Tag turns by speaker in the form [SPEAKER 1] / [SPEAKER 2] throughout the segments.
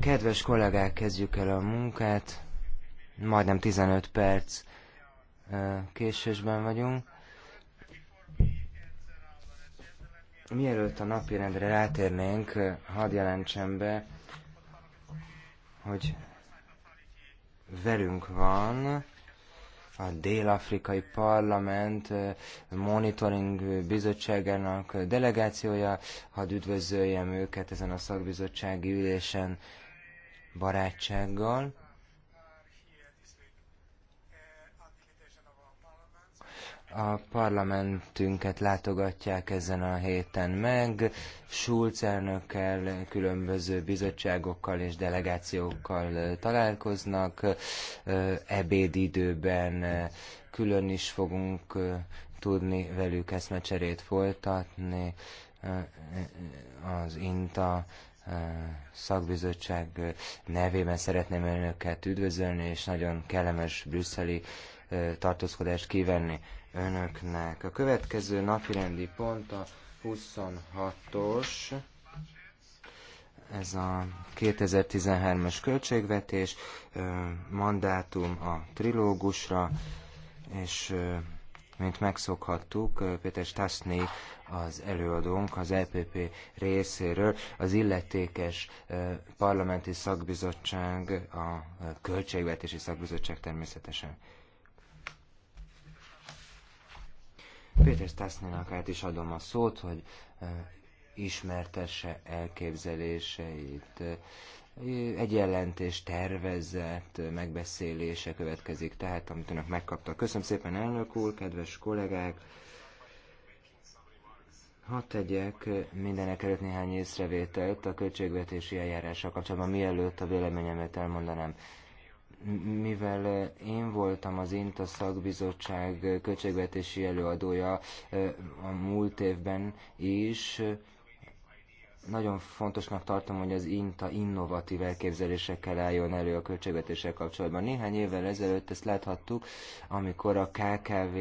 [SPEAKER 1] Kedves kollégák, kezdjük el a munkát. Majdnem 15 perc késésben vagyunk. Mielőtt a napirendre rátérnénk, hadd jelentsem be, hogy velünk van a dél-afrikai parlament monitoring bizottságának delegációja. Hadd üdvözöljem őket ezen a szakbizottsági ülésen barátsággal. a parlamentünket látogatják ezen a héten meg, Schulz elnökkel, különböző bizottságokkal és delegációkkal találkoznak, ebédidőben külön is fogunk tudni velük eszmecserét folytatni, az INTA szakbizottság nevében szeretném önöket üdvözölni, és nagyon kellemes brüsszeli tartózkodást kívánni önöknek. A következő napirendi pont a 26-os, ez a 2013-as költségvetés, mandátum a trilógusra, és mint megszokhattuk, Péter Stasny az előadónk az LPP e részéről, az illetékes parlamenti szakbizottság, a költségvetési szakbizottság természetesen. Péter Stasznának át is adom a szót, hogy ismertesse elképzeléseit. Egy jelentés tervezett megbeszélése következik, tehát amit önök megkaptak. Köszönöm szépen, elnök úr, kedves kollégák! Hadd tegyek mindenek előtt néhány észrevételt a költségvetési eljárással kapcsolatban, mielőtt a véleményemet elmondanám mivel eh, én voltam az INTA szakbizottság eh, költségvetési előadója eh, a múlt évben is, nagyon fontosnak tartom, hogy az INTA innovatív elképzelésekkel álljon elő a költségvetéssel kapcsolatban. Néhány évvel ezelőtt ezt láthattuk, amikor a KKV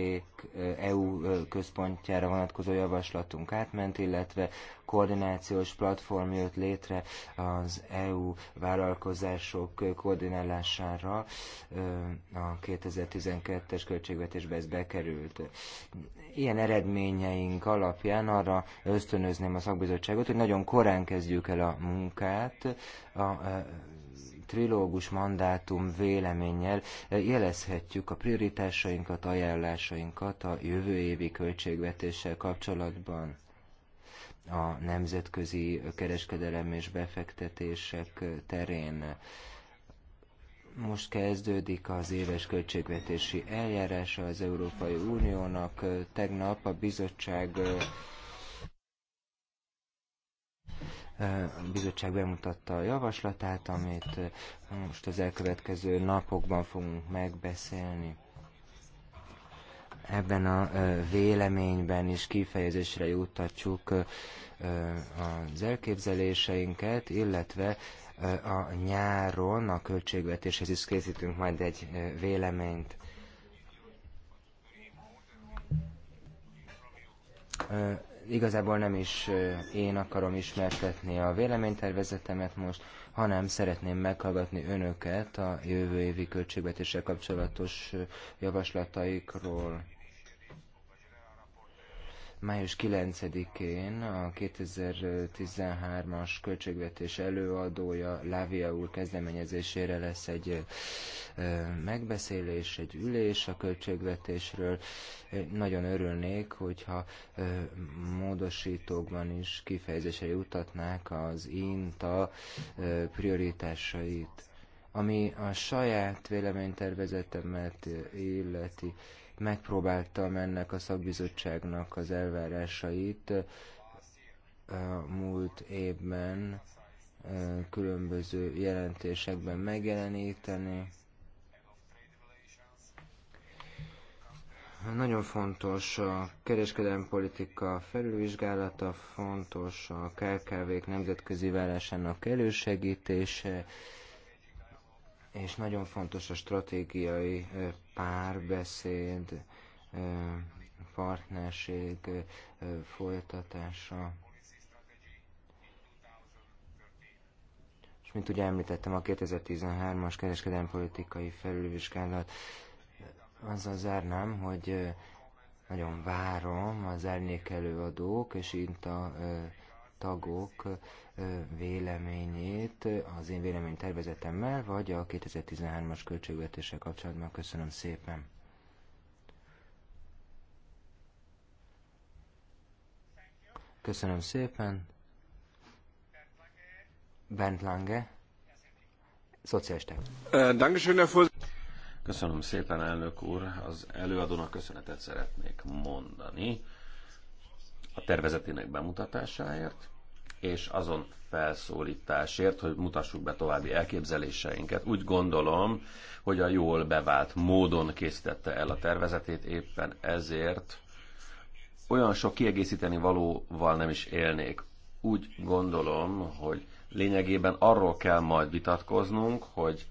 [SPEAKER 1] EU központjára vonatkozó javaslatunk átment, illetve koordinációs platform jött létre az EU vállalkozások koordinálására. A 2012-es költségvetésbe ez bekerült. Ilyen eredményeink alapján arra ösztönözném a szakbizottságot, hogy nagyon korán kezdjük el a munkát. A, trilógus mandátum véleménnyel jelezhetjük a prioritásainkat, ajánlásainkat a jövő évi költségvetéssel kapcsolatban a nemzetközi kereskedelem és befektetések terén. Most kezdődik az éves költségvetési eljárása az Európai Uniónak. Tegnap a bizottság a bizottság bemutatta a javaslatát, amit most az elkövetkező napokban fogunk megbeszélni ebben a véleményben is kifejezésre juttatjuk az elképzeléseinket, illetve a nyáron a költségvetéshez is készítünk majd egy véleményt. Igazából nem is én akarom ismertetni a véleménytervezetemet most, hanem szeretném meghallgatni önöket a jövő évi költségvetéssel kapcsolatos javaslataikról. Május 9-én a 2013-as költségvetés előadója Lávia úr kezdeményezésére lesz egy megbeszélés, egy ülés a költségvetésről. Nagyon örülnék, hogyha módosítókban is kifejezése jutatnák az INTA prioritásait ami a saját véleménytervezetemet illeti Megpróbáltam ennek a szakbizottságnak az elvárásait a múlt évben különböző jelentésekben megjeleníteni. Nagyon fontos a kereskedelmi politika felülvizsgálata, fontos a KKV-k nemzetközi válásának elősegítése, és nagyon fontos a stratégiai párbeszéd, partnerség folytatása. És mint ugye említettem, a 2013-as kereskedelmi politikai felülvizsgálat azzal zárnám, hogy nagyon várom az elnékelő adók és itt a tagok véleményét az én tervezetemmel, vagy a 2013-as költségvetéssel kapcsolatban. Köszönöm szépen! Köszönöm szépen! Bent Lange, szocialisták.
[SPEAKER 2] Köszönöm szépen, elnök úr. Az előadónak köszönetet szeretnék mondani a tervezetének bemutatásáért és azon felszólításért, hogy mutassuk be további elképzeléseinket. Úgy gondolom, hogy a jól bevált módon készítette el a tervezetét, éppen ezért olyan sok kiegészíteni valóval nem is élnék. Úgy gondolom, hogy lényegében arról kell majd vitatkoznunk, hogy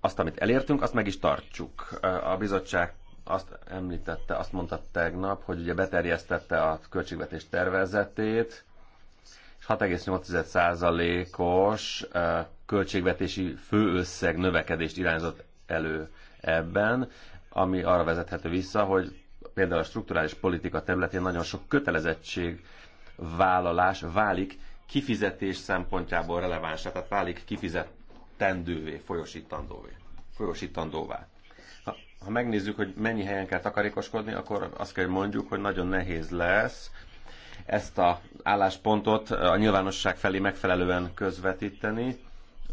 [SPEAKER 2] azt, amit elértünk, azt meg is tartsuk. A bizottság azt említette, azt mondta tegnap, hogy ugye beterjesztette a költségvetés tervezetét, 6,8%-os költségvetési főösszeg növekedést irányzott elő ebben, ami arra vezethető vissza, hogy például a strukturális politika területén nagyon sok kötelezettség vállalás válik kifizetés szempontjából releváns, tehát válik kifizetendővé, folyosítandóvé, folyosítandóvá. Ha, ha megnézzük, hogy mennyi helyen kell takarékoskodni, akkor azt kell mondjuk, hogy nagyon nehéz lesz ezt a álláspontot a nyilvánosság felé megfelelően közvetíteni.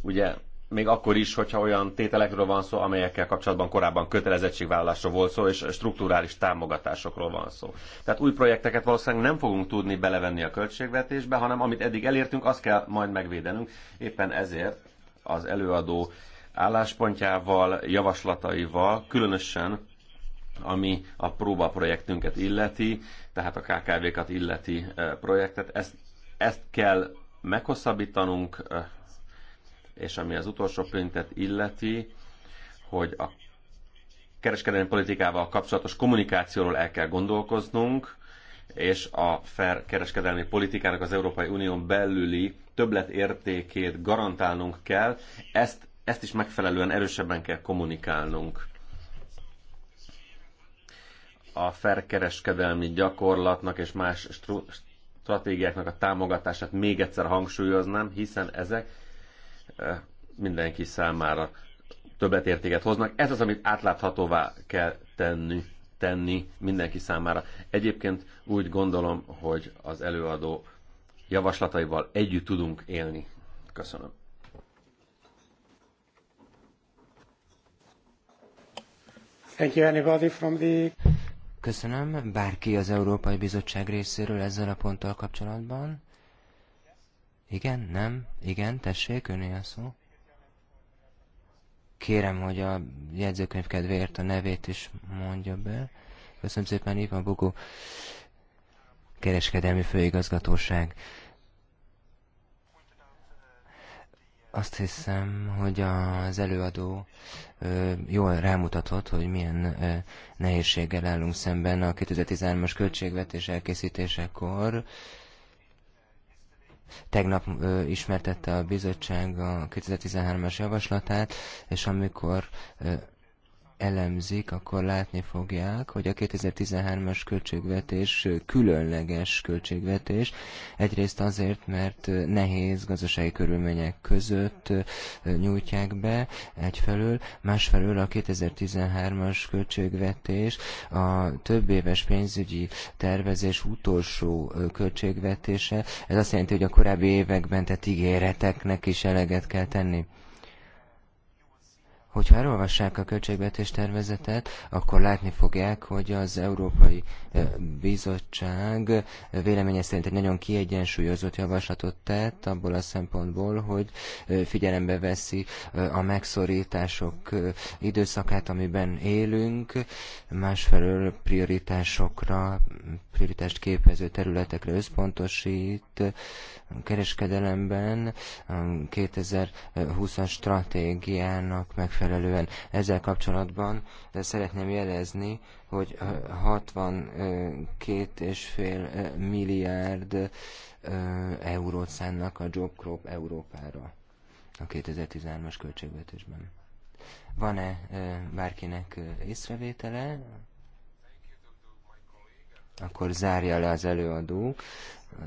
[SPEAKER 2] Ugye még akkor is, hogyha olyan tételekről van szó, amelyekkel kapcsolatban korábban kötelezettségvállalásról volt szó, és strukturális támogatásokról van szó. Tehát új projekteket valószínűleg nem fogunk tudni belevenni a költségvetésbe, hanem amit eddig elértünk, azt kell majd megvédenünk. Éppen ezért az előadó álláspontjával, javaslataival, különösen ami a próba projektünket illeti, tehát a KKV-kat illeti projektet. Ezt, ezt kell meghosszabbítanunk, és ami az utolsó pöntet illeti, hogy a kereskedelmi politikával kapcsolatos kommunikációról el kell gondolkoznunk, és a fair kereskedelmi politikának az Európai Unión belüli többletértékét garantálnunk kell, ezt, ezt is megfelelően erősebben kell kommunikálnunk a felkereskedelmi gyakorlatnak és más stratégiáknak a támogatását még egyszer hangsúlyoznám, hiszen ezek mindenki számára többet értéket hoznak. Ez az, amit átláthatóvá kell tenni, tenni mindenki számára. Egyébként úgy gondolom, hogy az előadó javaslataival együtt tudunk élni. Köszönöm.
[SPEAKER 1] Thank you anybody from the... Köszönöm. Bárki az Európai Bizottság részéről ezzel a ponttal kapcsolatban? Igen, nem? Igen, tessék, öné a szó. Kérem, hogy a jegyzőkönyv kedvéért a nevét is mondja be. Köszönöm szépen, Ivan Bogó, Kereskedelmi Főigazgatóság. Azt hiszem, hogy az előadó jól rámutatott, hogy milyen nehézséggel állunk szemben a 2013-as költségvetés elkészítésekor. Tegnap ö, ismertette a bizottság a 2013-as javaslatát, és amikor ö, elemzik, akkor látni fogják, hogy a 2013-as költségvetés különleges költségvetés. Egyrészt azért, mert nehéz gazdasági körülmények között nyújtják be egyfelől, másfelől a 2013-as költségvetés a több éves pénzügyi tervezés utolsó költségvetése. Ez azt jelenti, hogy a korábbi években tett ígéreteknek is eleget kell tenni. Hogyha elolvassák a költségvetés tervezetet, akkor látni fogják, hogy az Európai Bizottság véleménye szerint egy nagyon kiegyensúlyozott javaslatot tett abból a szempontból, hogy figyelembe veszi a megszorítások időszakát, amiben élünk, másfelől prioritásokra, prioritást képező területekre összpontosít, kereskedelemben 2020-as stratégiának megfelelően. Ezzel kapcsolatban de szeretném jelezni, hogy 62,5 milliárd eurót szánnak a Job Crop Európára a 2013-as költségvetésben. Van-e bárkinek észrevétele akkor zárja le az előadó,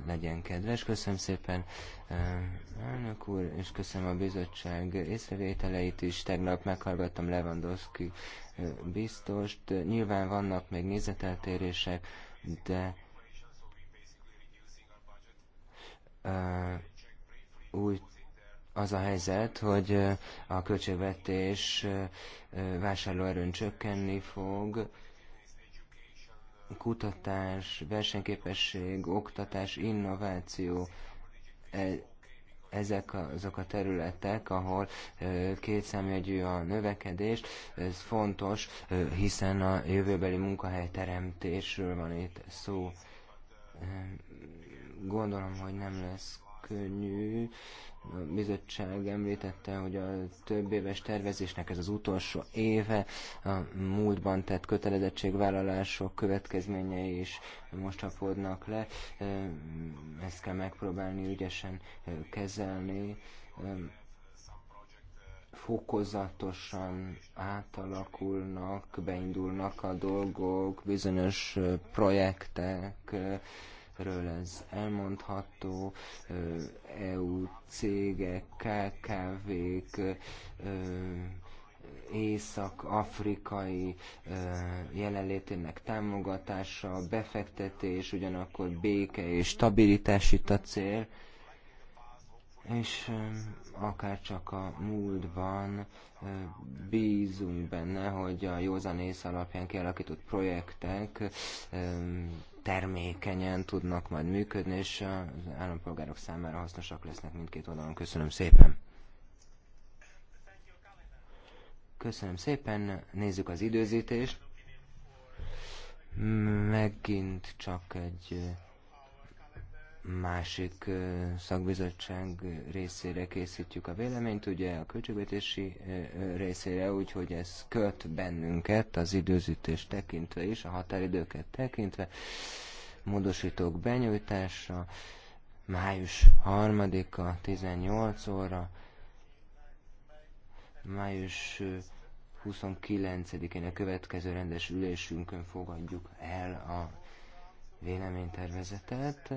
[SPEAKER 1] legyen kedves. Köszönöm szépen eh, elnök úr, és köszönöm a bizottság észrevételeit is. Tegnap meghallgattam Lewandowski eh, biztost. Nyilván vannak még nézeteltérések, de eh, úgy az a helyzet, hogy a költségvetés vásárlóerőn csökkenni fog, kutatás, versenyképesség, oktatás, innováció, e, ezek azok a területek, ahol e, kétszámjegyű a növekedés, ez fontos, e, hiszen a jövőbeli munkahelyteremtésről van itt szó. Gondolom, hogy nem lesz könnyű. A bizottság említette, hogy a több éves tervezésnek ez az utolsó éve, a múltban tett kötelezettségvállalások következményei is most csapódnak le. Ezt kell megpróbálni ügyesen kezelni fokozatosan átalakulnak, beindulnak a dolgok, bizonyos projektek ről ez elmondható, EU cégek, KKV-k, észak-afrikai jelenlétének támogatása, befektetés, ugyanakkor béke és stabilitás itt a cél, és akár csak a múltban bízunk benne, hogy a józan ész alapján kialakított projektek termékenyen tudnak majd működni, és az állampolgárok számára hasznosak lesznek mindkét oldalon. Köszönöm szépen! Köszönöm szépen, nézzük az időzítést. Megint csak egy másik szakbizottság részére készítjük a véleményt, ugye a költségvetési részére, úgyhogy ez köt bennünket az időzítést tekintve is, a határidőket tekintve, módosítók benyújtása, május 3-a 18 óra, május 29-én a következő rendes ülésünkön fogadjuk el a véleménytervezetet.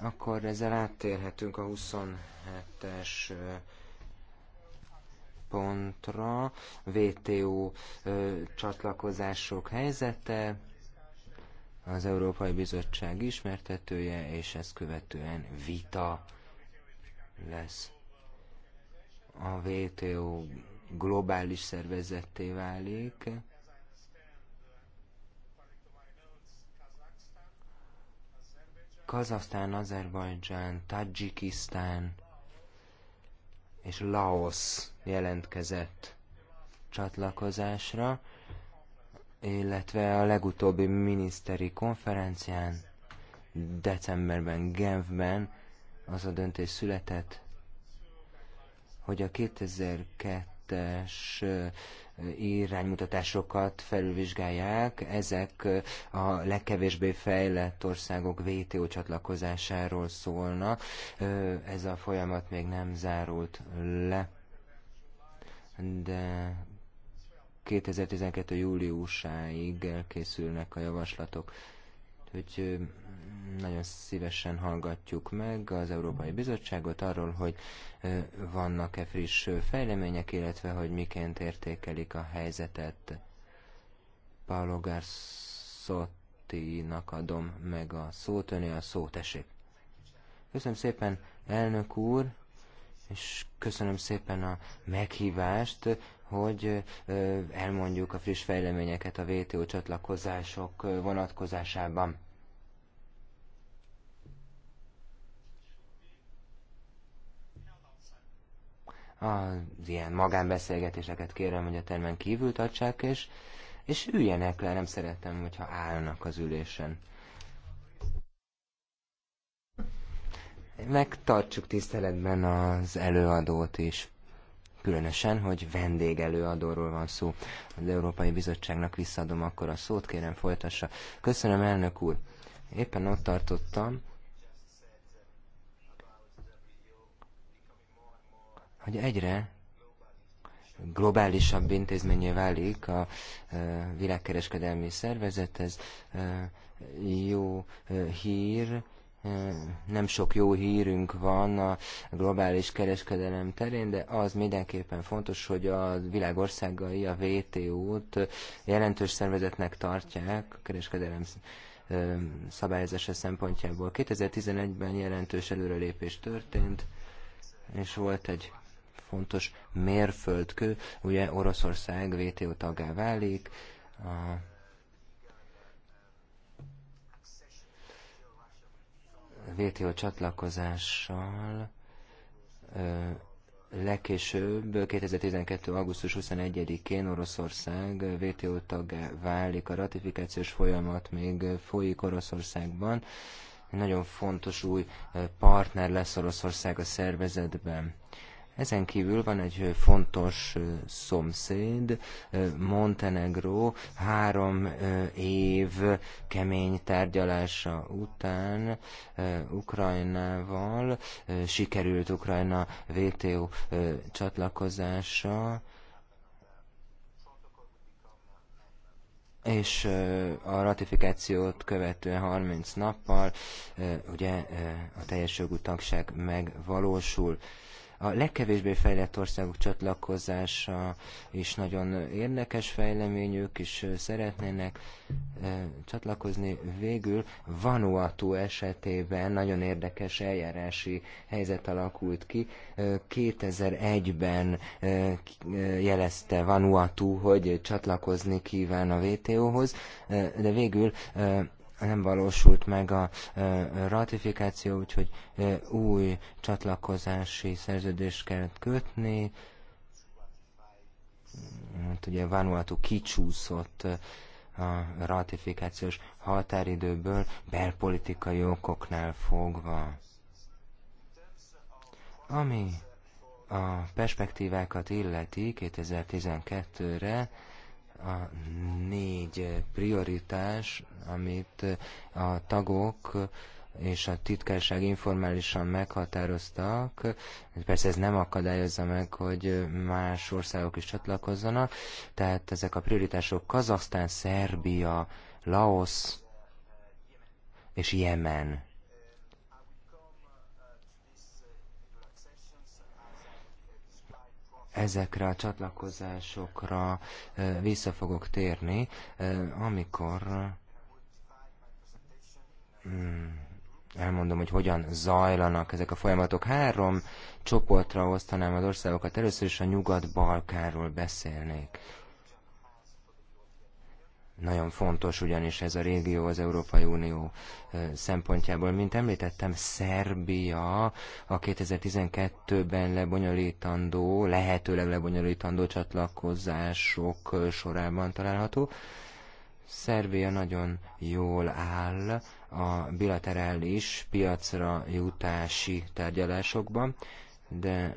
[SPEAKER 1] Akkor ezzel áttérhetünk a 27-es pontra, VTO csatlakozások helyzete, az Európai Bizottság ismertetője, és ezt követően vita lesz. A VTO globális szervezetté válik. Kazasztán, Azerbajdzsán, Tadzsikisztán és Laos jelentkezett csatlakozásra, illetve a legutóbbi miniszteri konferencián decemberben Genfben az a döntés született, hogy a 2002-es iránymutatásokat felülvizsgálják. Ezek a legkevésbé fejlett országok VTO csatlakozásáról szólnak. Ez a folyamat még nem zárult le, de 2012. júliusáig elkészülnek a javaslatok. Hogy nagyon szívesen hallgatjuk meg az Európai Bizottságot arról, hogy vannak-e friss fejlemények, illetve hogy miként értékelik a helyzetet. Paolo Garzotti-nak adom meg a szót, öné a szót, Köszönöm szépen, elnök úr, és köszönöm szépen a meghívást, hogy elmondjuk a friss fejleményeket a WTO csatlakozások vonatkozásában. az ilyen magánbeszélgetéseket kérem, hogy a termen kívül tartsák, és, és üljenek le, nem szeretem, hogyha állnak az ülésen. Megtartsuk tiszteletben az előadót is. Különösen, hogy vendégelőadóról van szó. Az Európai Bizottságnak visszaadom akkor a szót, kérem folytassa. Köszönöm, elnök úr. Éppen ott tartottam, hogy egyre globálisabb intézménye válik a világkereskedelmi szervezet. Ez jó hír, nem sok jó hírünk van a globális kereskedelem terén, de az mindenképpen fontos, hogy a világországai a WTO-t jelentős szervezetnek tartják a kereskedelem szabályozása szempontjából. 2011-ben jelentős előrelépés történt, és volt egy fontos mérföldkő. Ugye Oroszország WTO tagá válik, a WTO csatlakozással ö, legkésőbb 2012. augusztus 21-én Oroszország WTO tagá válik. A ratifikációs folyamat még folyik Oroszországban. Nagyon fontos új partner lesz Oroszország a szervezetben. Ezen kívül van egy fontos szomszéd, Montenegro három év kemény tárgyalása után Ukrajnával sikerült Ukrajna VTO csatlakozása, és a ratifikációt követően 30 nappal ugye a teljes jogú tagság megvalósul. A legkevésbé fejlett országok csatlakozása is nagyon érdekes fejlemény, ők is szeretnének csatlakozni. Végül Vanuatu esetében nagyon érdekes eljárási helyzet alakult ki. 2001-ben jelezte Vanuatu, hogy csatlakozni kíván a WTO-hoz, de végül nem valósult meg a ratifikáció, úgyhogy új csatlakozási szerződést kell kötni. Hát ugye Vanuatu kicsúszott a ratifikációs határidőből belpolitikai okoknál fogva. Ami a perspektívákat illeti 2012-re, a négy prioritás, amit a tagok és a titkárság informálisan meghatároztak. Persze ez nem akadályozza meg, hogy más országok is csatlakozzanak. Tehát ezek a prioritások Kazaksztán, Szerbia, Laosz és Jemen. ezekre a csatlakozásokra vissza fogok térni, amikor mm, elmondom, hogy hogyan zajlanak ezek a folyamatok. Három csoportra osztanám az országokat. Először is a Nyugat-Balkáról beszélnék. Nagyon fontos ugyanis ez a régió az Európai Unió szempontjából. Mint említettem, Szerbia a 2012-ben lebonyolítandó, lehetőleg lebonyolítandó csatlakozások sorában található. Szerbia nagyon jól áll a bilaterális piacra jutási tárgyalásokban, de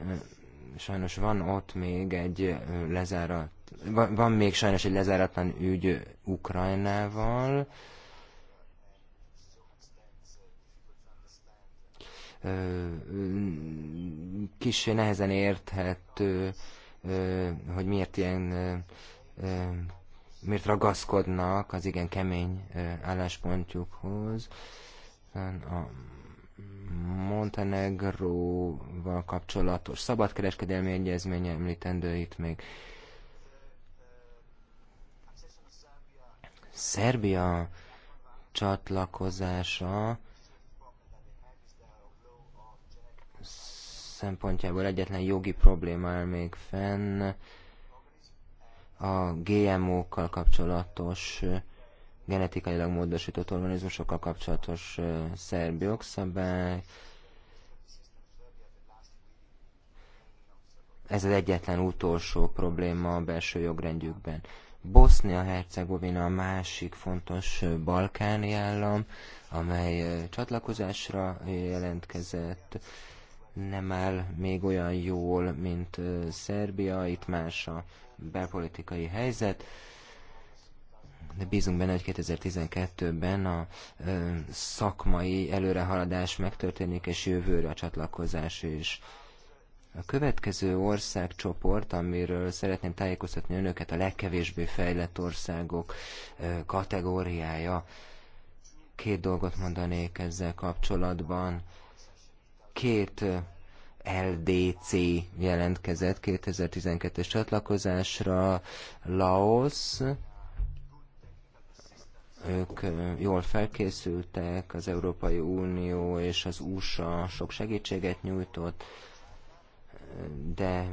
[SPEAKER 1] sajnos van ott még egy lezárat van, van még sajnos egy lezáratlan ügy Ukrajnával. Kicsi nehezen érthető, hogy miért ilyen miért ragaszkodnak az igen kemény álláspontjukhoz. A Montenegróval kapcsolatos szabadkereskedelmi egyezmény említendő itt még Szerbia csatlakozása szempontjából egyetlen jogi probléma áll még fenn, a GMO-kkal kapcsolatos, genetikailag módosított organizmusokkal kapcsolatos szerb jogszabály. Ez az egyetlen utolsó probléma a belső jogrendjükben. Bosznia-Hercegovina a másik fontos balkáni állam, amely csatlakozásra jelentkezett, nem áll még olyan jól, mint Szerbia, itt más a belpolitikai helyzet, de bízunk benne, hogy 2012-ben a ö, szakmai előrehaladás megtörténik, és jövőre a csatlakozás is. A következő országcsoport, amiről szeretném tájékoztatni önöket, a legkevésbé fejlett országok kategóriája. Két dolgot mondanék ezzel kapcsolatban. Két LDC jelentkezett 2012-es csatlakozásra, Laos, ők jól felkészültek, az Európai Unió és az USA sok segítséget nyújtott, de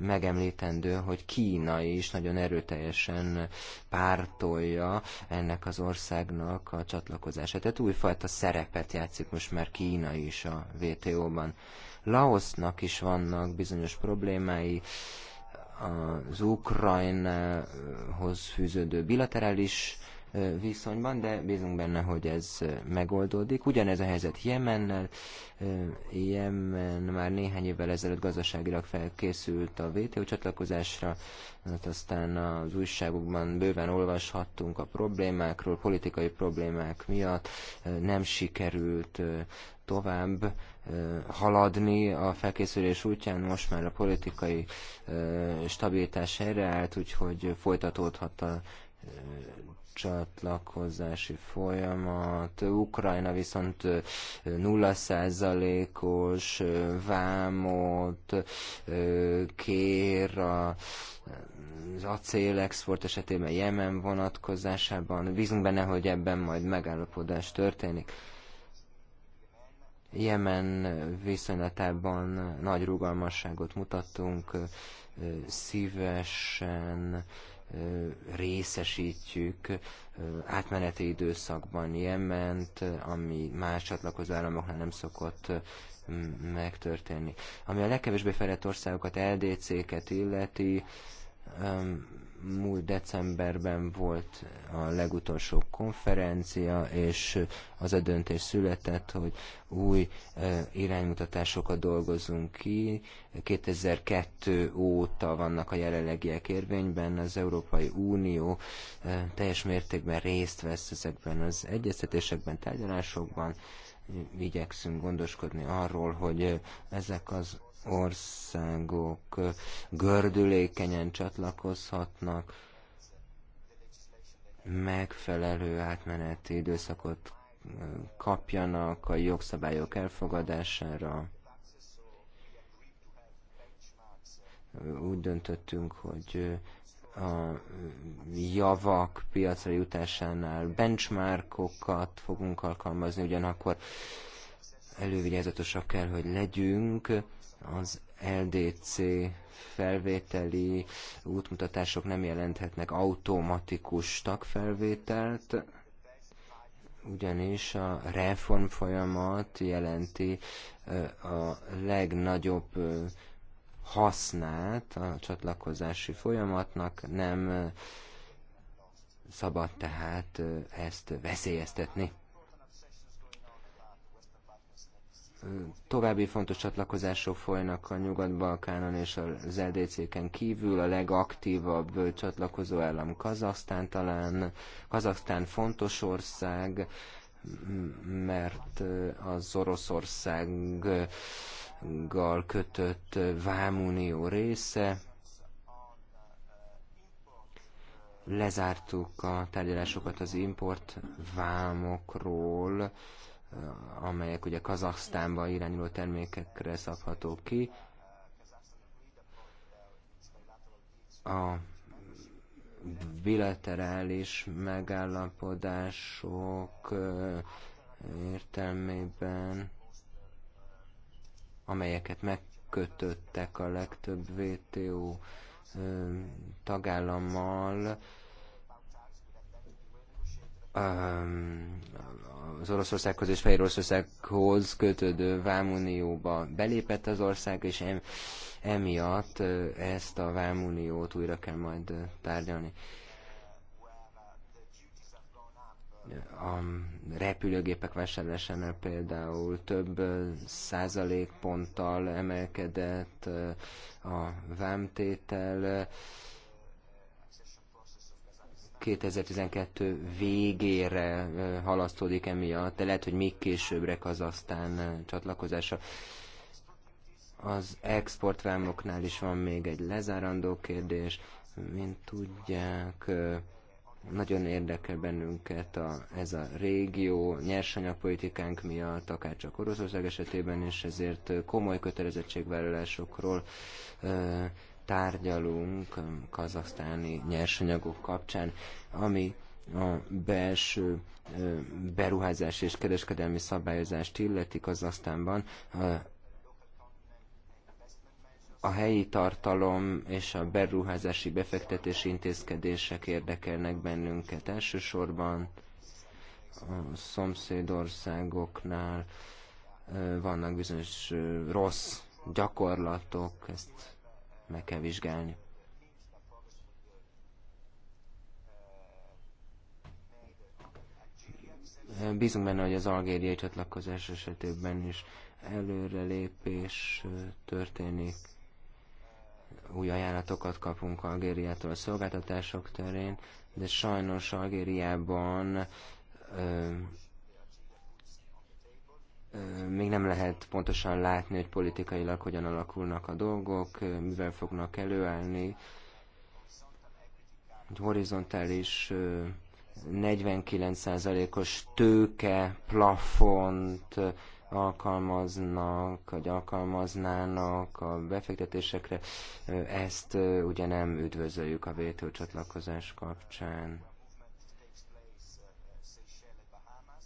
[SPEAKER 1] megemlítendő, hogy Kína is nagyon erőteljesen pártolja ennek az országnak a csatlakozását. Tehát újfajta szerepet játszik most már Kína is a WTO-ban. Laosznak is vannak bizonyos problémái, az Ukrajnához fűződő bilaterális viszonyban, de bízunk benne, hogy ez megoldódik. Ugyanez a helyzet Jemennel. Jemen már néhány évvel ezelőtt gazdaságilag felkészült a WTO csatlakozásra, hát aztán az újságokban bőven olvashattunk a problémákról, politikai problémák miatt nem sikerült tovább haladni a felkészülés útján, most már a politikai stabilitás erre állt, úgyhogy folytatódhat a csatlakozási folyamat, Ukrajna viszont 0%-os vámot kér a az acélexport esetében Jemen vonatkozásában. Bízunk benne, hogy ebben majd megállapodás történik. Jemen viszonylatában nagy rugalmasságot mutattunk, szívesen részesítjük átmeneti időszakban Jement, ami más csatlakozó államoknál nem szokott megtörténni. Ami a legkevésbé fejlett országokat, LDC-ket illeti, múlt decemberben volt a legutolsó konferencia, és az a döntés született, hogy új iránymutatásokat dolgozunk ki. 2002 óta vannak a jelenlegiek érvényben, az Európai Unió teljes mértékben részt vesz ezekben az egyeztetésekben, tárgyalásokban, igyekszünk gondoskodni arról, hogy ezek az országok gördülékenyen csatlakozhatnak, megfelelő átmeneti időszakot kapjanak a jogszabályok elfogadására. Úgy döntöttünk, hogy a javak piacra jutásánál benchmarkokat fogunk alkalmazni, ugyanakkor elővigyázatosak kell, hogy legyünk, az LDC felvételi útmutatások nem jelenthetnek automatikus tagfelvételt, ugyanis a reform folyamat jelenti a legnagyobb hasznát a csatlakozási folyamatnak, nem szabad tehát ezt veszélyeztetni. további fontos csatlakozások folynak a Nyugat-Balkánon és az LDC-ken kívül. A legaktívabb csatlakozó állam Kazasztán talán. Kazasztán fontos ország, mert az Oroszországgal kötött Vámunió része. Lezártuk a tárgyalásokat az import vámokról amelyek ugye Kazaksztánba irányuló termékekre szabhatók ki. A bilaterális megállapodások értelmében, amelyeket megkötöttek a legtöbb WTO tagállammal, az Oroszországhoz és Fehér Oroszországhoz kötődő Vámunióba belépett az ország, és emiatt ezt a Vámuniót újra kell majd tárgyalni. a repülőgépek vásárlásánál például több százalékponttal emelkedett a vámtétel, 2012 végére halasztódik emiatt, de lehet, hogy még későbbre Kazasztán csatlakozása. Az exportvámoknál is van még egy lezárandó kérdés. Mint tudják, nagyon érdekel bennünket a, ez a régió nyersanyagpolitikánk miatt, akár csak Oroszország esetében, és ezért komoly kötelezettségvállalásokról tárgyalunk kazasztáni nyersanyagok kapcsán, ami a belső beruházás és kereskedelmi szabályozást illeti Kazasztánban, a helyi tartalom és a beruházási befektetési intézkedések érdekelnek bennünket elsősorban. A szomszédországoknál vannak bizonyos rossz gyakorlatok, ezt meg kell vizsgálni. Bízunk benne, hogy az algériai csatlakozás esetében is előrelépés történik. Új ajánlatokat kapunk Algériától a szolgáltatások terén, de sajnos Algériában még nem lehet pontosan látni, hogy politikailag hogyan alakulnak a dolgok, mivel fognak előállni. Egy horizontális 49%-os tőke plafont alkalmaznak, vagy alkalmaznának a befektetésekre. Ezt ugye nem üdvözöljük a vétőcsatlakozás kapcsán.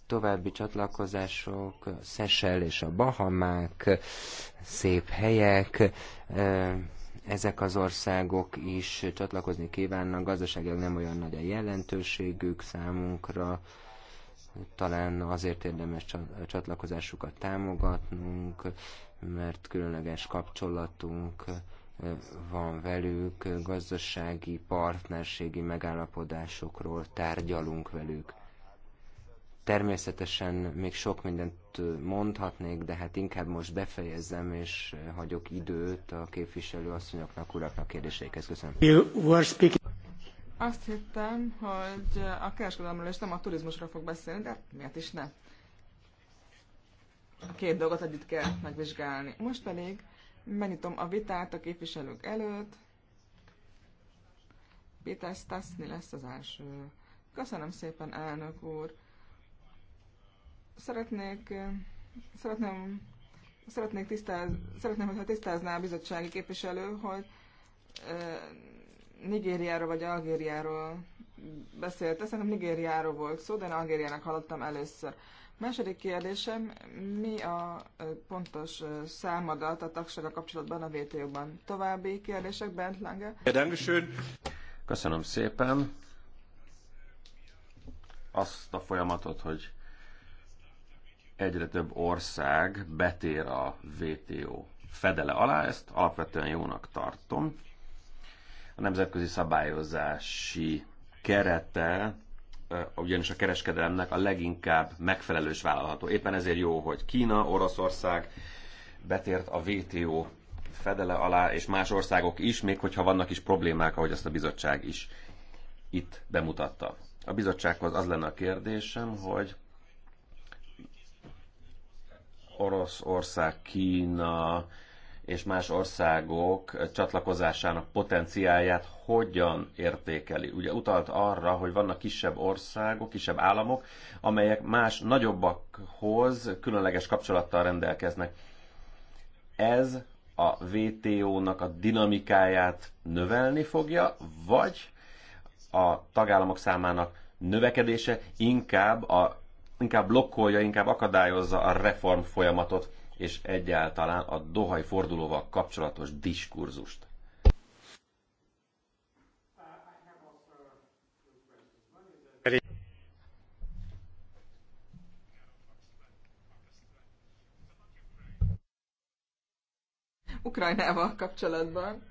[SPEAKER 1] további csatlakozások, Szesel és a Bahamák, szép helyek, ezek az országok is csatlakozni kívánnak, gazdaságilag nem olyan nagy a jelentőségük számunkra, talán azért érdemes csatlakozásukat támogatnunk, mert különleges kapcsolatunk van velük, gazdasági, partnerségi megállapodásokról tárgyalunk velük. Természetesen még sok mindent mondhatnék, de hát inkább most befejezem, és hagyok időt a képviselő asszonyoknak, uraknak kérdéseikhez. Köszönöm.
[SPEAKER 3] Azt hittem, hogy a kereskedelemről és nem a turizmusról fog beszélni, de hát miért is ne? A két dolgot együtt kell megvizsgálni. Most pedig megnyitom a vitát a képviselők előtt. Péter Stasny lesz az első. Köszönöm szépen, elnök úr! Szeretnék, szeretném, szeretnék tisztáz, szeretném, hogyha tisztázná a bizottsági képviselő, hogy Nigériáról vagy Algériáról beszélt. Szerintem Nigériáról volt szó, de én Algériának hallottam először. Második kérdésem, mi a pontos számadat a tagsága kapcsolatban a WTO-ban? További kérdések, Bent Lange?
[SPEAKER 2] Köszönöm szépen. Azt a folyamatot, hogy egyre több ország betér a WTO fedele alá, ezt alapvetően jónak tartom. A nemzetközi szabályozási kerete ugyanis a kereskedelemnek a leginkább megfelelős vállalható. Éppen ezért jó, hogy Kína, Oroszország betért a WTO fedele alá, és más országok is, még hogyha vannak is problémák, ahogy azt a bizottság is itt bemutatta. A bizottsághoz az lenne a kérdésem, hogy Oroszország, Kína és más országok csatlakozásának potenciáját hogyan értékeli? Ugye utalt arra, hogy vannak kisebb országok, kisebb államok, amelyek más nagyobbakhoz különleges kapcsolattal rendelkeznek. Ez a WTO-nak a dinamikáját növelni fogja, vagy a tagállamok számának növekedése inkább a inkább blokkolja, inkább akadályozza a reform folyamatot, és egyáltalán a dohai fordulóval kapcsolatos diskurzust.
[SPEAKER 3] Ukrajnával kapcsolatban.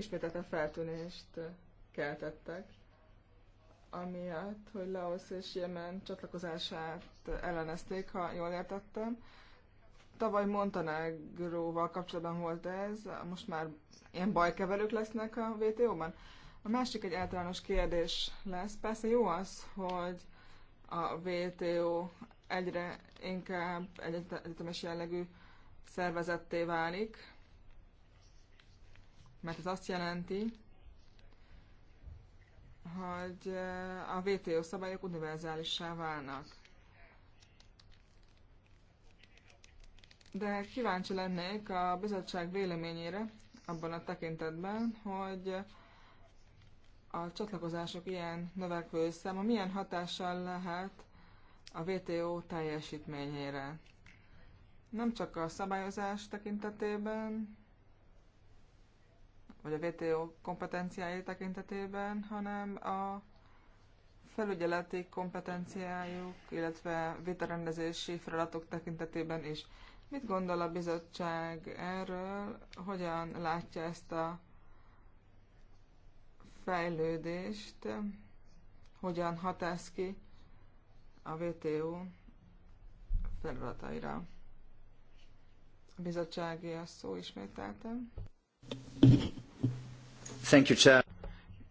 [SPEAKER 3] ismételten feltűnést keltettek, amiatt, hogy Laos és Jemen csatlakozását ellenezték, ha jól értettem. Tavaly Montenegróval kapcsolatban volt ez, most már ilyen bajkeverők lesznek a WTO-ban. A másik egy általános kérdés lesz. Persze jó az, hogy a WTO egyre inkább egyetemes jellegű szervezetté válik, mert ez azt jelenti, hogy eh, a WTO szabályok univerzálissá válnak. De kíváncsi lennék a bizottság véleményére abban a tekintetben, hogy a csatlakozások ilyen növekvő száma milyen hatással lehet a WTO teljesítményére. Nem csak a szabályozás tekintetében, vagy a VTO kompetenciái tekintetében, hanem a felügyeleti kompetenciájuk, illetve vitarendezési feladatok tekintetében is. Mit gondol a bizottság erről, hogyan látja ezt a fejlődést, hogyan hat ez ki a VTO feladataira? A bizottsági a szó ismételten.
[SPEAKER 4] Thank you, Chair.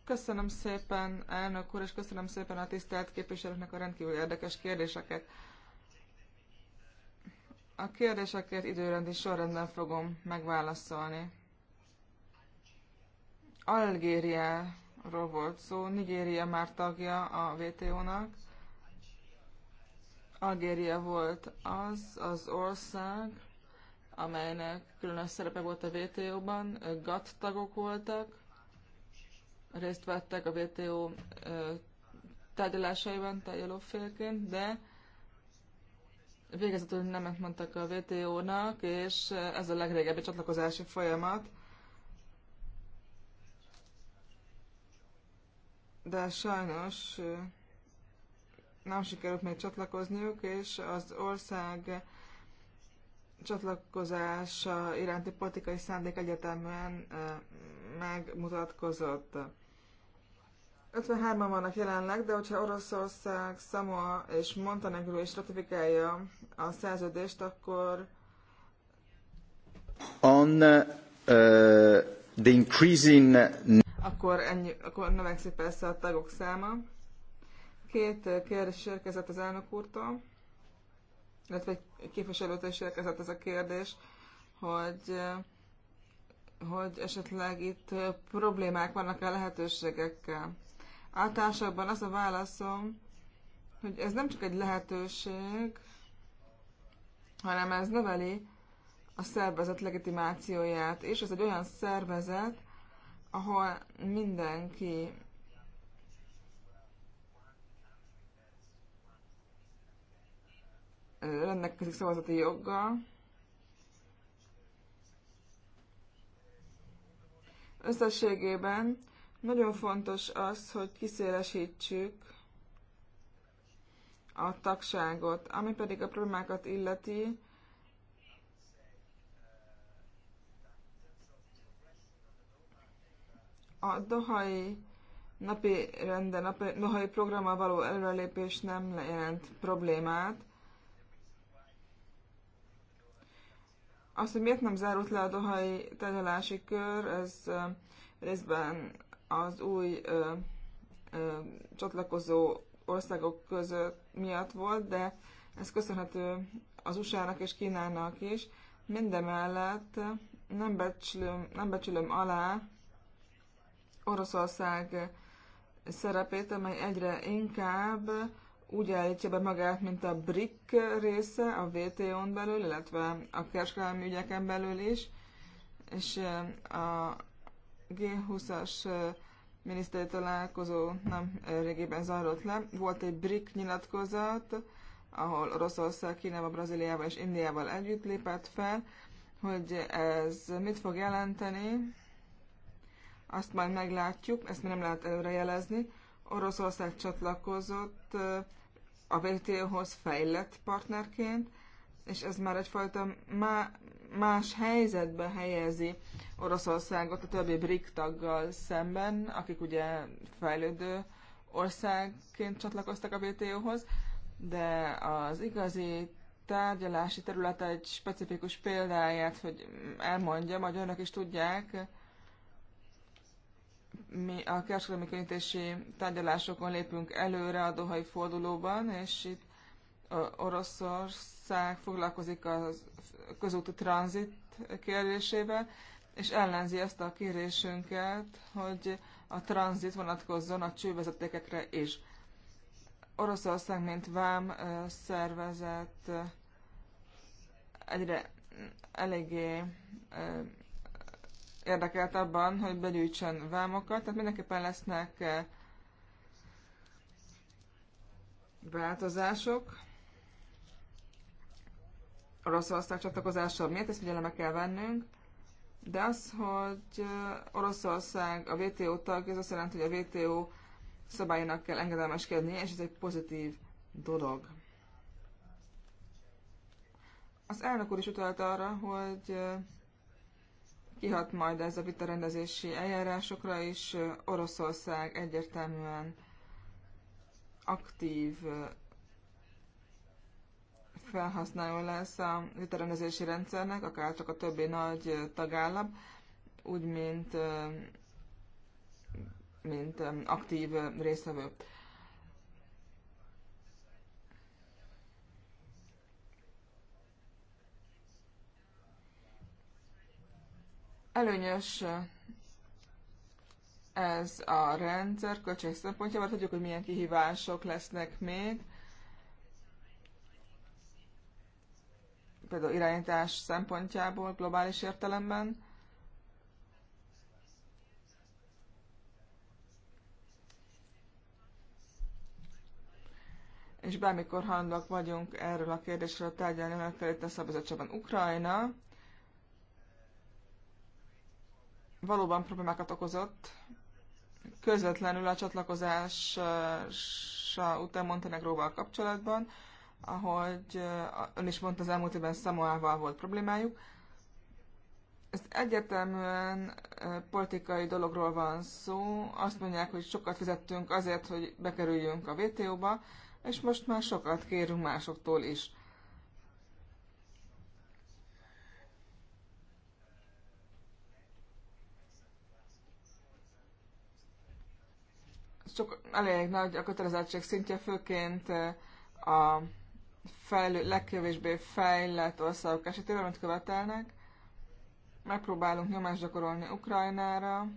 [SPEAKER 3] Köszönöm szépen, elnök úr, és köszönöm szépen a tisztelt képviselőknek a rendkívül érdekes kérdéseket. A kérdéseket időrendi sorrendben fogom megválaszolni. Algériáról volt szó, Nigéria már tagja a WTO-nak. Algéria volt az az ország, amelynek különös szerepe volt a WTO-ban, GATT tagok voltak, részt vettek a WTO tárgyalásaiban, tárgyalófélként, de végezetül nemet mondtak a WTO-nak, és ez a legrégebbi csatlakozási folyamat. De sajnos nem sikerült még csatlakozniuk, és az ország csatlakozása iránti politikai szándék egyetemben megmutatkozott. 53-an vannak jelenleg, de hogyha Oroszország, Samoa és Montenegro is ratifikálja a szerződést, akkor on uh, the increasing akkor, ennyi, akkor növekszik persze a tagok száma. Két kérdés érkezett az elnök úrtól, illetve egy képviselőtől is érkezett ez a kérdés, hogy hogy esetleg itt problémák vannak-e lehetőségekkel. Általánosabban az a válaszom, hogy ez nem csak egy lehetőség, hanem ez növeli a szervezet legitimációját, és ez egy olyan szervezet, ahol mindenki rendelkezik szavazati joggal. Összességében nagyon fontos az, hogy kiszélesítsük a tagságot, ami pedig a problémákat illeti, a dohai napi rende, napi, dohai programmal való előrelépés nem jelent problémát. Azt, hogy miért nem zárult le a dohai tárgyalási kör, ez részben az új ö, ö, csatlakozó országok között miatt volt, de ez köszönhető az USA-nak és Kínának is. Mindemellett nem becsülöm, nem becsülöm alá Oroszország szerepét, amely egyre inkább úgy állítja be magát, mint a BRIC része a WTO-n belül, illetve a kereskedelmi ügyeken belül is, és a G20-as miniszteri találkozó nem régében zajlott le. Volt egy BRIC nyilatkozat, ahol Oroszország, Kínával, Brazíliával és Indiával együtt lépett fel, hogy ez mit fog jelenteni, azt majd meglátjuk, ezt még nem lehet előrejelezni. Oroszország csatlakozott a WTO-hoz fejlett partnerként, és ez már egyfajta má, más helyzetbe helyezi Oroszországot a többi BRIC taggal szemben, akik ugye fejlődő országként csatlakoztak a WTO-hoz, de az igazi tárgyalási terület egy specifikus példáját, hogy elmondjam, hogy önök is tudják, mi a kereskedelmi könnyítési tárgyalásokon lépünk előre a Dohai fordulóban, és itt Oroszország foglalkozik a közúti tranzit kérdésével, és ellenzi azt a kérésünket, hogy a tranzit vonatkozzon a csővezetékekre is. Oroszország, mint vám szervezet egyre eléggé érdekelt abban, hogy begyűjtsön vámokat, tehát mindenképpen lesznek változások. Oroszország csatlakozása miért ezt figyelembe kell vennünk, de az, hogy Oroszország a WTO tag, ez azt jelenti, hogy a WTO szabálynak kell engedelmeskednie, és ez egy pozitív dolog. Az elnök úr is utalta arra, hogy kihat majd ez a vitarendezési eljárásokra, és Oroszország egyértelműen aktív felhasználó lesz a viterendezési rendszernek, akár csak a többi nagy tagállam, úgy mint, mint aktív résztvevő. Előnyös ez a rendszer költség szempontjából, tudjuk, hogy milyen kihívások lesznek még, például irányítás szempontjából globális értelemben. És bármikor hajlandóak vagyunk erről a kérdésről tárgyalni, mert itt a szabadságban Ukrajna valóban problémákat okozott, közvetlenül a csatlakozása után Montenegróval kapcsolatban, ahogy ön is mondta, az elmúlt évben Samoával volt problémájuk. Ez egyértelműen politikai dologról van szó. Azt mondják, hogy sokat fizettünk azért, hogy bekerüljünk a WTO-ba, és most már sokat kérünk másoktól is. Sok, elég nagy a kötelezettség szintje, főként a fejlő, legkevésbé fejlett országok esetében, amit követelnek. Megpróbálunk nyomást gyakorolni Ukrajnára,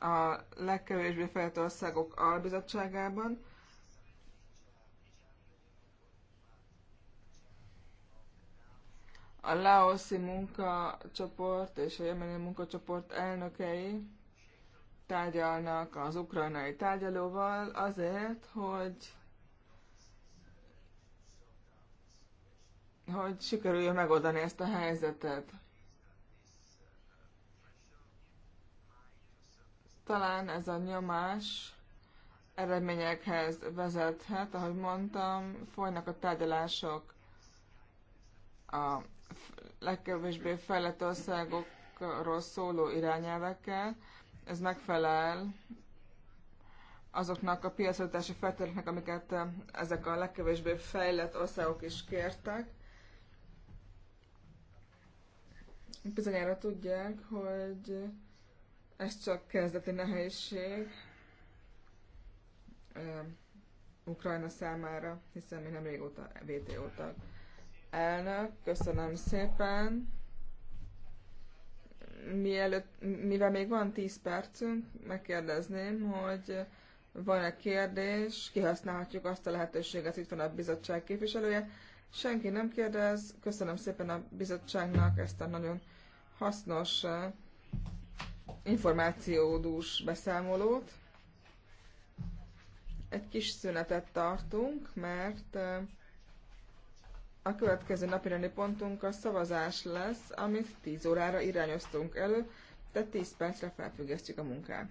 [SPEAKER 3] a legkevésbé fejlett országok albizottságában. A laoszi munkacsoport és a jemeni munkacsoport elnökei tárgyalnak az ukrajnai tárgyalóval azért, hogy hogy sikerüljön megoldani ezt a helyzetet. Talán ez a nyomás eredményekhez vezethet, ahogy mondtam, folynak a tárgyalások a legkevésbé fejlett országokról szóló irányelvekkel. Ez megfelel azoknak a piacolatási feltételeknek, amiket ezek a legkevésbé fejlett országok is kértek. Bizonyára tudják, hogy ez csak kezdeti nehézség Ukrajna számára, hiszen mi nem régóta VTO tag. Elnök, köszönöm szépen. Mielőtt, mivel még van 10 percünk, megkérdezném, hogy van-e kérdés, kihasználhatjuk azt a lehetőséget, itt van a bizottság képviselője. Senki nem kérdez, köszönöm szépen a bizottságnak ezt a nagyon hasznos információdús beszámolót. Egy kis szünetet tartunk, mert a következő rendi pontunk a szavazás lesz, amit 10 órára irányoztunk elő, tehát 10 percre felfüggesztjük a munkát.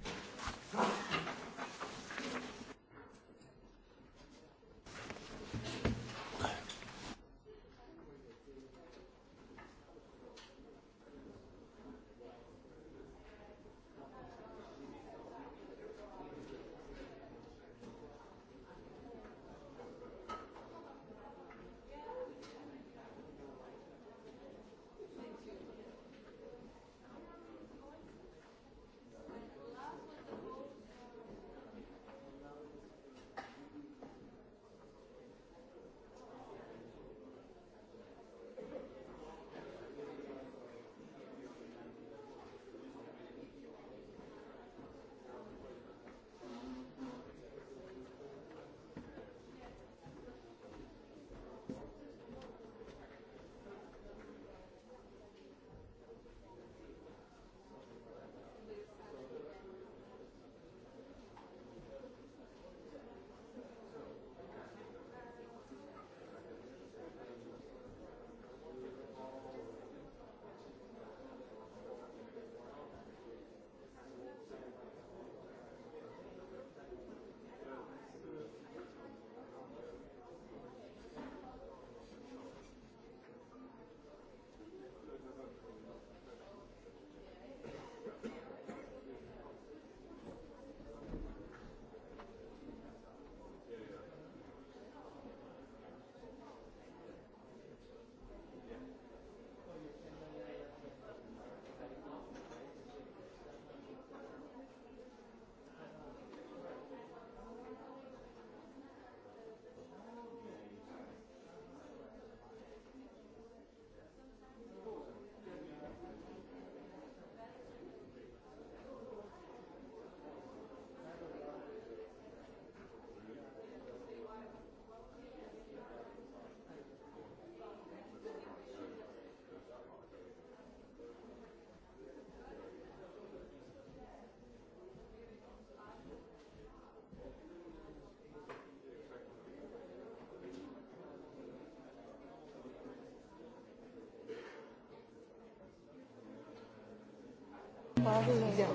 [SPEAKER 4] pas, vous l'avez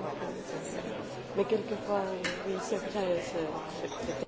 [SPEAKER 4] Mais quelquefois, oui, c'est vrai.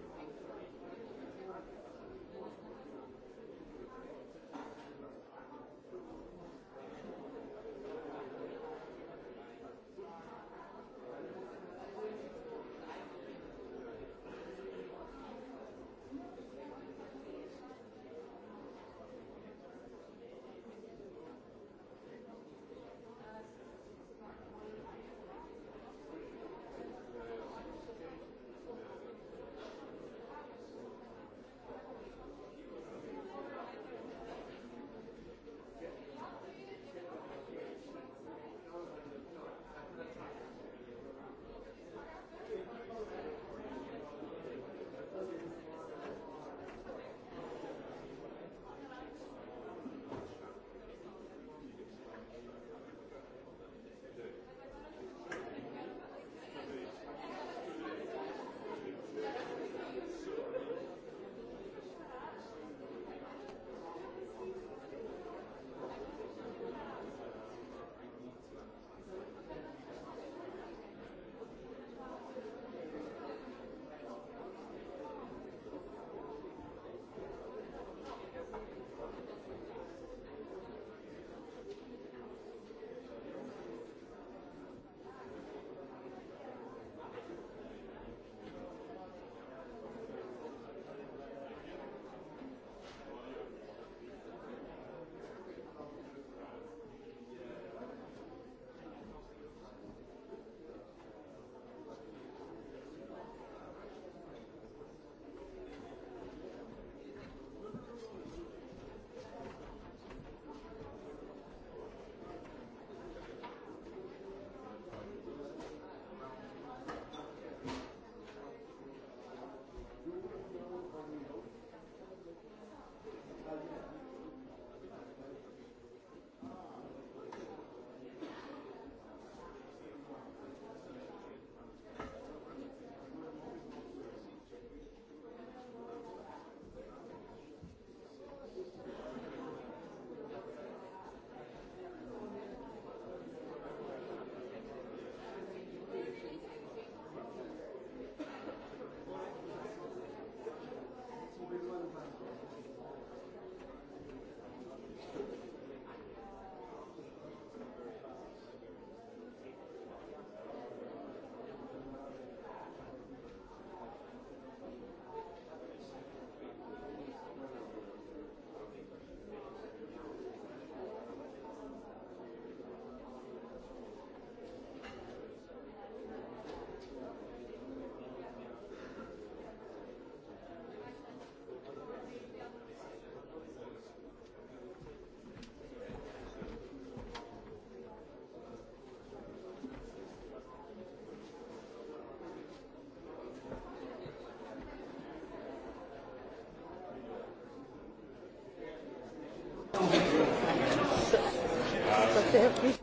[SPEAKER 4] a térkép.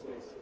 [SPEAKER 4] space.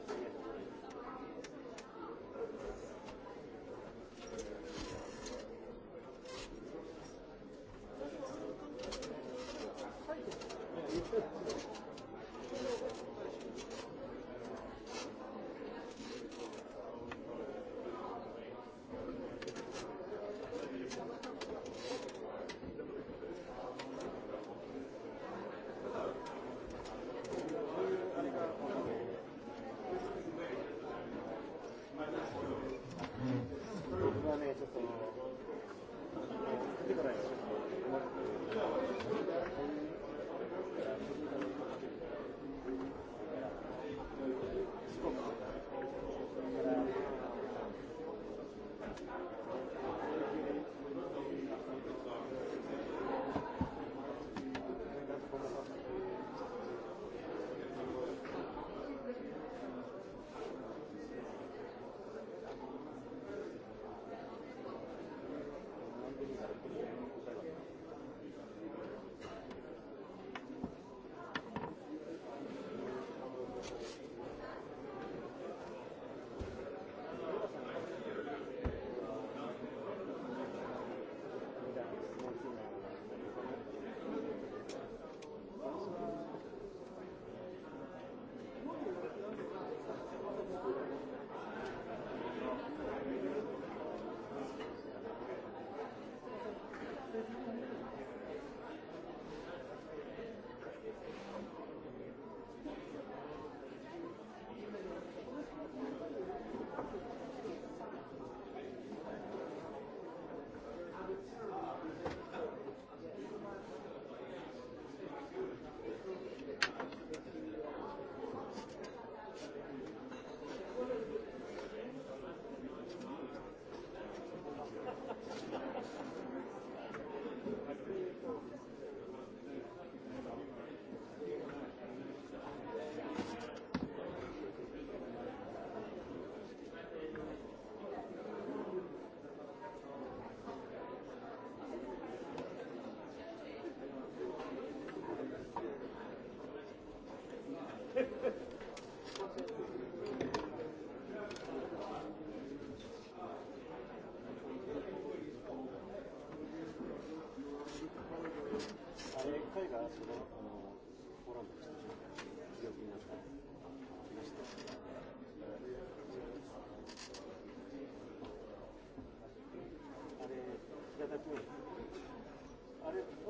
[SPEAKER 4] あれ、ポー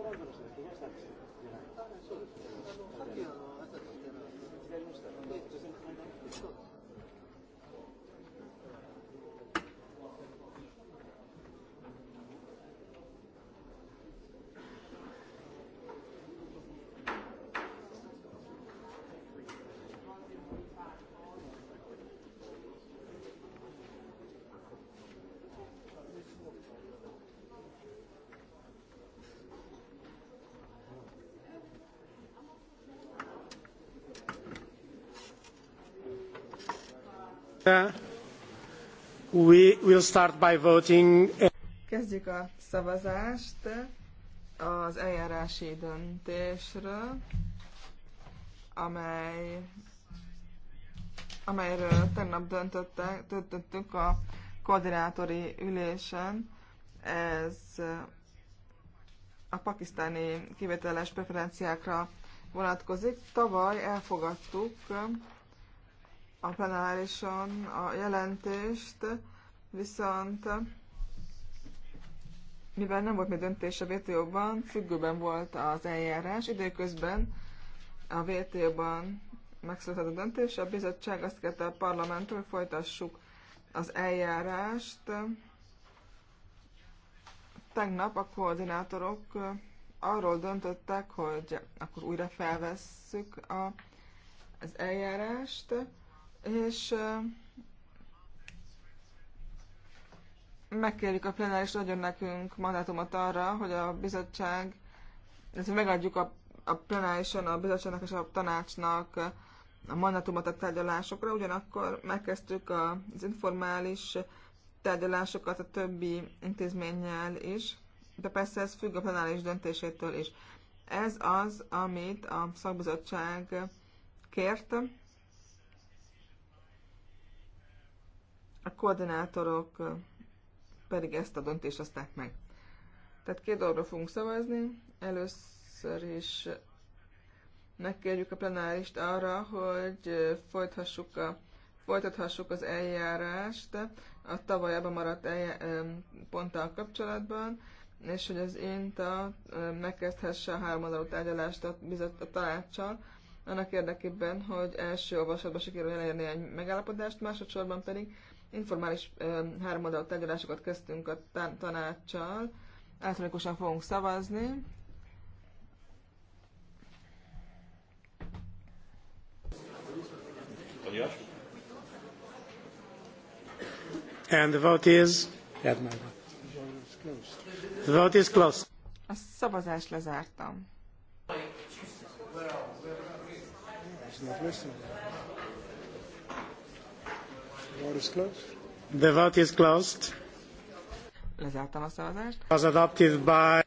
[SPEAKER 4] ランドの人が怪我したんですよ。じゃない。そうです。さっきあの It's good. We will start by voting.
[SPEAKER 3] Kezdjük a szavazást az eljárási döntésről, amely, amelyről tegnap döntöttünk a koordinátori ülésen. Ez a pakisztáni kivételes preferenciákra vonatkozik. Tavaly elfogadtuk a plenárison a jelentést, viszont mivel nem volt még döntés a vto ban függőben volt az eljárás, időközben a vto ban megszületett a döntés, a bizottság azt kérte a parlamenttől, hogy folytassuk az eljárást. Tegnap a koordinátorok arról döntöttek, hogy akkor újra felvesszük a, az eljárást, és megkérjük a plenáris adjon nekünk mandátumot arra, hogy a bizottság, illetve megadjuk a, a plenárison a bizottságnak és a tanácsnak a mandátumot a tárgyalásokra, ugyanakkor megkezdtük az informális tárgyalásokat a többi intézménnyel is, de persze ez függ a plenáris döntésétől is. Ez az, amit a szakbizottság kért, a koordinátorok pedig ezt a döntést hozták meg. Tehát két dologról fogunk szavazni. Először is megkérjük a plenárist arra, hogy folytassuk a, folytathassuk az eljárást a tavaly abban maradt ponttal kapcsolatban, és hogy az INTA megkezdhesse a háromadalú tárgyalást a, a tanácssal, annak érdekében, hogy első olvasatban sikerül elérni egy megállapodást, másodszorban pedig informális háromoldalú tárgyalásokat kezdtünk a tanácssal. Elektronikusan fogunk szavazni.
[SPEAKER 4] And the vote is... The vote is closed.
[SPEAKER 3] A szavazást lezártam. Well, The
[SPEAKER 4] vote is closed.
[SPEAKER 3] Lezártam a szavazást.
[SPEAKER 4] Was adopted by...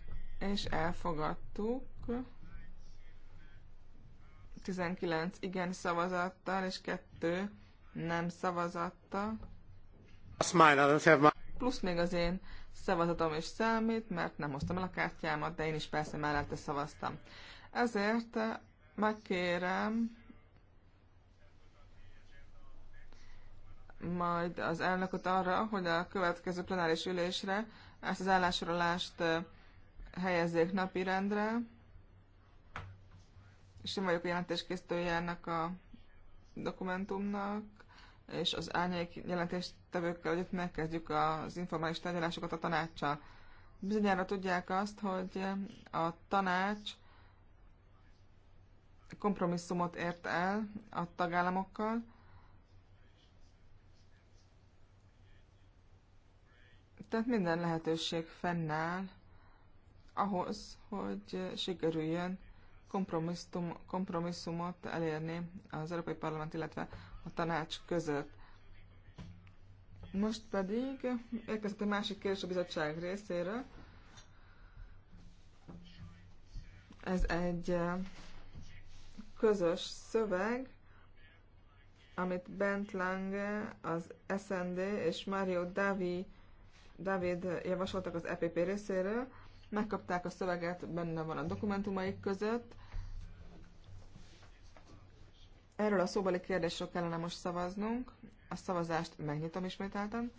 [SPEAKER 3] És elfogadtuk. 19 igen szavazattal, és 2 nem szavazattal. Plusz még az én szavazatom is számít, mert nem hoztam el a kártyámat, de én is persze mellette szavaztam. Ezért megkérem majd az elnököt arra, hogy a következő plenáris ülésre ezt az állásorolást helyezzék napirendre, és én vagyok jelentéskészítője ennek a dokumentumnak, és az árnyék jelentéstevőkkel együtt megkezdjük az informális tárgyalásokat a tanácssal. Bizonyára tudják azt, hogy a tanács kompromisszumot ért el a tagállamokkal, Tehát minden lehetőség fennáll ahhoz, hogy sikerüljön kompromisszum, kompromisszumot elérni az Európai Parlament, illetve a tanács között. Most pedig érkezett egy másik kérdés a bizottság részéről. Ez egy eh, közös szöveg, amit Bent Lange, az SND és Mario Davi David javasoltak az EPP részéről. Megkapták a szöveget, benne van a dokumentumaik között. Erről a szóbeli kérdésről kellene most szavaznunk. A szavazást megnyitom ismételten.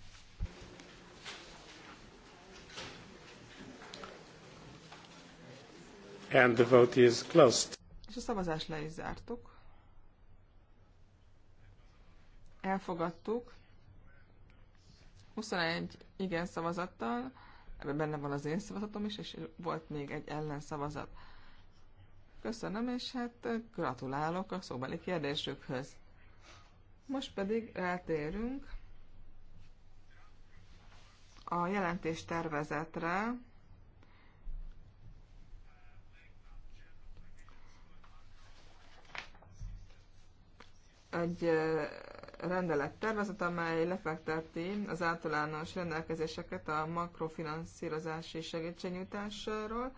[SPEAKER 4] And the vote is closed.
[SPEAKER 3] És a szavazást le is zártuk. Elfogadtuk. 21 igen szavazattal, ebben benne van az én szavazatom is, és volt még egy ellenszavazat. Köszönöm, és hát gratulálok a szóbeli kérdésükhöz. Most pedig rátérünk a jelentés tervezetre. Egy rendelet tervezet, amely lefekteti az általános rendelkezéseket a makrofinanszírozási segítségnyújtásról.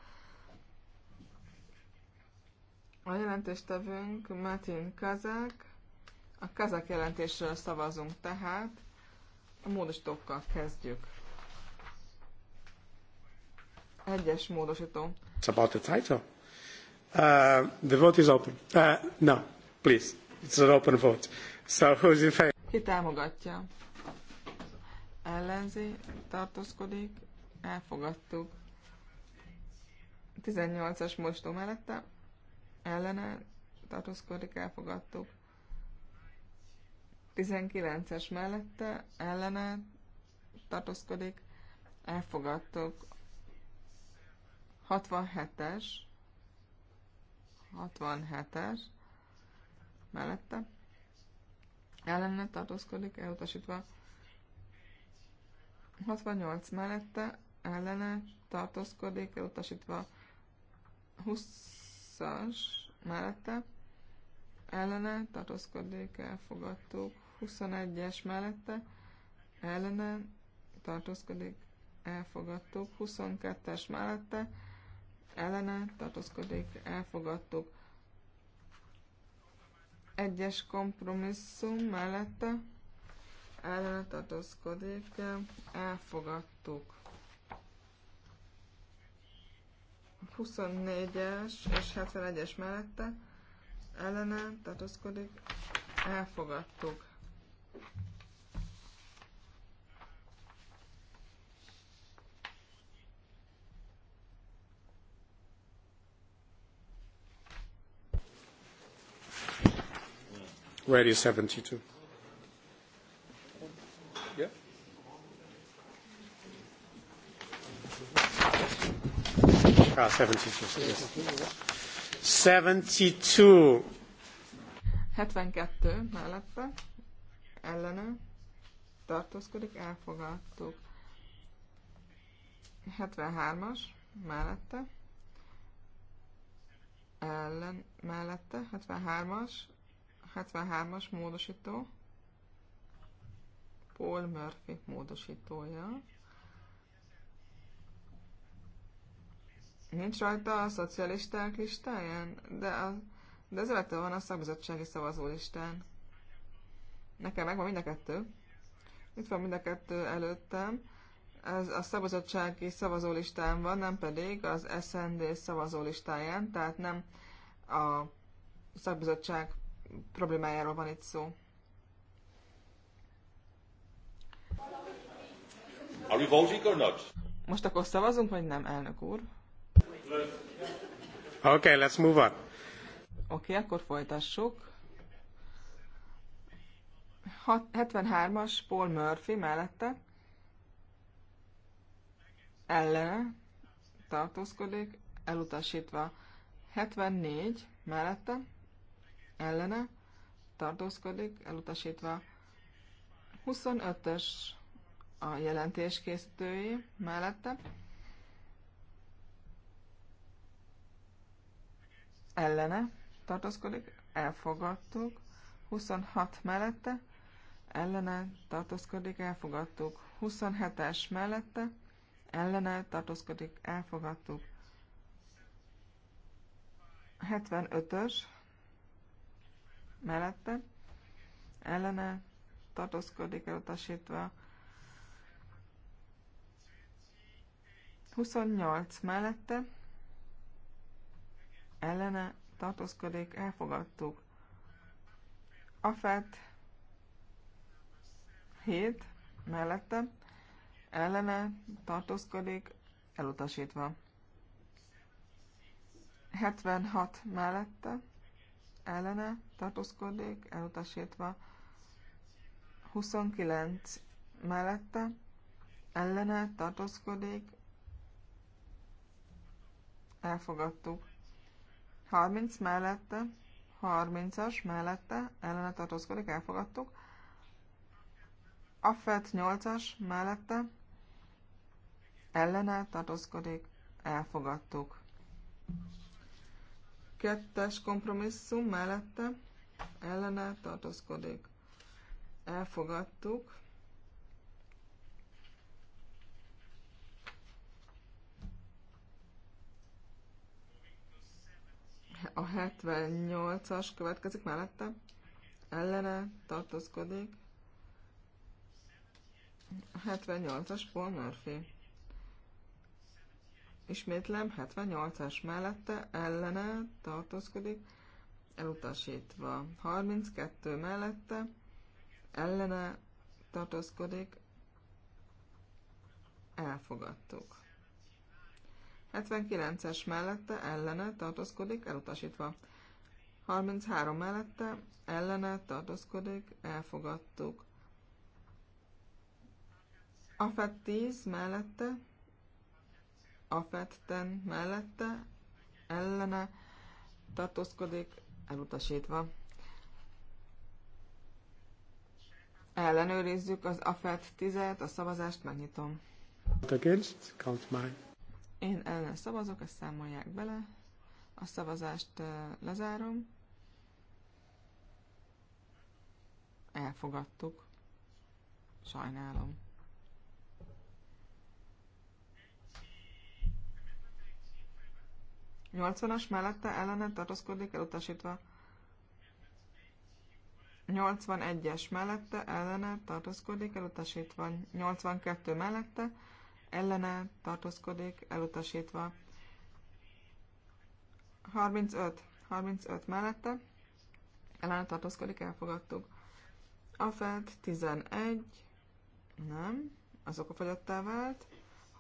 [SPEAKER 3] A jelentéstevőnk Martin Kazák. A kazák jelentésről szavazunk tehát. A módosítókkal kezdjük. Egyes módosító.
[SPEAKER 4] It's about the title. Uh, the vote is open. Uh, no, please. It's an open vote. So szóval, who's
[SPEAKER 3] Ki támogatja? Ellenzi, tartózkodik, elfogadtuk. 18-as mostó mellette, ellene, tartózkodik, elfogadtuk. 19-es mellette, ellene, tartózkodik, elfogadtuk. 67-es, 67-es, mellette, ellene tartózkodik, elutasítva. 68 mellette ellene tartózkodik, elutasítva. 20-as mellette ellene tartózkodik, elfogadtuk. 21-es mellette ellene tartózkodik, elfogadtuk. 22-es mellette ellene tartózkodik, elfogadtuk. Egyes kompromisszum mellette ellene tartózkodik, elfogadtuk. 24-es és 71-es mellette ellene tartózkodik, elfogadtuk.
[SPEAKER 4] Ready is 72? Yeah. Ah, 72, yes. 72.
[SPEAKER 3] 72 mellette, ellene, tartózkodik, elfogadtuk. 73-as mellette, ellen, mellette, 73-as, 73-as módosító. Paul Murphy módosítója. Nincs rajta a szocialisták listáján, de, a, de az rajta van a szakbizottsági listán. Nekem megvan mind a kettő. Itt van mind a kettő előttem. Ez a szakbizottsági szavazólistán van, nem pedig az SND szavazólistáján, tehát nem a szakbizottság problémájáról van itt szó.
[SPEAKER 2] Are you voting or not?
[SPEAKER 3] Most akkor szavazunk, vagy nem, elnök úr? Okay, let's move on. Oké, okay, akkor folytassuk. 73-as Paul Murphy mellette ellene tartózkodik, elutasítva. 74 mellette ellene tartózkodik, elutasítva. 25-ös a jelentés készítői mellette. Ellene tartózkodik, elfogadtuk. 26 mellette, ellene tartózkodik, elfogadtuk. 27-es mellette, ellene tartózkodik, elfogadtuk. 75-ös mellette, ellene tartózkodik elutasítva. 28 mellette, ellene tartózkodik, elfogadtuk. A Afet 7 mellette, ellene tartózkodik, elutasítva. 76 mellette, ellene tartózkodik, elutasítva. 29 mellette ellene tartózkodik, elfogadtuk. 30 mellette, 30-as mellette ellene tartózkodik, elfogadtuk. Affet 8-as mellette ellene tartózkodik, elfogadtuk. Kettes kompromisszum mellette ellene tartózkodik. Elfogadtuk. A 78-as következik mellette. Ellene tartózkodik. 78-as Paul Murphy Ismétlem, 78-as mellette ellene tartózkodik, elutasítva. 32 mellette ellene tartózkodik, elfogadtuk. 79-es mellette ellene tartózkodik, elutasítva. 33 mellette ellene tartózkodik, elfogadtuk. A FED 10 mellette afetten mellette, ellene tartózkodik, elutasítva. Ellenőrizzük az AFET 10 a szavazást megnyitom.
[SPEAKER 4] Against, count mine.
[SPEAKER 3] Én ellen szavazok, ezt számolják bele. A szavazást lezárom. Elfogadtuk. Sajnálom. 80-as mellette ellene tartózkodik elutasítva. 81-es mellette ellene tartózkodik elutasítva. 82 mellette ellene tartózkodik elutasítva. 35. 35 mellette ellene tartózkodik, elfogadtuk. A felt 11, nem, azok a fogyottá vált.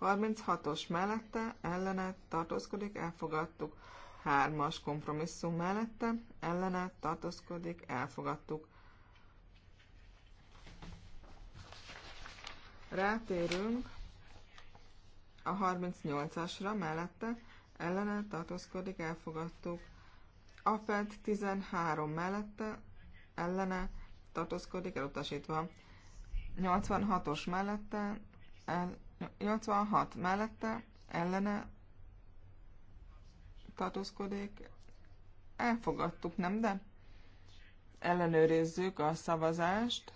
[SPEAKER 3] 36-os mellette ellene tartózkodik, elfogadtuk. 3-as kompromisszum mellette ellene tartózkodik, elfogadtuk. Rátérünk a 38-asra mellette ellene tartózkodik, elfogadtuk. A FED 13 mellette ellene tartózkodik, elutasítva. 86-os mellette ellene, 86 mellette, ellene tartózkodik. Elfogadtuk, nem de? Ellenőrizzük a szavazást.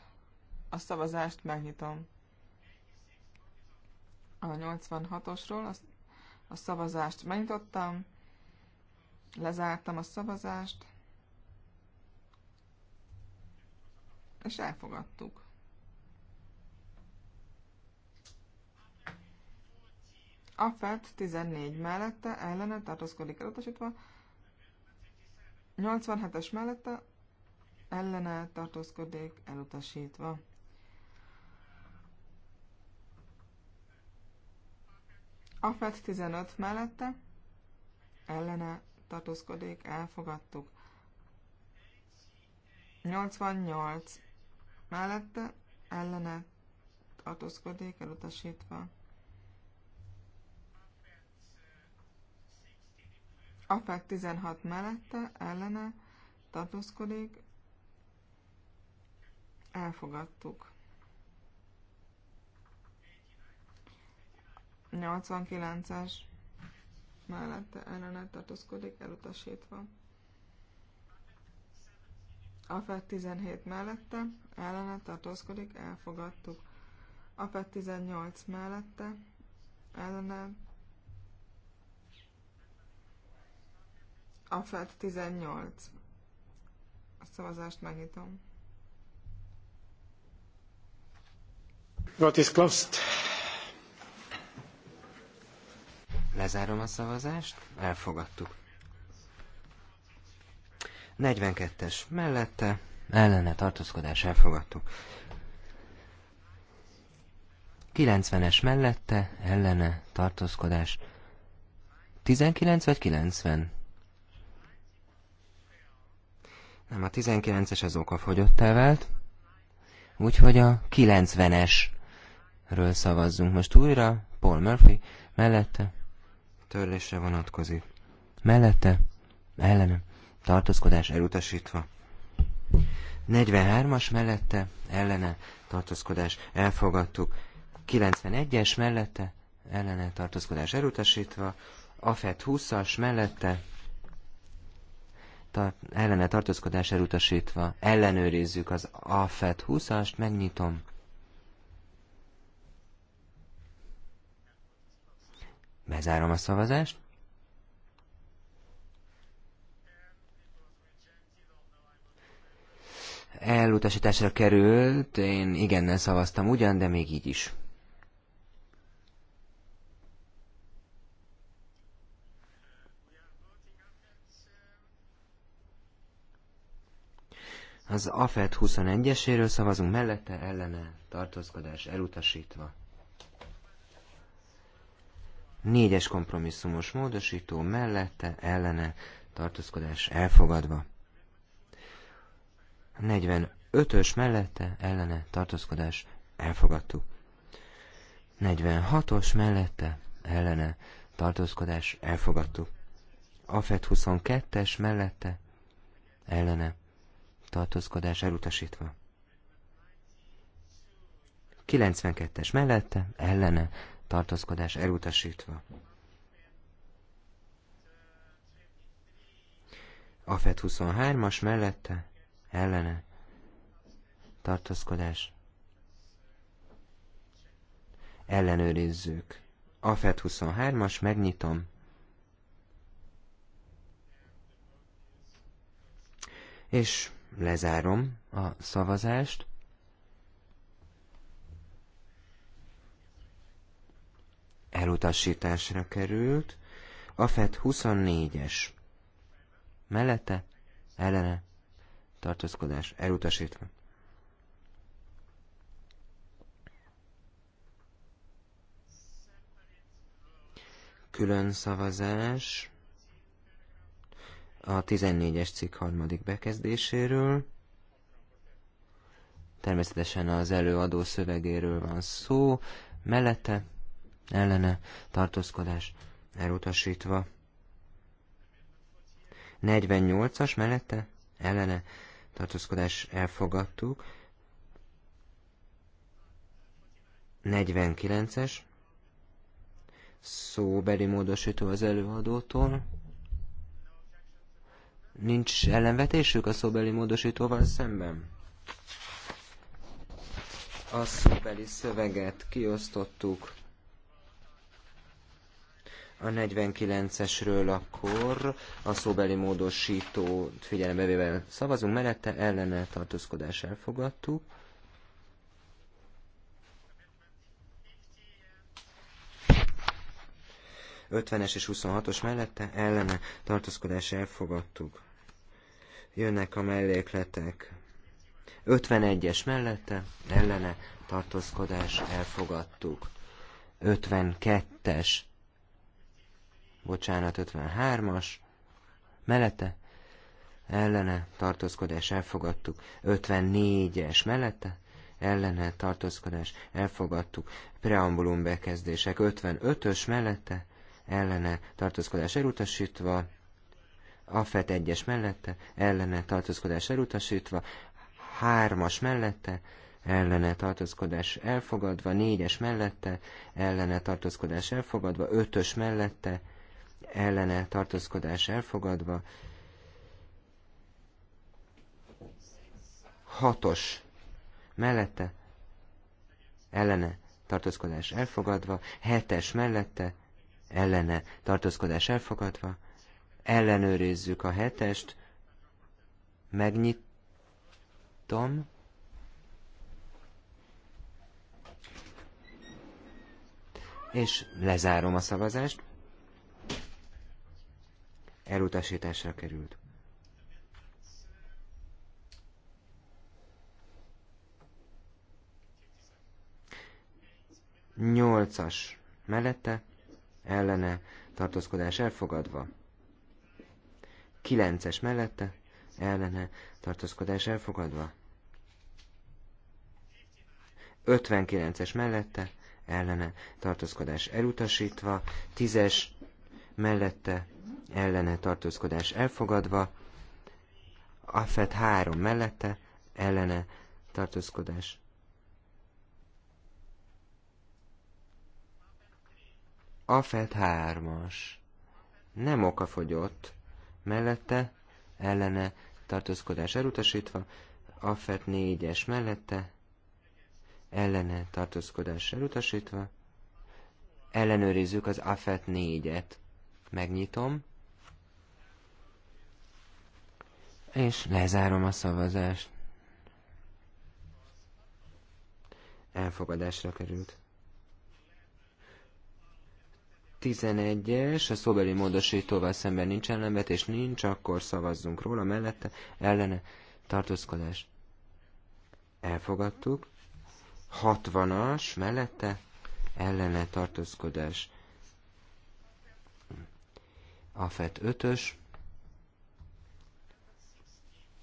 [SPEAKER 3] A szavazást megnyitom. A 86-osról a szavazást megnyitottam. Lezártam a szavazást. És elfogadtuk. AFET 14 mellette ellene tartózkodik elutasítva, 87-es mellette ellene tartózkodik elutasítva. AFET 15 mellette ellene tartózkodik, elfogadtuk. 88 mellette ellene tartózkodik, elutasítva. APEC 16 mellette, ellene tartózkodik, elfogadtuk. 89-es mellette ellene tartózkodik, elutasítva. APEC 17 mellette, ellene tartózkodik, elfogadtuk. APEC 18 mellette, ellene Afet 18. A szavazást megnyitom.
[SPEAKER 1] What is closed? Lezárom a szavazást, elfogadtuk. 42-es mellette, ellene tartózkodás elfogadtuk. 90-es mellette, ellene tartózkodás. 19 vagy 90? Nem, a 19-es az okafogyottá elvált. Úgyhogy a 90-esről szavazzunk most újra. Paul Murphy mellette törlésre vonatkozik. Mellette ellene tartózkodás elutasítva. 43-as mellette ellene tartózkodás elfogadtuk. 91-es mellette ellene tartózkodás elutasítva. AFET 20-as mellette ellene tartózkodás elutasítva. Ellenőrizzük az AFET 20-ast, megnyitom. Bezárom a szavazást. Elutasításra került, én igennel szavaztam ugyan, de még így is. Az AFET 21-eséről szavazunk mellette, ellene, tartózkodás elutasítva. Négyes kompromisszumos módosító mellette, ellene, tartózkodás elfogadva. 45-ös mellette, ellene, tartózkodás elfogadtuk. 46-os mellette, ellene, tartózkodás elfogadtuk. AFET 22-es mellette, ellene, tartózkodás elutasítva. 92-es mellette, ellene, tartózkodás elutasítva. AFET 23-as mellette, ellene, tartózkodás. Ellenőrizzük. AFET 23-as, megnyitom. És Lezárom a szavazást. Elutasításra került. A FED 24-es. Mellette, ellene, tartózkodás elutasítva. Külön szavazás a 14-es cikk harmadik bekezdéséről. Természetesen az előadó szövegéről van szó, mellette, ellene, tartózkodás elutasítva. 48-as mellette, ellene, tartózkodás elfogadtuk. 49-es, szóbeli módosító az előadótól Nincs ellenvetésük a szóbeli módosítóval szemben? A szóbeli szöveget kiosztottuk a 49-esről akkor a szóbeli módosító figyelembe véve szavazunk, mellette ellene tartózkodás elfogadtuk. Ötvenes és 26-os mellette ellene tartózkodás elfogadtuk jönnek a mellékletek. 51-es mellette, ellene, tartózkodás, elfogadtuk. 52-es, bocsánat, 53-as, mellette, ellene, tartózkodás, elfogadtuk. 54-es, mellette, ellene, tartózkodás, elfogadtuk. Preambulum bekezdések, 55-ös, mellette, ellene, tartózkodás elutasítva, AFET egyes mellette, ellene tartózkodás elutasítva, hármas mellette, ellene tartózkodás elfogadva, négyes mellette, ellene tartózkodás elfogadva, ötös mellette, ellene tartózkodás elfogadva, hatos mellette, ellene tartózkodás elfogadva, hetes mellette, ellene tartózkodás elfogadva, ellenőrizzük a hetest, megnyitom, és lezárom a szavazást. Elutasításra került. Nyolcas mellette, ellene, tartózkodás elfogadva kilences mellette ellene tartózkodás elfogadva. 59-es mellette ellene tartózkodás elutasítva, 10-es mellette ellene tartózkodás elfogadva, a Affet 3 mellette ellene tartózkodás. A Affet 3-as. Nem okafogyott mellette, ellene tartózkodás elutasítva, Affert 4-es mellette, ellene tartózkodás elutasítva, ellenőrizzük az Affert 4-et. Megnyitom, és lezárom a szavazást. Elfogadásra került. 11-es, a szóbeli módosítóval szemben nincs ellenvetés, nincs, akkor szavazzunk róla, mellette ellene tartózkodás. Elfogadtuk. 60-as, mellette ellene tartózkodás. A FET 5-ös.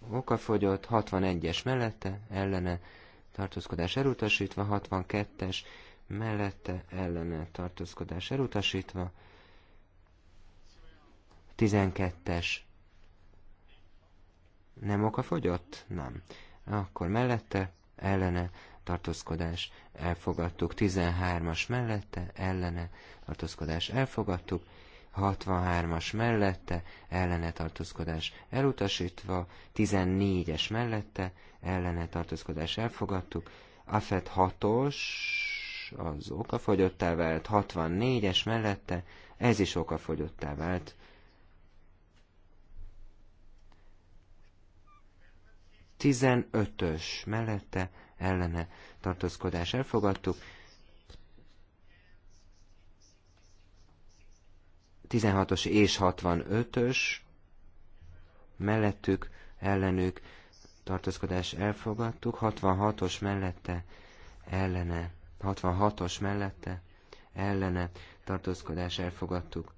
[SPEAKER 1] Okafogyott, 61-es mellette, ellene tartózkodás elutasítva, 62-es mellette ellene tartózkodás elutasítva, 12-es nem fogyott, Nem. Akkor mellette ellene tartózkodás elfogadtuk, 13-as mellette ellene tartózkodás elfogadtuk, 63-as mellette ellene tartózkodás elutasítva, 14-es mellette ellene tartózkodás elfogadtuk, AFET 6-os az okafogyottá vált, 64-es mellette, ez is okafogyottá vált. Tizenötös mellette ellene tartózkodás elfogadtuk. 16-os és 65-ös mellettük, ellenük tartózkodás elfogadtuk, 66-os mellette ellene 66-os mellette ellene tartózkodás elfogadtuk.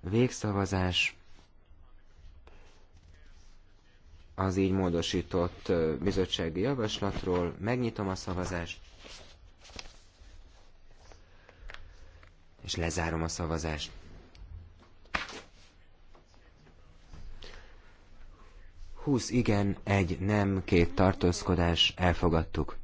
[SPEAKER 1] Végszavazás az így módosított bizottsági javaslatról. Megnyitom a szavazást. És lezárom a szavazást. 20 igen, egy nem, két tartózkodás, elfogadtuk.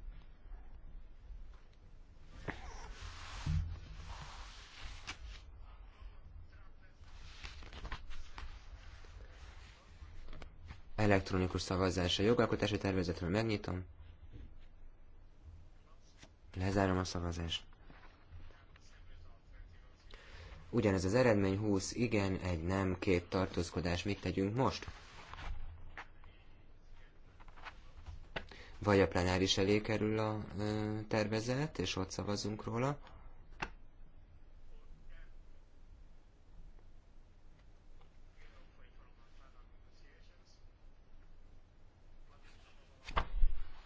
[SPEAKER 1] Elektronikus szavazás a jogalkotási tervezetről megnyitom. Lezárom a szavazást. Ugyanez az eredmény 20 igen, egy nem, két tartózkodás. Mit tegyünk most? vagy a plenáris elé kerül a tervezet, és ott szavazunk róla,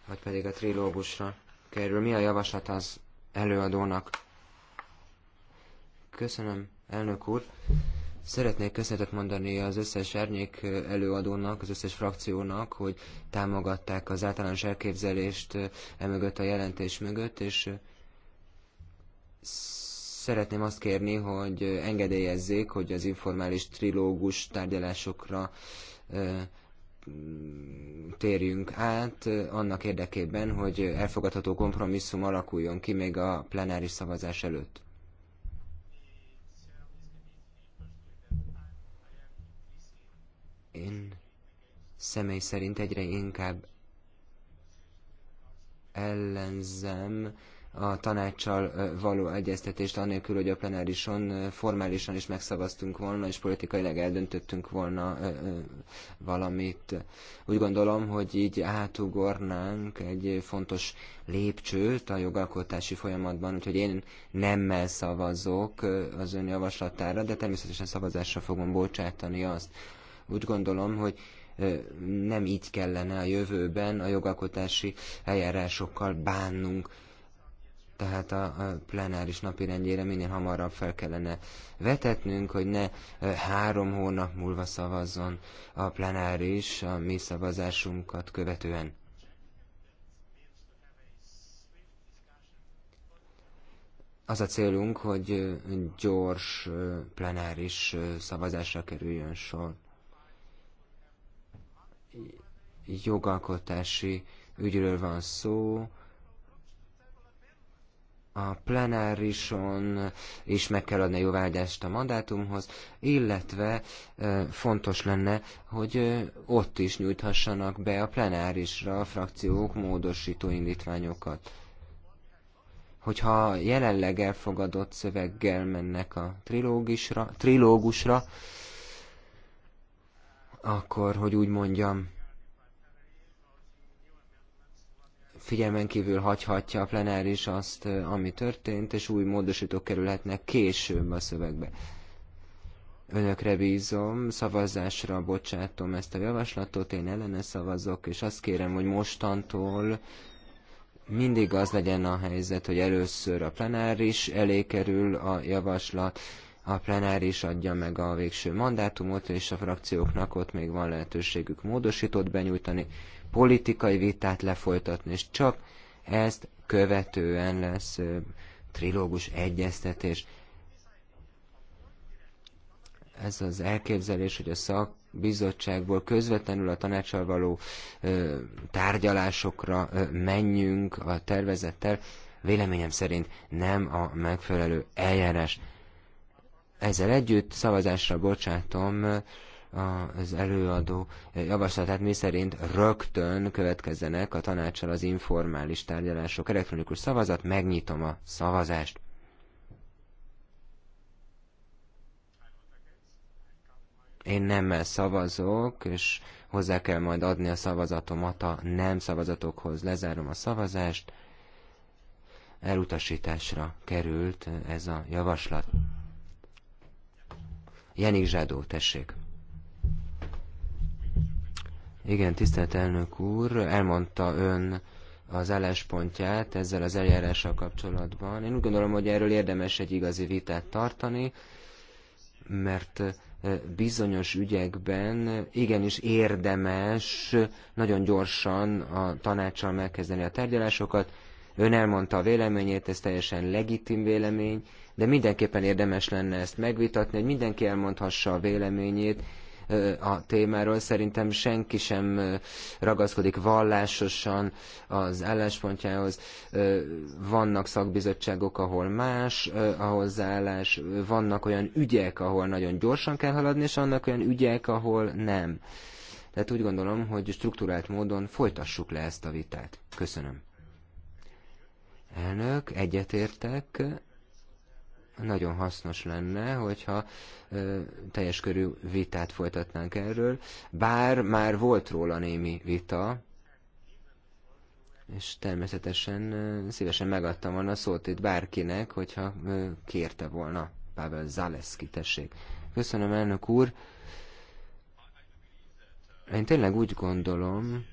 [SPEAKER 1] vagy pedig a trilógusra kerül. Mi a javaslat az előadónak? Köszönöm, elnök úr. Szeretnék köszönetet mondani az összes árnyék előadónak, az összes frakciónak, hogy támogatták az általános elképzelést emögött a jelentés mögött, és szeretném azt kérni, hogy engedélyezzék, hogy az informális trilógus tárgyalásokra e, térjünk át, annak érdekében, hogy elfogadható kompromisszum alakuljon ki még a plenáris szavazás előtt. Én személy szerint egyre inkább ellenzem a tanácssal való egyeztetést, anélkül, hogy a plenárison formálisan is megszavaztunk volna, és politikailag eldöntöttünk volna valamit. Úgy gondolom, hogy így átugornánk egy fontos lépcsőt a jogalkotási folyamatban, úgyhogy én nemmel szavazok az ön javaslatára, de természetesen szavazásra fogom bocsátani azt, úgy gondolom, hogy nem így kellene a jövőben a jogalkotási eljárásokkal bánnunk. Tehát a plenáris napirendjére minél hamarabb fel kellene vetetnünk, hogy ne három hónap múlva szavazzon a plenáris a mi szavazásunkat követően. az a célunk, hogy gyors plenáris szavazásra kerüljön sor jogalkotási ügyről van szó, a plenárison is meg kell adni jóvágyást a mandátumhoz, illetve fontos lenne, hogy ott is nyújthassanak be a plenárisra a frakciók módosító indítványokat. Hogyha jelenleg elfogadott szöveggel mennek a trilógusra, trilógusra akkor, hogy úgy mondjam, figyelmen kívül hagyhatja a plenáris azt, eh, ami történt, és új módosítók kerülhetnek később a szövegbe. Önökre bízom, szavazásra bocsátom ezt a javaslatot, én ellene szavazok, és azt kérem, hogy mostantól mindig az legyen a helyzet, hogy először a plenáris elé kerül a javaslat, a plenáris adja meg a végső mandátumot, és a frakcióknak ott még van lehetőségük módosítót benyújtani, politikai vitát lefolytatni, és csak ezt követően lesz trilógus egyeztetés. Ez az elképzelés, hogy a szakbizottságból közvetlenül a tanácsal való ö, tárgyalásokra ö, menjünk a tervezettel, véleményem szerint nem a megfelelő eljárás. Ezzel együtt szavazásra bocsátom az előadó javaslatát, mi szerint rögtön következzenek a tanácsal az informális tárgyalások. Elektronikus szavazat, megnyitom a szavazást. Én nemmel szavazok, és hozzá kell majd adni a szavazatomat a nem szavazatokhoz. Lezárom a szavazást. Elutasításra került ez a javaslat. Jenik Zsádó, tessék. Igen, tisztelt elnök úr, elmondta ön az álláspontját ezzel az eljárással kapcsolatban. Én úgy gondolom, hogy erről érdemes egy igazi vitát tartani, mert bizonyos ügyekben igenis érdemes nagyon gyorsan a tanácssal megkezdeni a tárgyalásokat, Ön elmondta a véleményét, ez teljesen legitim vélemény, de mindenképpen érdemes lenne ezt megvitatni, hogy mindenki elmondhassa a véleményét a témáról. Szerintem senki sem ragaszkodik vallásosan az álláspontjához. Vannak szakbizottságok, ahol más a hozzáállás, vannak olyan ügyek, ahol nagyon gyorsan kell haladni, és annak olyan ügyek, ahol nem. Tehát úgy gondolom, hogy struktúrált módon folytassuk le ezt a vitát. Köszönöm. Elnök, egyetértek, nagyon hasznos lenne, hogyha ö, teljes körű vitát folytatnánk erről, bár már volt róla némi vita, és természetesen ö, szívesen megadtam volna a szót itt bárkinek, hogyha ö, kérte volna. Pavel Zaleszki, tessék. Köszönöm, elnök úr. Én tényleg úgy gondolom,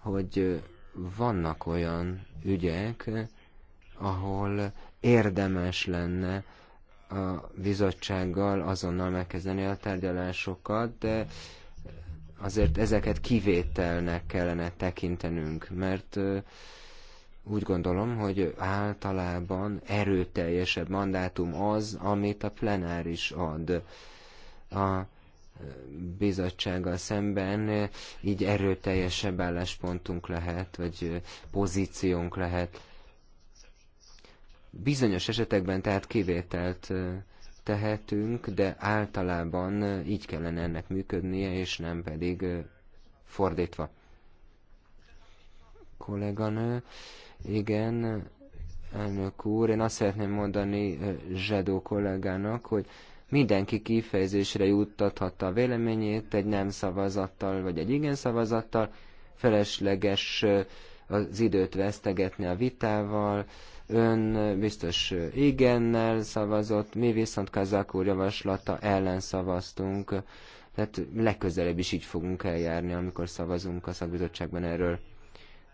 [SPEAKER 1] hogy vannak olyan ügyek, ahol érdemes lenne a bizottsággal azonnal megkezdeni a tárgyalásokat, de azért ezeket kivételnek kellene tekintenünk, mert úgy gondolom, hogy általában erőteljesebb mandátum az, amit a plenáris ad. A bizottsággal szemben így erőteljesebb álláspontunk lehet, vagy pozíciónk lehet. Bizonyos esetekben tehát kivételt tehetünk, de általában így kellene ennek működnie, és nem pedig fordítva. Kolléganő, igen, elnök úr, én azt szeretném mondani zsadó kollégának, hogy mindenki kifejezésre juttathatta a véleményét egy nem szavazattal vagy egy igen szavazattal, felesleges az időt vesztegetni a vitával, ön biztos igennel szavazott, mi viszont Kazak úr javaslata ellen szavaztunk, tehát legközelebb is így fogunk eljárni, amikor szavazunk a szakbizottságban erről.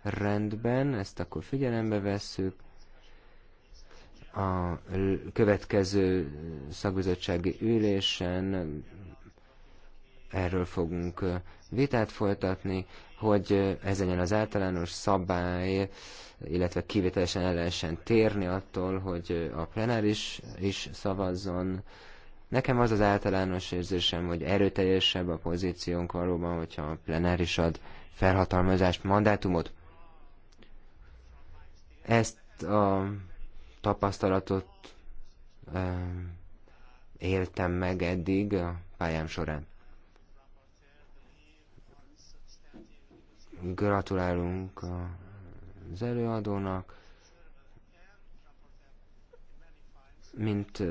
[SPEAKER 1] Rendben, ezt akkor figyelembe vesszük a következő szakbizottsági ülésen erről fogunk vitát folytatni, hogy ez legyen az általános szabály, illetve kivételesen el lehessen térni attól, hogy a plenáris is szavazzon. Nekem az az általános érzésem, hogy erőteljesebb a pozíciónk valóban, hogyha a plenáris ad felhatalmazást, mandátumot. Ezt a tapasztalatot éltem meg eddig a pályám során. Gratulálunk az előadónak. Mint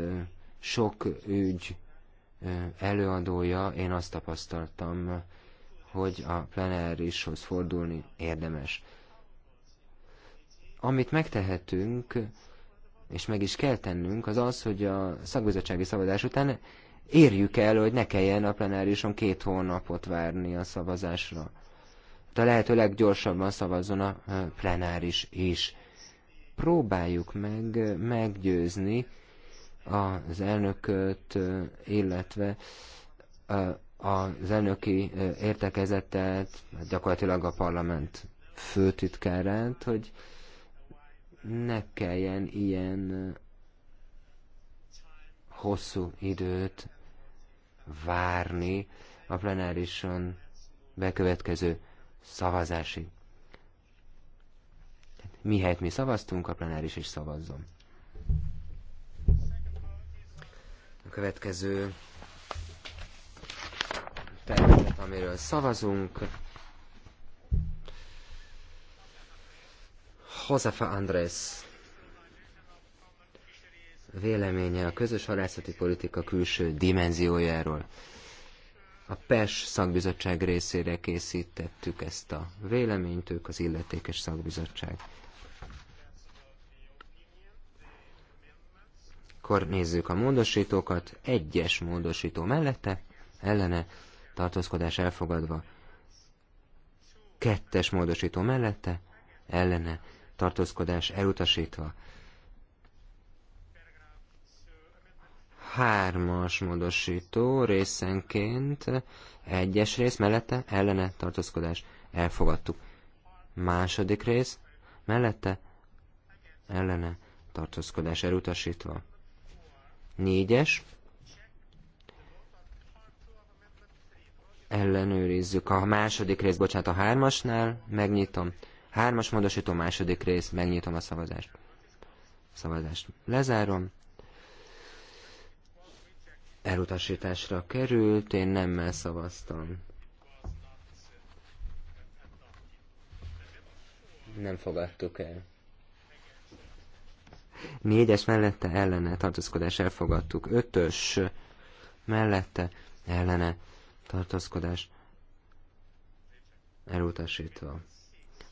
[SPEAKER 1] sok ügy előadója, én azt tapasztaltam, hogy a plenárishoz fordulni érdemes. Amit megtehetünk, és meg is kell tennünk, az az, hogy a szakbizottsági szavazás után érjük el, hogy ne kelljen a plenárison két hónapot várni a szavazásra. De hát lehető leggyorsabban szavazzon a plenáris is. Próbáljuk meg meggyőzni az elnököt, illetve az elnöki értekezetet, gyakorlatilag a parlament főtitkárát, hogy ne kelljen ilyen hosszú időt várni a plenárison bekövetkező Mi Mihelyt mi szavaztunk, a plenáris is szavazzon. A következő terület, amiről szavazunk, Josefa Andrész véleménye a közös halászati politika külső dimenziójáról. A PES szakbizottság részére készítettük ezt a véleményt, ők az illetékes szakbizottság. Akkor nézzük a módosítókat. Egyes módosító mellette, ellene, tartózkodás elfogadva. Kettes módosító mellette, ellene, tartózkodás elutasítva. Hármas módosító részenként egyes rész mellette ellene tartózkodás elfogadtuk. Második rész mellette ellene tartózkodás elutasítva. Négyes. Ellenőrizzük a második rész, bocsánat, a hármasnál. Megnyitom. Hármas módosító második rész, megnyitom a szavazást. Szavazást lezárom. Elutasításra került, én nem szavaztam. Nem fogadtuk el. Négyes mellette ellene tartózkodás elfogadtuk. Ötös mellette ellene tartózkodás elutasítva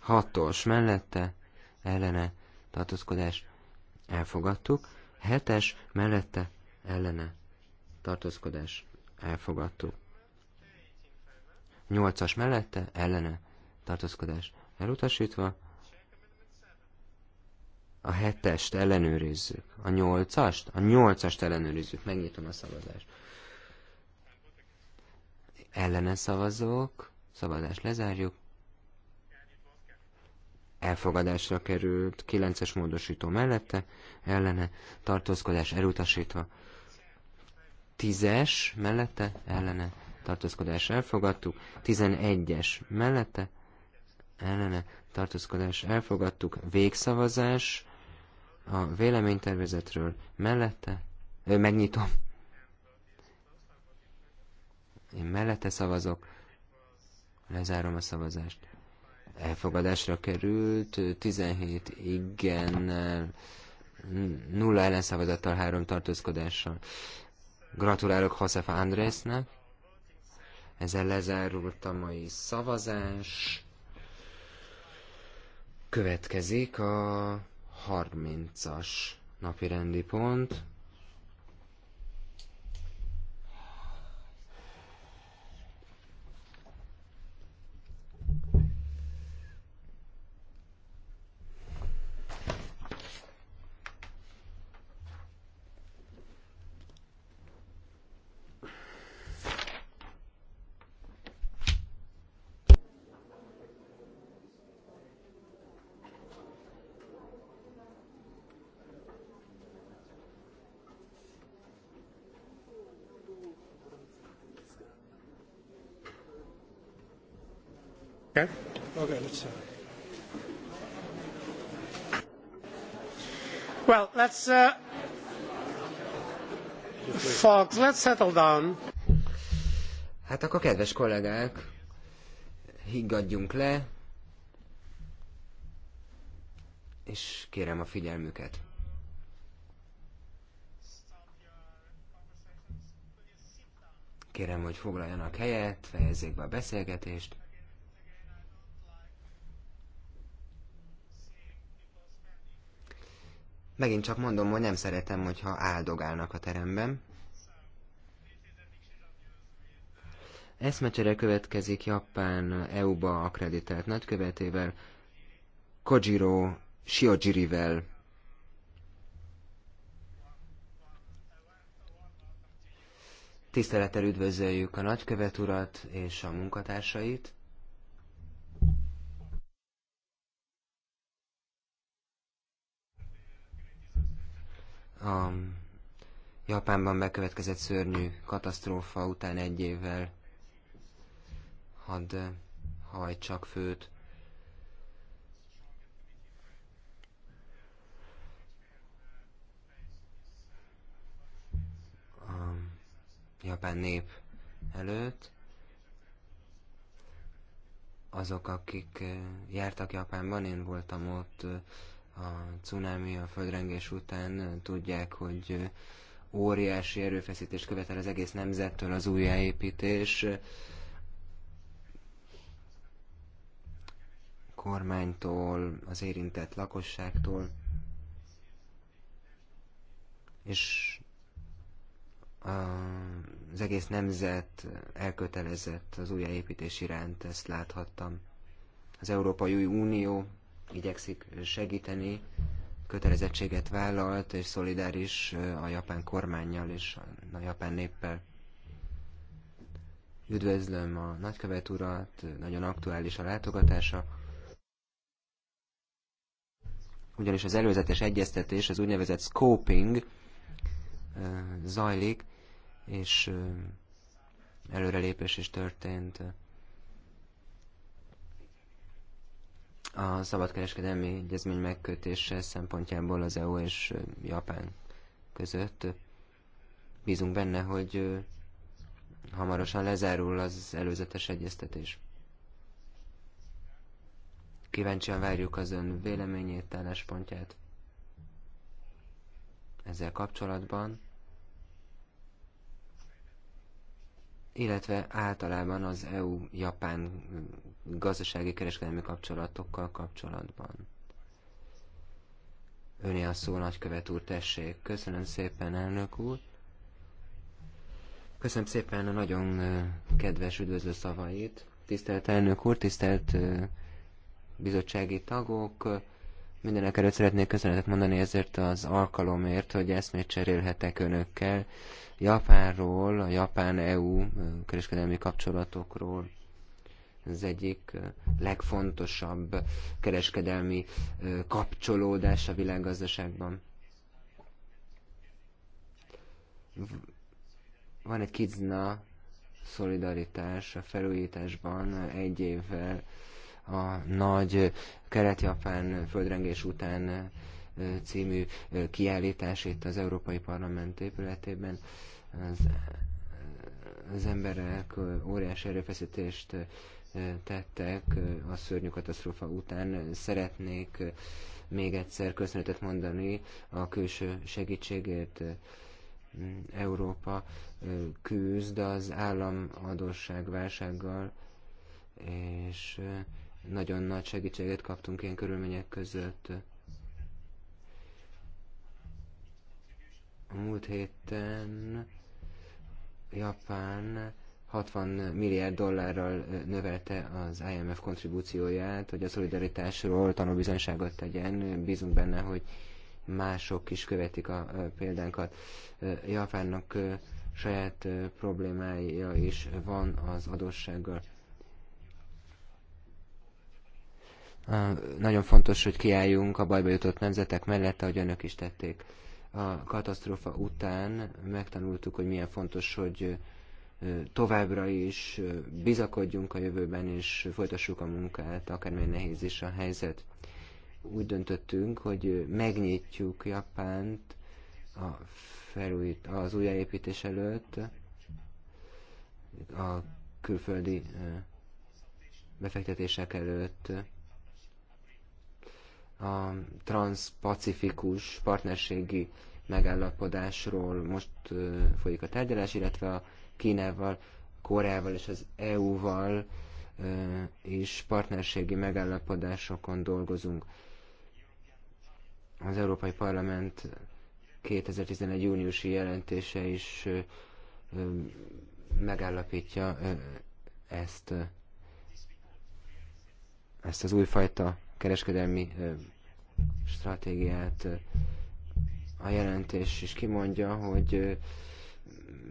[SPEAKER 1] hatos mellette ellene tartózkodás elfogadtuk, hetes mellette ellene tartózkodás elfogadtuk. Nyolcas mellette ellene tartózkodás elutasítva, a hetest ellenőrizzük, a nyolcast, a nyolcast ellenőrizzük, megnyitom a szavazást. Ellene szavazók, szavazást lezárjuk, elfogadásra került, 9-es módosító mellette, ellene tartózkodás elutasítva, 10-es mellette, ellene tartózkodás elfogadtuk, 11-es mellette, ellene tartózkodás elfogadtuk, végszavazás a véleménytervezetről mellette, ő megnyitom, én mellette szavazok, lezárom a szavazást elfogadásra került, 17 igen, nulla ellenszavazattal, három tartózkodással. Gratulálok Josefa Andrésznek. Ezzel lezárult a mai szavazás. Következik a 30-as napi rendi pont. let's settle down. Hát akkor kedves kollégák, higgadjunk le, és kérem a figyelmüket. Kérem, hogy foglaljanak helyet, fejezzék be a beszélgetést. Megint csak mondom, hogy nem szeretem, hogyha áldogálnak a teremben. Eszmecsere következik Japán EU-ba akreditált nagykövetével, Kojiro Shiojirivel. Tisztelettel üdvözöljük a nagykövet urat és a munkatársait. A Japánban bekövetkezett szörnyű katasztrófa után egy évvel hadd eh, hajtsak főt. A japán nép előtt azok, akik eh, jártak Japánban, én voltam ott eh, a cunami, a földrengés után, tudják, hogy óriási erőfeszítés követel az egész nemzettől az újjáépítés. építés kormánytól, az érintett lakosságtól, és az egész nemzet elkötelezett az újjáépítés iránt, ezt láthattam. Az Európai Unió igyekszik segíteni, kötelezettséget vállalt és szolidáris a japán kormányjal és a japán néppel. Üdvözlöm a nagykövet urat, nagyon aktuális a látogatása ugyanis az előzetes egyeztetés, az úgynevezett scoping zajlik, és előrelépés is történt. A szabadkereskedelmi egyezmény megkötése szempontjából az EU és Japán között bízunk benne, hogy hamarosan lezárul az előzetes egyeztetés. Kíváncsian várjuk az ön véleményét, álláspontját ezzel kapcsolatban, illetve általában az EU-Japán gazdasági kereskedelmi kapcsolatokkal kapcsolatban. Öné a szó, nagykövet úr, tessék. Köszönöm szépen, elnök úr. Köszönöm szépen a nagyon kedves üdvözlő szavait. Tisztelt elnök úr, tisztelt bizottsági tagok. Mindenek előtt szeretnék köszönetet mondani ezért az alkalomért, hogy eszmét cserélhetek önökkel Japánról, a Japán-EU kereskedelmi kapcsolatokról. Ez egyik legfontosabb kereskedelmi kapcsolódás a világgazdaságban van egy kizna szolidaritás a felújításban egy évvel a nagy kelet-japán földrengés után című kiállítás itt az Európai Parlament épületében. Az, az emberek óriási erőfeszítést tettek a szörnyű katasztrófa után. Szeretnék még egyszer köszönetet mondani a külső segítségért. Európa küzd az államadósság válsággal, és nagyon nagy segítséget kaptunk ilyen körülmények között. A múlt héten Japán 60 milliárd dollárral növelte az IMF kontribúcióját, hogy a szolidaritásról tanúbizonyságot tegyen. Bízunk benne, hogy mások is követik a példánkat. Japánnak saját problémája is van az adóssággal. Nagyon fontos, hogy kiálljunk a bajba jutott nemzetek mellett, ahogy önök is tették. A katasztrófa után megtanultuk, hogy milyen fontos, hogy továbbra is bizakodjunk a jövőben, és folytassuk a munkát, akármilyen nehéz is a helyzet. Úgy döntöttünk, hogy megnyitjuk Japánt a felújít, az újjáépítés előtt a külföldi befektetések előtt a transpacifikus partnerségi megállapodásról most folyik a tárgyalás, illetve a Kínával, Koreával és az EU-val is partnerségi megállapodásokon dolgozunk. Az Európai Parlament 2011. júniusi jelentése is megállapítja ezt, ezt az újfajta kereskedelmi stratégiát. A jelentés is kimondja, hogy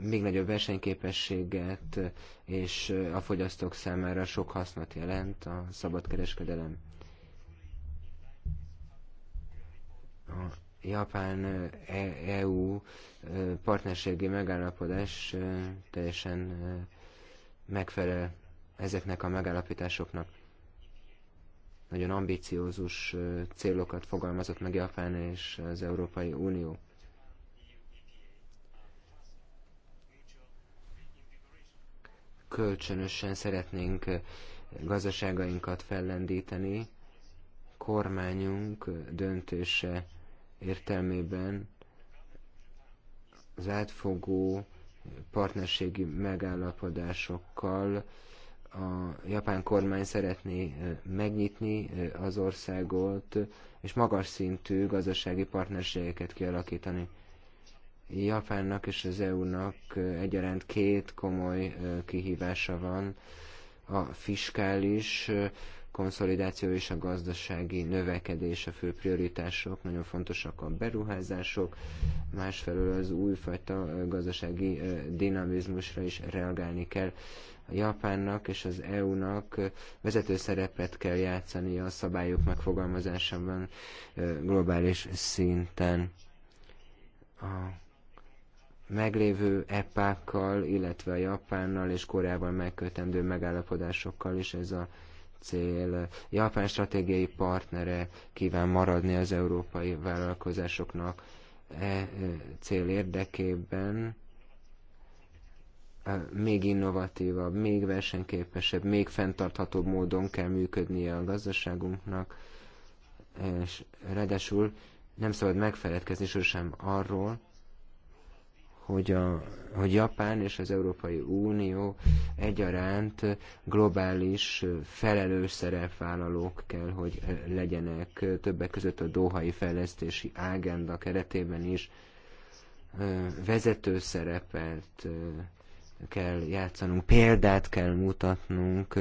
[SPEAKER 1] még nagyobb versenyképességet és a fogyasztók számára sok hasznot jelent a kereskedelem. A Japán EU e partnerségi megállapodás teljesen megfelel ezeknek a megállapításoknak nagyon ambiciózus célokat fogalmazott meg Japán és az Európai Unió. Kölcsönösen szeretnénk gazdaságainkat fellendíteni, kormányunk döntése értelmében az átfogó partnerségi megállapodásokkal a japán kormány szeretné megnyitni az országot, és magas szintű gazdasági partnerségeket kialakítani. Japánnak és az EU-nak egyaránt két komoly kihívása van, a fiskális konszolidáció és a gazdasági növekedés a fő prioritások, nagyon fontosak a beruházások, másfelől az újfajta gazdasági dinamizmusra is reagálni kell. A Japánnak és az EU-nak vezető szerepet kell játszani a szabályok megfogalmazásában globális szinten. A meglévő EPA-kkal, illetve a Japánnal és Koreával megkötendő megállapodásokkal is ez a cél. Japán stratégiai partnere kíván maradni az európai vállalkozásoknak e cél érdekében még innovatívabb, még versenyképesebb, még fenntarthatóbb módon kell működnie a gazdaságunknak, és ráadásul nem szabad megfeledkezni sosem arról, hogy, a, hogy Japán és az Európai Unió egyaránt globális felelős szerepvállalók kell, hogy legyenek többek között a Dohai fejlesztési ágenda keretében is vezető szerepet kell játszanunk, példát kell mutatnunk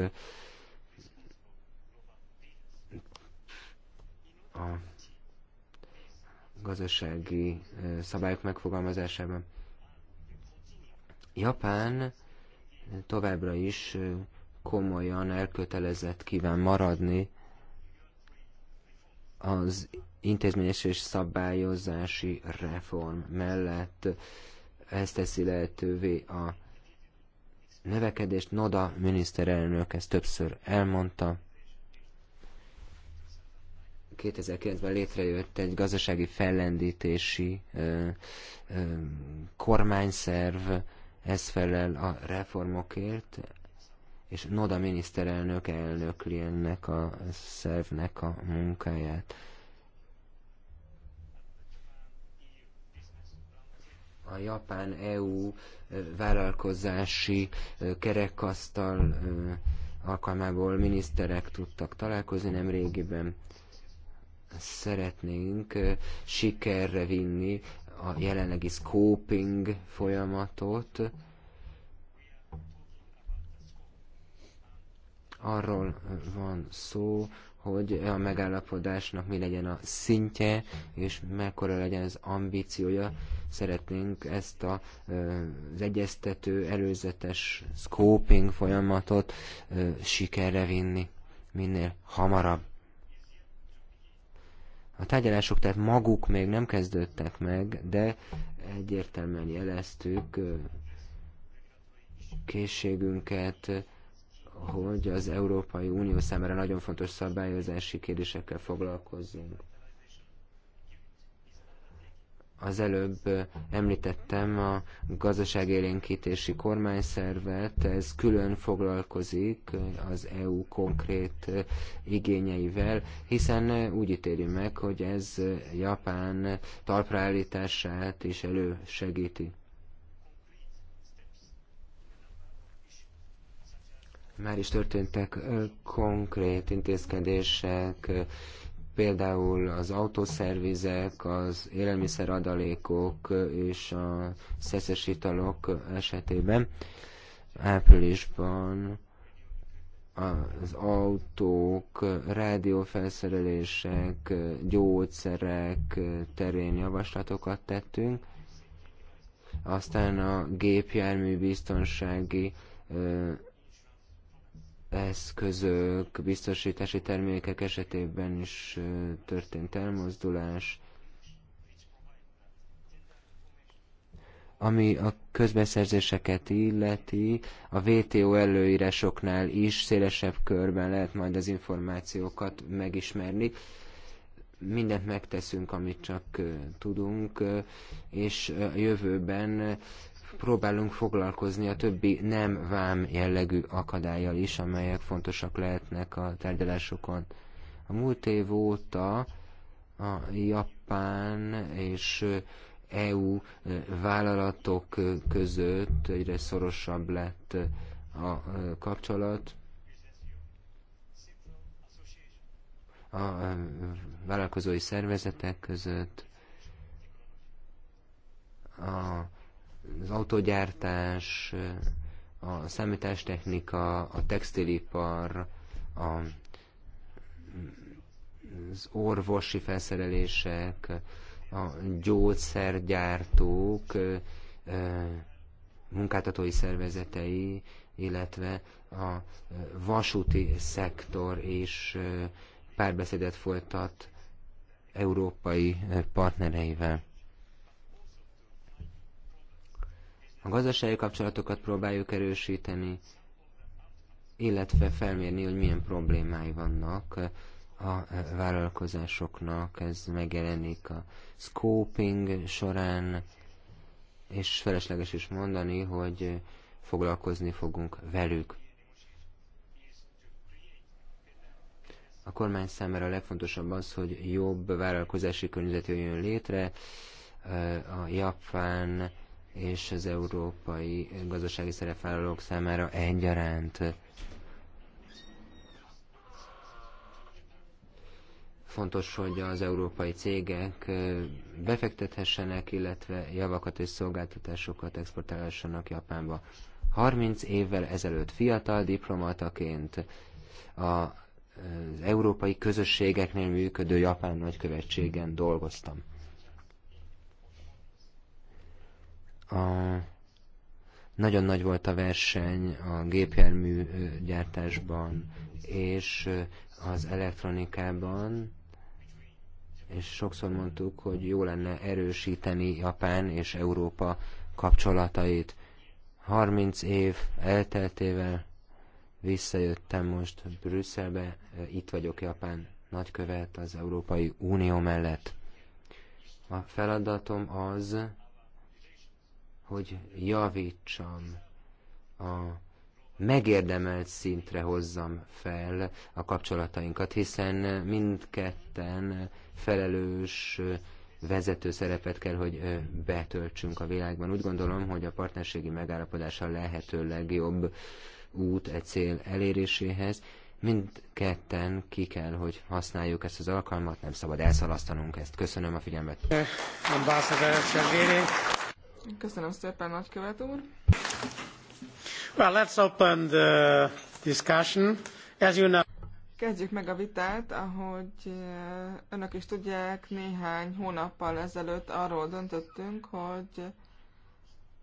[SPEAKER 1] a gazdasági szabályok megfogalmazásában. Japán továbbra is komolyan elkötelezett kíván maradni az intézményes és szabályozási reform mellett. ezt teszi lehetővé a növekedést. Noda miniszterelnök ezt többször elmondta. 2009-ben létrejött egy gazdasági fellendítési ö, ö, kormányszerv, ez felel a reformokért, és Noda miniszterelnök elnökli ennek a szervnek a munkáját. a Japán-EU vállalkozási kerekasztal alkalmából miniszterek tudtak találkozni nem régiben. Szeretnénk sikerre vinni a jelenlegi scoping folyamatot, arról van szó, hogy a megállapodásnak mi legyen a szintje, és mekkora legyen az ambíciója. Szeretnénk ezt a, az egyeztető, előzetes scoping folyamatot sikerre vinni minél hamarabb. A tárgyalások tehát maguk még nem kezdődtek meg, de egyértelműen jeleztük készségünket, hogy az Európai Unió számára nagyon fontos szabályozási kérdésekkel foglalkozzunk. Az előbb említettem a gazdaságélénkítési kormányszervet, ez külön foglalkozik az EU konkrét igényeivel, hiszen úgy ítéli meg, hogy ez Japán talpraállítását is elősegíti. Már is történtek konkrét intézkedések, például az autószervizek, az élelmiszeradalékok és a szeszes italok esetében. Áprilisban az autók, rádiófelszerelések, gyógyszerek terén javaslatokat tettünk. Aztán a gépjármű biztonsági eszközök, biztosítási termékek esetében is történt elmozdulás, ami a közbeszerzéseket illeti, a VTO előírásoknál is szélesebb körben lehet majd az információkat megismerni. Mindent megteszünk, amit csak tudunk, és a jövőben próbálunk foglalkozni a többi nem vám jellegű akadályjal is, amelyek fontosak lehetnek a tárgyalásokon. A múlt év óta a Japán és EU e, vállalatok között egyre szorosabb lett a e, kapcsolat. A e, vállalkozói szervezetek között a az autogyártás, a számítástechnika, a textilipar, a, az orvosi felszerelések, a gyógyszergyártók munkáltatói szervezetei, illetve a vasúti szektor és párbeszédet folytat európai partnereivel. A gazdasági kapcsolatokat próbáljuk erősíteni, illetve felmérni, hogy milyen problémái vannak a vállalkozásoknak. Ez megjelenik a scoping során, és felesleges is mondani, hogy foglalkozni fogunk velük. A kormány számára a legfontosabb az, hogy jobb vállalkozási környezet jöjjön létre. A japán és az európai gazdasági szerepvállalók számára egyaránt. Fontos, hogy az európai cégek befektethessenek, illetve javakat és szolgáltatásokat exportálhassanak Japánba. 30 évvel ezelőtt fiatal diplomataként a az európai közösségeknél működő japán nagykövetségen dolgoztam. A, nagyon nagy volt a verseny a gépjármű gyártásban és az elektronikában, és sokszor mondtuk, hogy jó lenne erősíteni Japán és Európa kapcsolatait. 30 év elteltével visszajöttem most Brüsszelbe, itt vagyok Japán nagykövet az Európai Unió mellett. A feladatom az, hogy javítsam a megérdemelt szintre hozzam fel a kapcsolatainkat, hiszen mindketten felelős vezető szerepet kell, hogy betöltsünk a világban. Úgy gondolom, hogy a partnerségi megállapodás a lehető legjobb út egy cél eléréséhez. Mindketten ki kell, hogy használjuk ezt az alkalmat, nem szabad elszalasztanunk ezt. Köszönöm a figyelmet.
[SPEAKER 4] Ambassador
[SPEAKER 3] Köszönöm szépen, nagykövet úr.
[SPEAKER 4] Well, let's open the discussion. As you know...
[SPEAKER 3] Kezdjük meg a vitát, ahogy eh, önök is tudják, néhány hónappal ezelőtt arról döntöttünk, hogy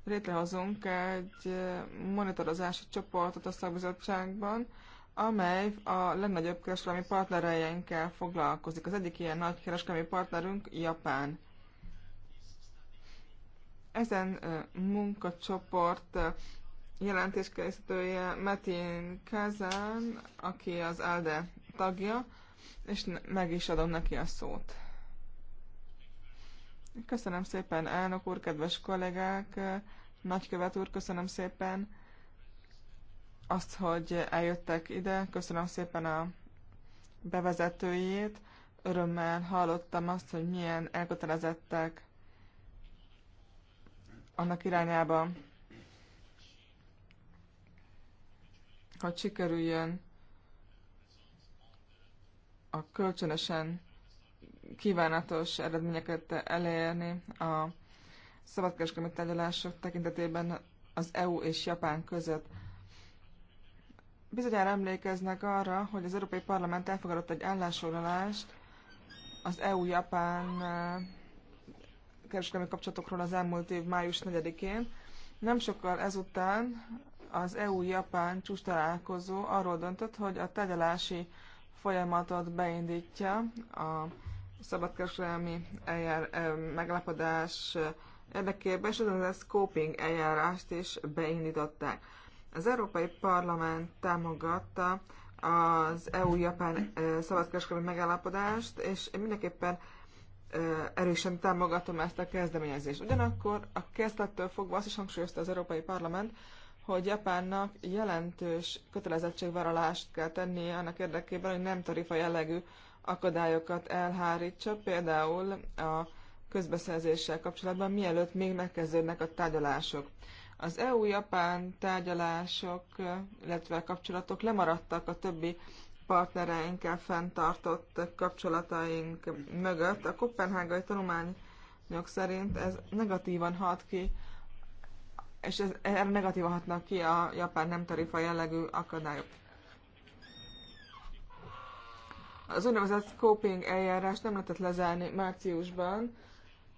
[SPEAKER 3] létrehozunk egy eh, monitorozási csoportot a szakbizottságban, amely a legnagyobb kereskedelmi partnereinkkel foglalkozik. Az egyik ilyen nagy kereskedelmi partnerünk Japán. Ezen munkacsoport jelentéskészítője Metin Kazan, aki az ALDE tagja, és meg is adom neki a szót. Köszönöm szépen, elnök úr, kedves kollégák, nagykövet úr, köszönöm szépen azt, hogy eljöttek ide, köszönöm szépen a bevezetőjét. Örömmel hallottam azt, hogy milyen elkötelezettek annak irányába, hogy sikerüljön a kölcsönösen kívánatos eredményeket elérni a szabadkereskedelmi tárgyalások tekintetében az EU és Japán között. Bizonyára emlékeznek arra, hogy az Európai Parlament elfogadott egy állásfoglalást az EU-Japán kereskedelmi kapcsolatokról az elmúlt év május 4-én. Nem sokkal ezután az EU-Japán csúcs találkozó arról döntött, hogy a tegyelási folyamatot beindítja a szabadkereskedelmi eljár, megállapodás érdekében, és a scoping eljárást is beindították. Az Európai Parlament támogatta az EU-Japán szabadkereskedelmi megállapodást, és mindenképpen erősen támogatom ezt a kezdeményezést. Ugyanakkor a kezdettől fogva azt is hangsúlyozta az Európai Parlament, hogy Japánnak jelentős kötelezettségvállalást kell tennie annak érdekében, hogy nem tarifa jellegű akadályokat elhárítsa, például a közbeszerzéssel kapcsolatban, mielőtt még megkezdődnek a tárgyalások. Az EU-Japán tárgyalások, illetve kapcsolatok lemaradtak a többi partnereinkkel fenntartott kapcsolataink mögött. A kopenhágai tanulmányok szerint ez negatívan hat ki, és ez, erre negatívan hatnak ki a japán nem tarifa jellegű akadályok. Az úgynevezett coping eljárás nem lehetett lezárni márciusban,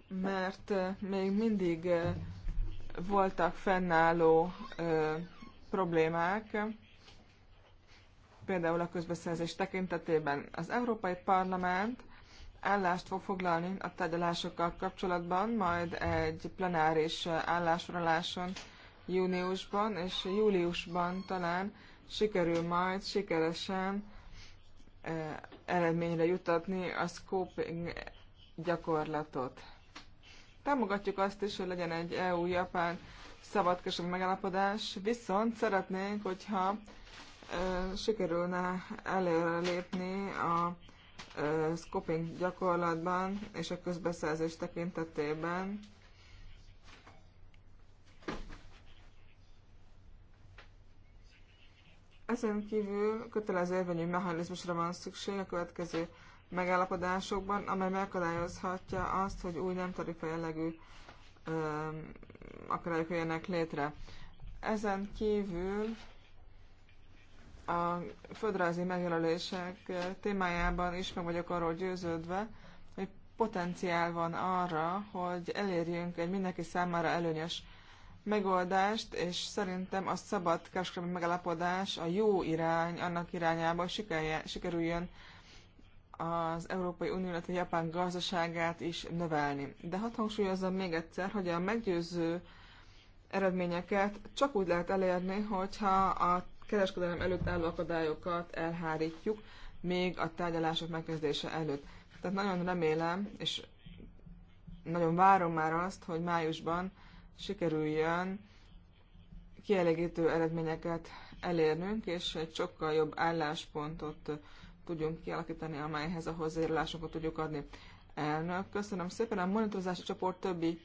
[SPEAKER 3] mert eh, még mindig eh, voltak fennálló eh, problémák, például a közbeszerzés tekintetében. Az Európai Parlament állást fog foglalni a tárgyalásokkal kapcsolatban, majd egy plenáris állásfoglaláson júniusban és júliusban talán sikerül majd sikeresen e, eredményre jutatni a scoping gyakorlatot. Támogatjuk azt is, hogy legyen egy EU-Japán szabadkereskedelmi megállapodás, viszont szeretnénk, hogyha sikerülne előrelépni a scoping gyakorlatban és a közbeszerzés tekintetében, Ezen kívül kötelező érvényű mechanizmusra van szükség a következő megállapodásokban, amely megakadályozhatja azt, hogy új nem tarifa jellegű akadályok jöjjenek létre. Ezen kívül a földrajzi megjelölések témájában is meg vagyok arról győződve, hogy potenciál van arra, hogy elérjünk egy mindenki számára előnyös megoldást, és szerintem a szabad kereskedelmi megállapodás a jó irány, annak irányába hogy sikerüljön az Európai Unió, illetve Japán gazdaságát is növelni. De hadd hangsúlyozom még egyszer, hogy a meggyőző eredményeket csak úgy lehet elérni, hogyha a kereskedelem előtt álló akadályokat elhárítjuk, még a tárgyalások megkezdése előtt. Tehát nagyon remélem, és nagyon várom már azt, hogy májusban sikerüljön kielégítő eredményeket elérnünk, és egy sokkal jobb álláspontot tudjunk kialakítani, amelyhez a hozzájárulásokat tudjuk adni. Elnök, köszönöm szépen. A monitorozási csoport többi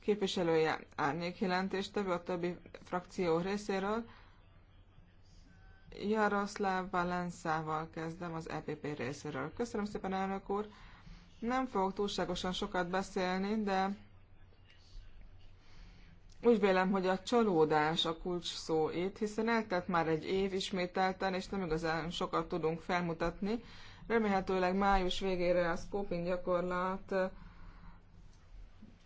[SPEAKER 3] képviselője jelentést, a többi frakció részéről. Jaroszláv Valenszával kezdem az EPP részéről. Köszönöm szépen, elnök úr! Nem fogok túlságosan sokat beszélni, de úgy vélem, hogy a csalódás a kulcs szó itt, hiszen eltelt már egy év ismételten, és nem igazán sokat tudunk felmutatni. Remélhetőleg május végére a scoping gyakorlat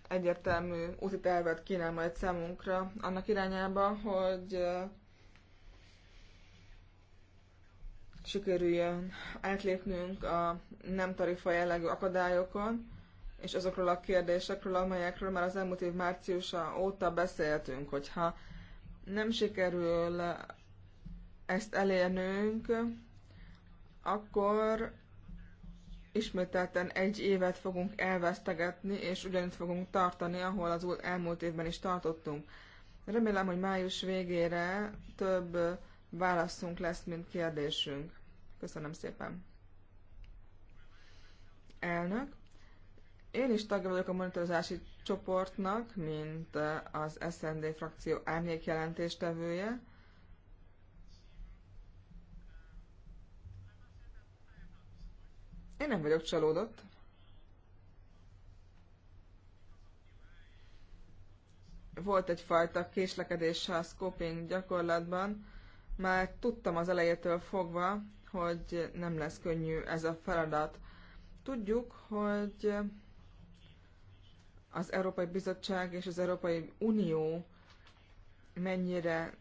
[SPEAKER 3] egyértelmű úti tervet kínál majd számunkra annak irányába, hogy sikerüljön átlépnünk a nem tarifa jellegű akadályokon, és azokról a kérdésekről, amelyekről már az elmúlt év márciusa óta beszéltünk, hogyha nem sikerül ezt elérnünk, akkor ismételten egy évet fogunk elvesztegetni, és ugyanitt fogunk tartani, ahol az elmúlt évben is tartottunk. Remélem, hogy május végére több válaszunk lesz, mint kérdésünk. Köszönöm szépen. Elnök. Én is tagja vagyok a monitorozási csoportnak, mint az SND frakció árnyék jelentéstevője. Én nem vagyok csalódott. Volt egyfajta késlekedés a scoping gyakorlatban, már tudtam az elejétől fogva, hogy nem lesz könnyű ez a feladat. Tudjuk, hogy az Európai Bizottság és az Európai Unió mennyire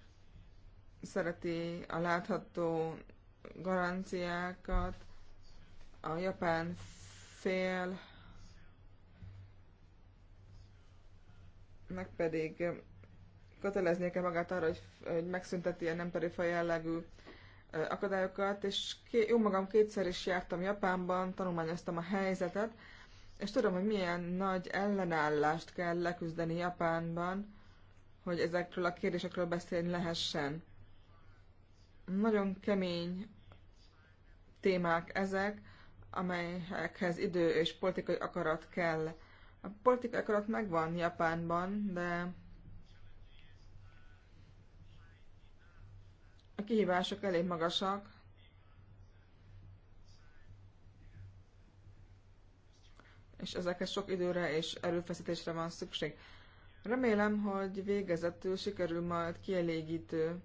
[SPEAKER 3] szereti a látható garanciákat, a japán fél, meg pedig kötelezni kell magát arra, hogy, hogy megszünteti a nem tarifa jellegű akadályokat, és ké, jó magam kétszer is jártam Japánban, tanulmányoztam a helyzetet, és tudom, hogy milyen nagy ellenállást kell leküzdeni Japánban, hogy ezekről a kérdésekről beszélni lehessen. Nagyon kemény témák ezek, amelyekhez idő és politikai akarat kell. A politikai akarat megvan Japánban, de A kihívások elég magasak. És ezekhez sok időre és erőfeszítésre van szükség. Remélem, hogy végezetül sikerül majd kielégítő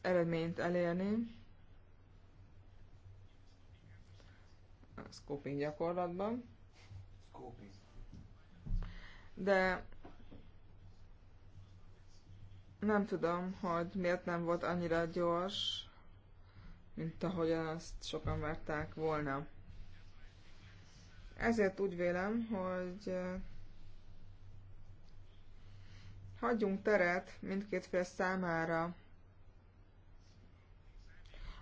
[SPEAKER 3] eredményt elérni. A scoping gyakorlatban. Scoping. De nem tudom, hogy miért nem volt annyira gyors, mint ahogy azt sokan várták volna. Ezért úgy vélem, hogy hagyjunk teret mindkét fél számára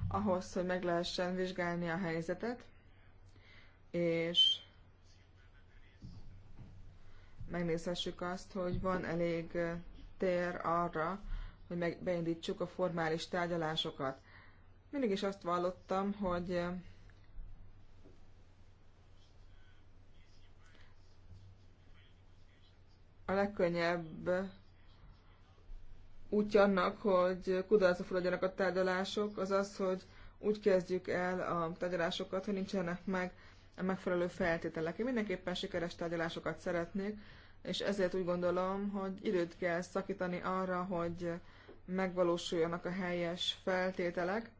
[SPEAKER 3] ahhoz, hogy meg lehessen vizsgálni a helyzetet, és megnézhessük azt, hogy van elég tér arra, hogy megbeindítsuk beindítsuk a formális tárgyalásokat. Mindig is azt vallottam, hogy eh, a legkönnyebb útja annak, hogy kudarcra fulladjanak a tárgyalások, az az, hogy úgy kezdjük el a tárgyalásokat, hogy nincsenek meg a megfelelő feltételek. Én mindenképpen sikeres tárgyalásokat szeretnék, és ezért úgy gondolom, hogy időt kell szakítani arra, hogy megvalósuljanak a helyes feltételek,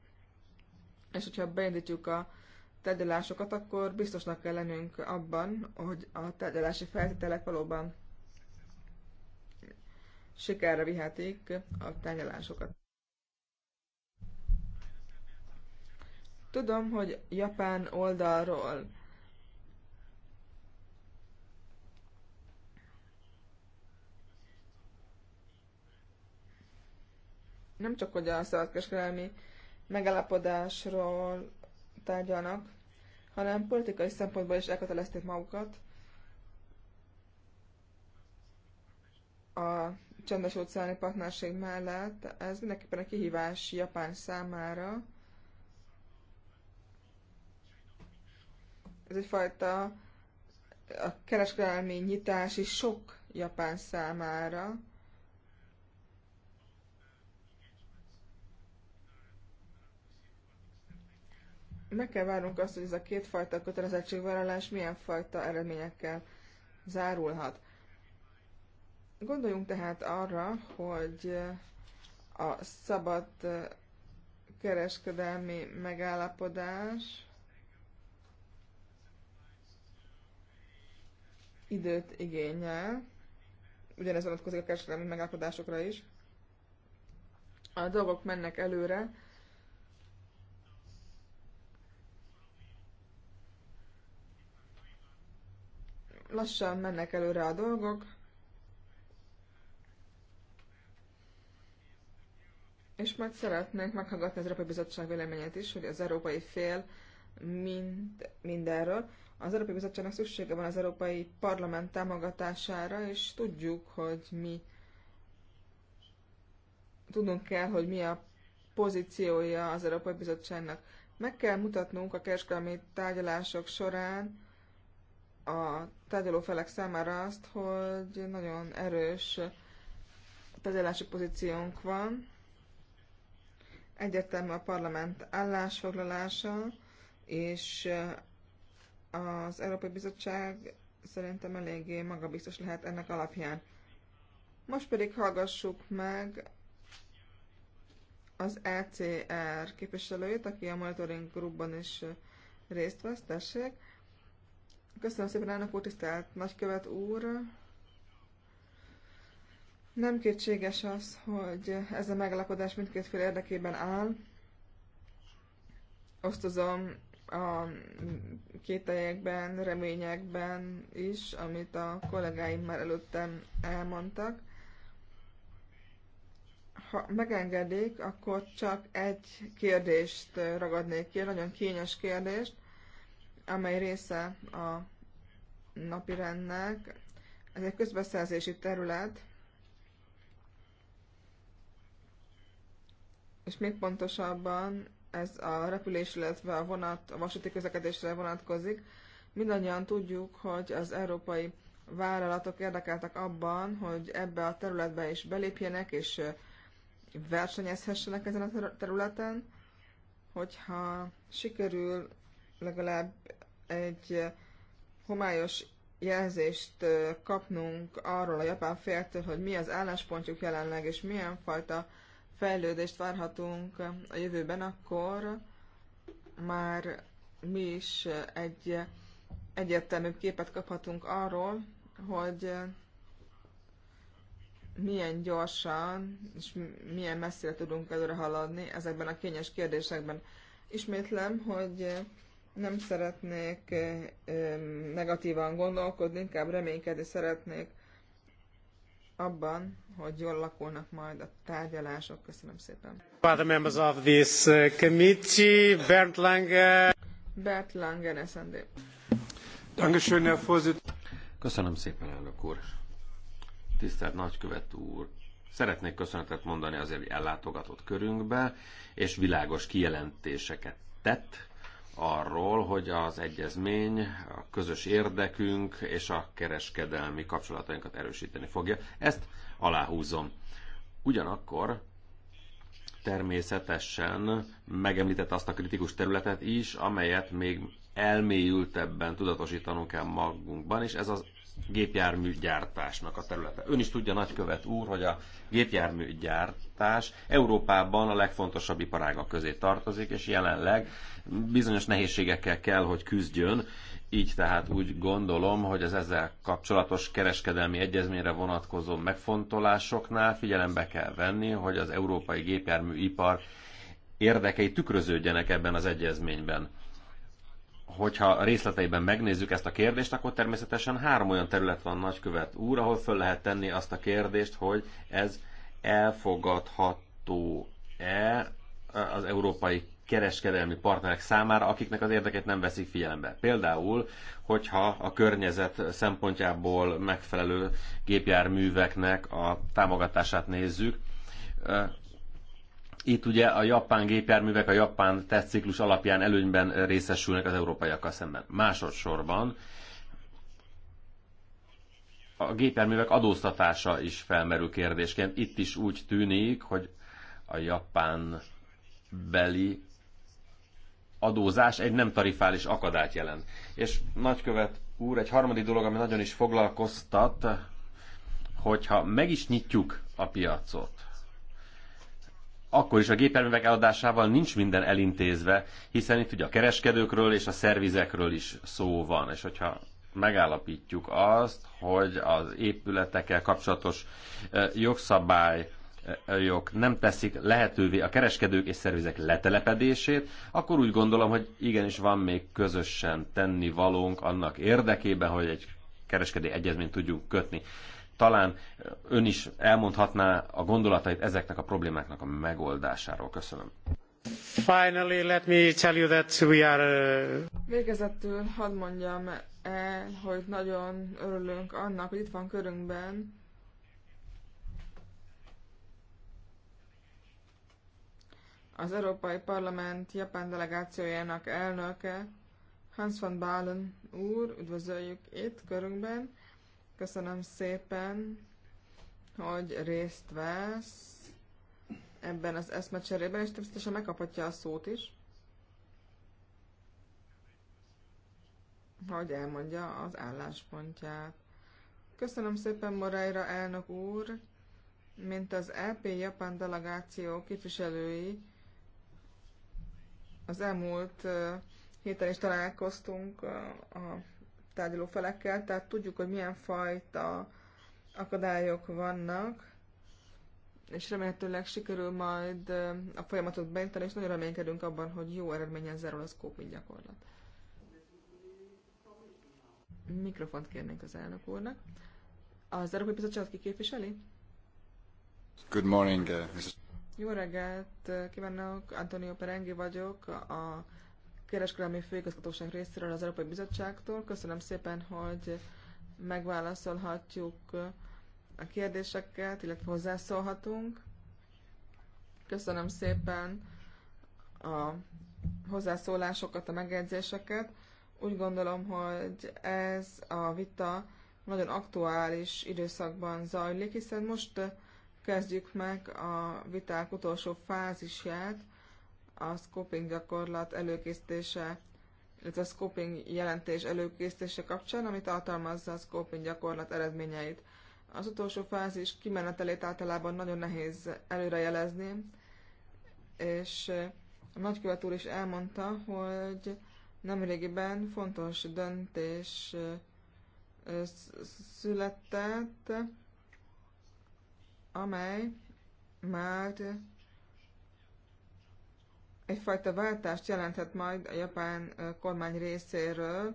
[SPEAKER 3] és hogyha beindítjuk a tárgyalásokat, akkor biztosnak kell lennünk abban, hogy a tárgyalási feltételek valóban sikerre vihetik a tárgyalásokat. Tudom, hogy Japán oldalról nem csak hogy a szabadkereskedelmi megállapodásról tárgyalnak, hanem politikai szempontból is elkötelezték magukat a csendes óceáni partnerség mellett. Ez mindenképpen egy kihívás Japán számára. Ez egyfajta a kereskedelmi nyitási sok Japán számára. meg kell várnunk azt, hogy ez a kétfajta kötelezettségvállalás milyen fajta eredményekkel zárulhat. Gondoljunk tehát arra, hogy a szabad kereskedelmi megállapodás időt igényel, ugyanez vonatkozik a kereskedelmi megállapodásokra is. A dolgok mennek előre, lassan mennek előre a dolgok, és majd szeretnénk meghallgatni az Európai Bizottság véleményét is, hogy az európai fél mind, mindenről. Az Európai Bizottságnak szüksége van az Európai Parlament támogatására, és tudjuk, hogy mi tudnunk kell, hogy mi a pozíciója az Európai Bizottságnak. Meg kell mutatnunk a kereskedelmi tárgyalások során, a felek számára azt, hogy nagyon erős tárgyalási pozíciónk van. Egyértelmű a parlament állásfoglalása, és az Európai Bizottság szerintem eléggé magabiztos lehet ennek alapján. Most pedig hallgassuk meg az ECR képviselőjét, aki a monitoring grupban is részt vesz, tessék. Köszönöm szépen, elnök úr, tisztelt nagykövet úr. Nem kétséges az, hogy ez a megalapodás mindkét fél érdekében áll. Osztozom a kételyekben, reményekben is, amit a kollégáim már előttem elmondtak. Ha megengedik, akkor csak egy kérdést ragadnék ki, nagyon kényes kérdést amely része a napirendnek. Ez egy közbeszerzési terület, és még pontosabban ez a repülés, illetve a vonat, a vasúti közlekedésre vonatkozik. Mindannyian tudjuk, hogy az európai vállalatok érdekeltek abban, hogy ebbe a területbe is belépjenek, és versenyezhessenek ezen a területen, hogyha sikerül legalább egy homályos jelzést kapnunk arról a japán féltől, hogy mi az álláspontjuk jelenleg, és milyen fajta fejlődést várhatunk a jövőben, akkor már mi is egy egyértelműbb képet kaphatunk arról, hogy milyen gyorsan és milyen messzire tudunk előre haladni ezekben a kényes kérdésekben. Ismétlem, hogy nem szeretnék negatívan gondolkodni, inkább reménykedni szeretnék abban, hogy jól lakulnak majd a tárgyalások. Köszönöm szépen.
[SPEAKER 4] Other members of this uh, committee, Bernd Lange.
[SPEAKER 3] Bert Lange, SND.
[SPEAKER 2] Köszönöm szépen, elnök úr. Tisztelt nagykövet úr, szeretnék köszönetet mondani azért, hogy ellátogatott körünkbe, és világos kijelentéseket tett arról, hogy az egyezmény a közös érdekünk és a kereskedelmi kapcsolatainkat erősíteni fogja. Ezt aláhúzom. Ugyanakkor természetesen megemlített azt a kritikus területet is, amelyet még elmélyültebben tudatosítanunk kell magunkban, és ez az gépjárműgyártásnak a területe. Ön is tudja, nagykövet úr, hogy a gépjárműgyártás Európában a legfontosabb iparága közé tartozik, és jelenleg bizonyos nehézségekkel kell, hogy küzdjön. Így tehát úgy gondolom, hogy az ezzel kapcsolatos kereskedelmi egyezményre vonatkozó megfontolásoknál figyelembe kell venni, hogy az európai gépjárműipar érdekei tükröződjenek ebben az egyezményben hogyha részleteiben megnézzük ezt a kérdést, akkor természetesen három olyan terület van nagykövet úr, ahol föl lehet tenni azt a kérdést, hogy ez elfogadható-e az európai kereskedelmi partnerek számára, akiknek az érdekét nem veszik figyelembe. Például, hogyha a környezet szempontjából megfelelő gépjárműveknek a támogatását nézzük, itt ugye a japán gépjárművek a japán tesztciklus alapján előnyben részesülnek az európaiakkal szemben. Másodszorban a gépjárművek adóztatása is felmerül kérdésként. Itt is úgy tűnik, hogy a japán beli adózás egy nem tarifális akadályt jelent. És nagykövet úr, egy harmadik dolog, ami nagyon is foglalkoztat, hogyha meg is nyitjuk a piacot, akkor is a gépjárművek eladásával nincs minden elintézve, hiszen itt ugye a kereskedőkről és a szervizekről is szó van, és hogyha megállapítjuk azt, hogy az épületekkel kapcsolatos jogszabály jog nem teszik lehetővé a kereskedők és szervizek letelepedését, akkor úgy gondolom, hogy igenis van még közösen tenni valónk annak érdekében, hogy egy kereskedő egyezményt tudjunk kötni talán ön is elmondhatná a gondolatait ezeknek a problémáknak a megoldásáról. Köszönöm.
[SPEAKER 4] Finally, let me tell you that we are... Uh,
[SPEAKER 3] Végezetül hadd mondjam el, hogy nagyon örülünk annak, hogy itt van körünkben az Európai Parlament japán delegációjának elnöke, Hans van Balen úr, üdvözöljük itt körünkben, köszönöm szépen, hogy részt vesz ebben az eszmecserében, és természetesen megkaphatja a szót is, hogy elmondja az álláspontját. Köszönöm szépen, Moreira elnök úr, mint az EP japán delegáció képviselői, az elmúlt héten is találkoztunk a tárgyaló felekkel, tehát tudjuk, hogy milyen fajta akadályok vannak, és remélhetőleg sikerül majd a folyamatot beintani, és nagyon reménykedünk abban, hogy jó eredményen zárul a scoping gyakorlat. Mikrofont kérnénk az elnök úrnak. Az Európai Bizottságot ki képviseli?
[SPEAKER 1] Good morning, uh,
[SPEAKER 3] Jó reggelt kívánok, Antonio Perengi vagyok, a kereskedelmi főigazgatóság részéről az Európai Bizottságtól. Köszönöm szépen, hogy megválaszolhatjuk a kérdéseket, illetve hozzászólhatunk. Köszönöm szépen a hozzászólásokat, a megjegyzéseket. Úgy gondolom, hogy ez a vita nagyon aktuális időszakban zajlik, hiszen most kezdjük meg a viták utolsó fázisját, a scoping gyakorlat előkészítése, illetve a scoping jelentés előkészítése kapcsán, amit tartalmazza a scoping gyakorlat eredményeit. Az utolsó fázis kimenetelét általában nagyon nehéz előrejelezni, és a nagykövet úr is elmondta, hogy nemrégiben fontos döntés született, amely már egyfajta váltást jelenthet majd a japán kormány részéről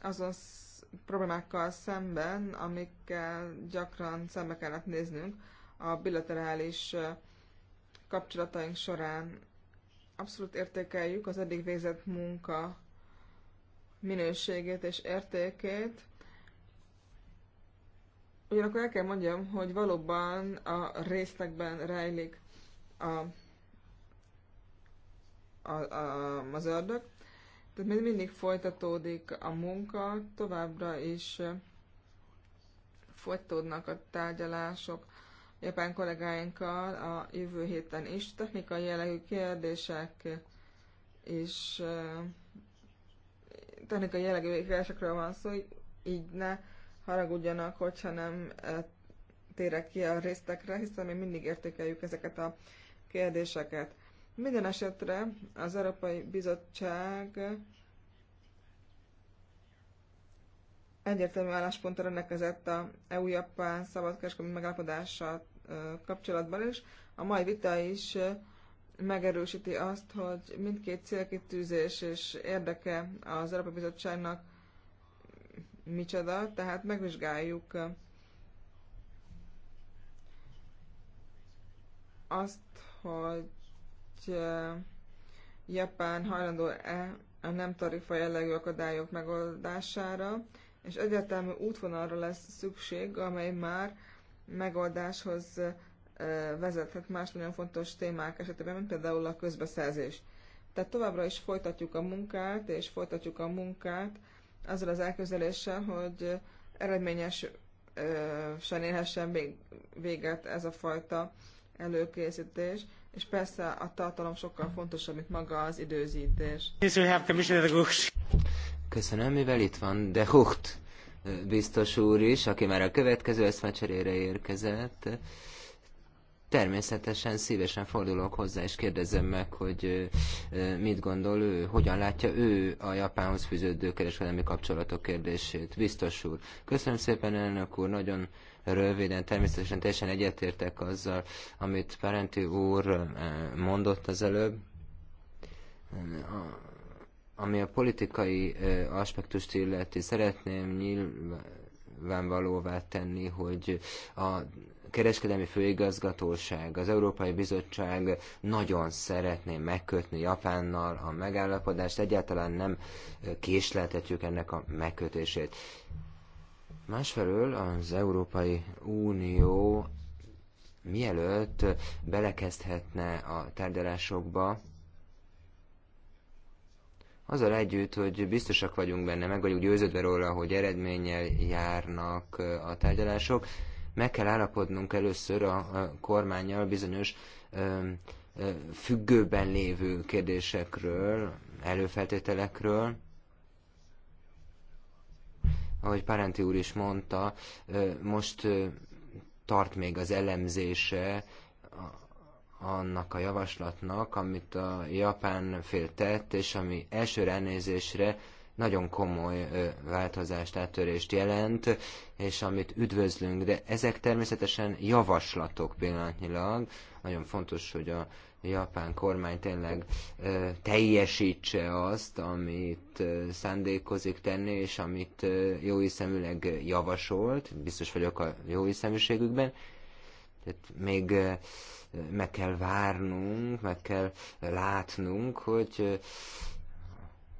[SPEAKER 3] azon problémákkal szemben, amikkel gyakran szembe kellett néznünk a bilaterális kapcsolataink során. Abszolút értékeljük az eddig végzett munka minőségét és értékét. Ugyanakkor el kell mondjam, hogy valóban a részlegben rejlik a a, a, az ördög. Tehát még mindig folytatódik a munka, továbbra is folytatódnak a tárgyalások japán kollégáinkkal a jövő héten is. Technikai jellegű kérdések és technikai jellegű kérdésekről van szó, így ne haragudjanak, hogyha nem térek ki a résztekre, hiszen mi mindig értékeljük ezeket a kérdéseket. Minden esetre az Európai Bizottság egyértelmű álláspontra rendelkezett a EU-Japán szabadkereskedelmi megállapodással kapcsolatban, is a mai vita is megerősíti azt, hogy mindkét célkitűzés és érdeke az Európai Bizottságnak micsoda, tehát megvizsgáljuk azt, hogy hogy Japán hajlandó-e a nem tarifa jellegű akadályok megoldására, és egyértelmű útvonalra lesz szükség, amely már megoldáshoz vezethet más nagyon fontos témák esetében, mint például a közbeszerzés. Tehát továbbra is folytatjuk a munkát, és folytatjuk a munkát azzal az elközeléssel, hogy eredményes, se érhessen véget ez a fajta előkészítés és persze a tartalom sokkal fontosabb, mint maga az időzítés.
[SPEAKER 1] Köszönöm, mivel itt van de Hucht biztos úr is, aki már a következő eszmecserére érkezett természetesen szívesen fordulok hozzá, és kérdezem meg, hogy mit gondol ő, hogyan látja ő a Japánhoz fűződő kereskedelmi kapcsolatok kérdését. Biztos úr. Köszönöm szépen, elnök úr, nagyon röviden, természetesen teljesen egyetértek azzal, amit Parenti úr mondott az előbb. Ami a politikai aspektust illeti, szeretném nyilvánvalóvá tenni, hogy a kereskedelmi főigazgatóság, az Európai Bizottság nagyon szeretné megkötni Japánnal a megállapodást, egyáltalán nem késleltetjük ennek a megkötését. Másfelől az Európai Unió mielőtt belekezdhetne a tárgyalásokba, azzal együtt, hogy biztosak vagyunk benne, meg vagyunk győződve róla, hogy eredménnyel járnak a tárgyalások, meg kell állapodnunk először a kormányjal bizonyos függőben lévő kérdésekről, előfeltételekről. Ahogy Parenti úr is mondta, most tart még az elemzése annak a javaslatnak, amit a japán fél tett, és ami első ránézésre nagyon komoly változást, áttörést jelent, és amit üdvözlünk, de ezek természetesen javaslatok pillanatnyilag. Nagyon fontos, hogy a japán kormány tényleg teljesítse azt, amit szándékozik tenni, és amit ö, jóhiszeműleg javasolt, biztos vagyok a jóhiszeműségükben, tehát még meg kell várnunk, meg kell látnunk, hogy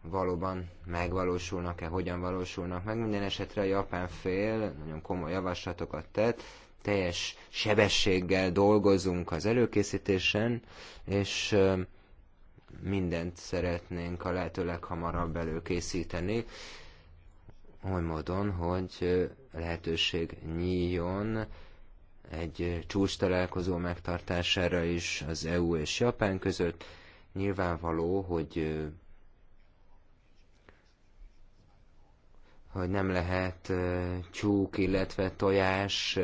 [SPEAKER 1] valóban megvalósulnak-e, hogyan valósulnak meg. Minden esetre a japán fél nagyon komoly javaslatokat tett, teljes sebességgel dolgozunk az előkészítésen, és mindent szeretnénk a lehető leghamarabb előkészíteni, oly módon, hogy lehetőség nyíljon egy csúcs találkozó megtartására is az EU és Japán között. Nyilvánvaló, hogy hogy nem lehet csúk, illetve tojás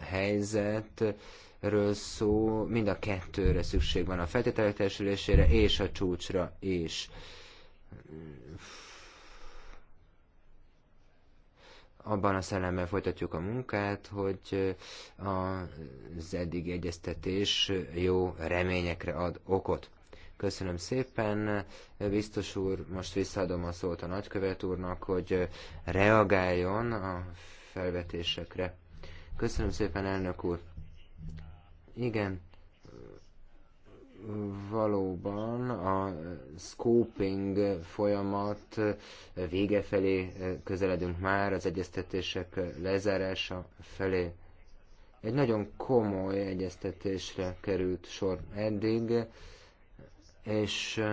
[SPEAKER 1] helyzetről szó, mind a kettőre szükség van a feltételek teljesülésére és a csúcsra is. Abban a szellemben folytatjuk a munkát, hogy az eddig egyeztetés jó reményekre ad okot. Köszönöm szépen, biztos úr, most visszaadom a szót a nagykövet úrnak, hogy reagáljon a felvetésekre. Köszönöm szépen, elnök úr. Igen, valóban a scoping folyamat vége felé közeledünk már, az egyeztetések lezárása felé. Egy nagyon komoly egyeztetésre került sor eddig, és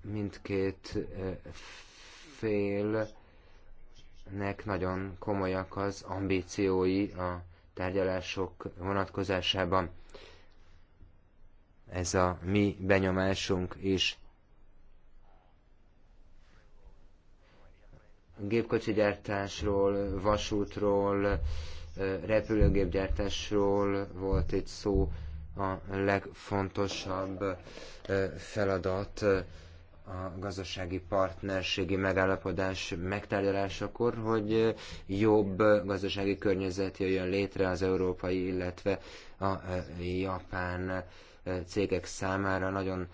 [SPEAKER 1] mindkét félnek nagyon komolyak az ambíciói a tárgyalások vonatkozásában. Ez a mi benyomásunk is. gyártásról, vasútról, repülőgépgyártásról volt itt szó, a legfontosabb feladat a gazdasági partnerségi megállapodás megtárgyalásakor, hogy jobb gazdasági környezet jöjjön létre az európai, illetve a japán cégek számára. Nagyon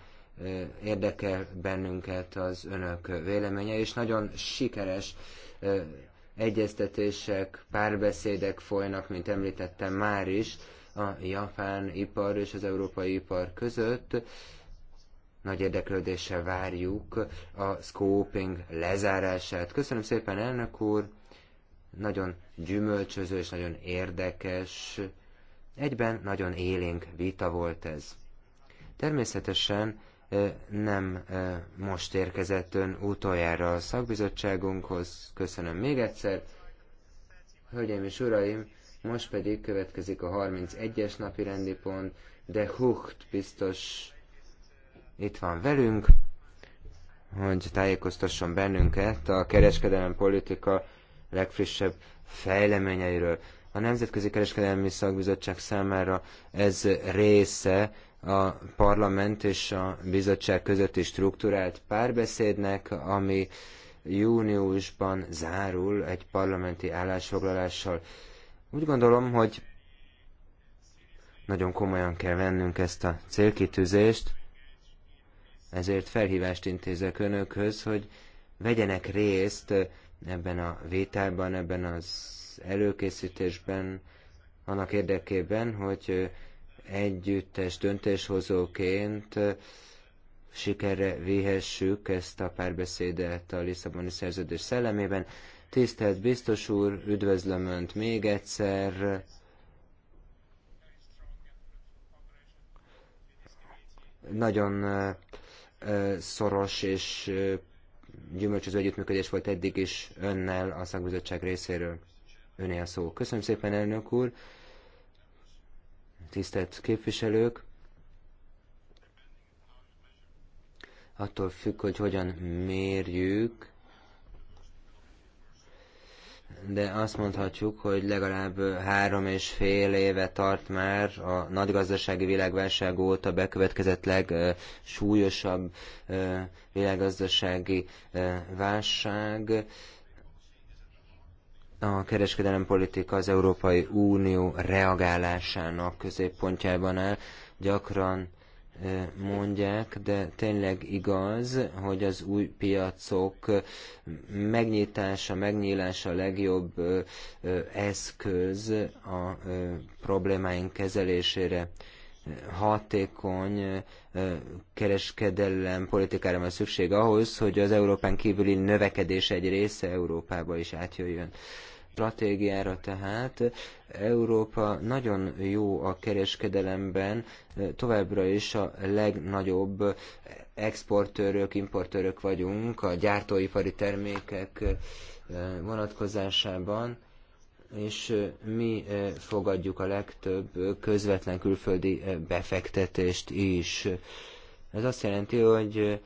[SPEAKER 1] érdekel bennünket az önök véleménye, és nagyon sikeres Egyeztetések, párbeszédek folynak, mint említettem már is, a japán ipar és az európai ipar között. Nagy érdeklődéssel várjuk a scoping lezárását. Köszönöm szépen, elnök úr! Nagyon gyümölcsöző és nagyon érdekes, egyben nagyon élénk vita volt ez. Természetesen nem most érkezett ön utoljára a szakbizottságunkhoz. Köszönöm még egyszer. Hölgyeim és uraim, most pedig következik a 31-es napi rendi pont, de Hucht biztos itt van velünk, hogy tájékoztasson bennünket a kereskedelem politika legfrissebb fejleményeiről. A Nemzetközi Kereskedelmi Szakbizottság számára ez része a parlament és a bizottság közötti struktúrált párbeszédnek, ami júniusban zárul egy parlamenti állásfoglalással. Úgy gondolom, hogy nagyon komolyan kell vennünk ezt a célkitűzést, ezért felhívást intézek önökhöz, hogy vegyenek részt ebben a vétában, ebben az előkészítésben, annak érdekében, hogy együttes döntéshozóként sikerre véhessük ezt a párbeszédet a Lisszaboni szerződés szellemében. Tisztelt biztos úr, üdvözlöm Önt még egyszer. Nagyon szoros és gyümölcsöző együttműködés volt eddig is Önnel a szakbizottság részéről. Önél szó. Köszönöm szépen, elnök úr tisztelt képviselők! Attól függ, hogy hogyan mérjük, de azt mondhatjuk, hogy legalább három és fél éve tart már a nagy gazdasági világválság óta bekövetkezett legsúlyosabb világgazdasági válság a politika az Európai Unió reagálásának középpontjában áll. Gyakran eh, mondják, de tényleg igaz, hogy az új piacok eh, megnyitása, megnyílása a legjobb eh, eszköz a problémáink kezelésére hatékony kereskedelem politikára van szükség ahhoz, hogy az Európán kívüli növekedés egy része Európába is átjöjjön stratégiára tehát. Európa nagyon jó a kereskedelemben, továbbra is a legnagyobb exportőrök, importőrök vagyunk a gyártóipari termékek vonatkozásában és mi fogadjuk a legtöbb közvetlen külföldi befektetést is. Ez azt jelenti, hogy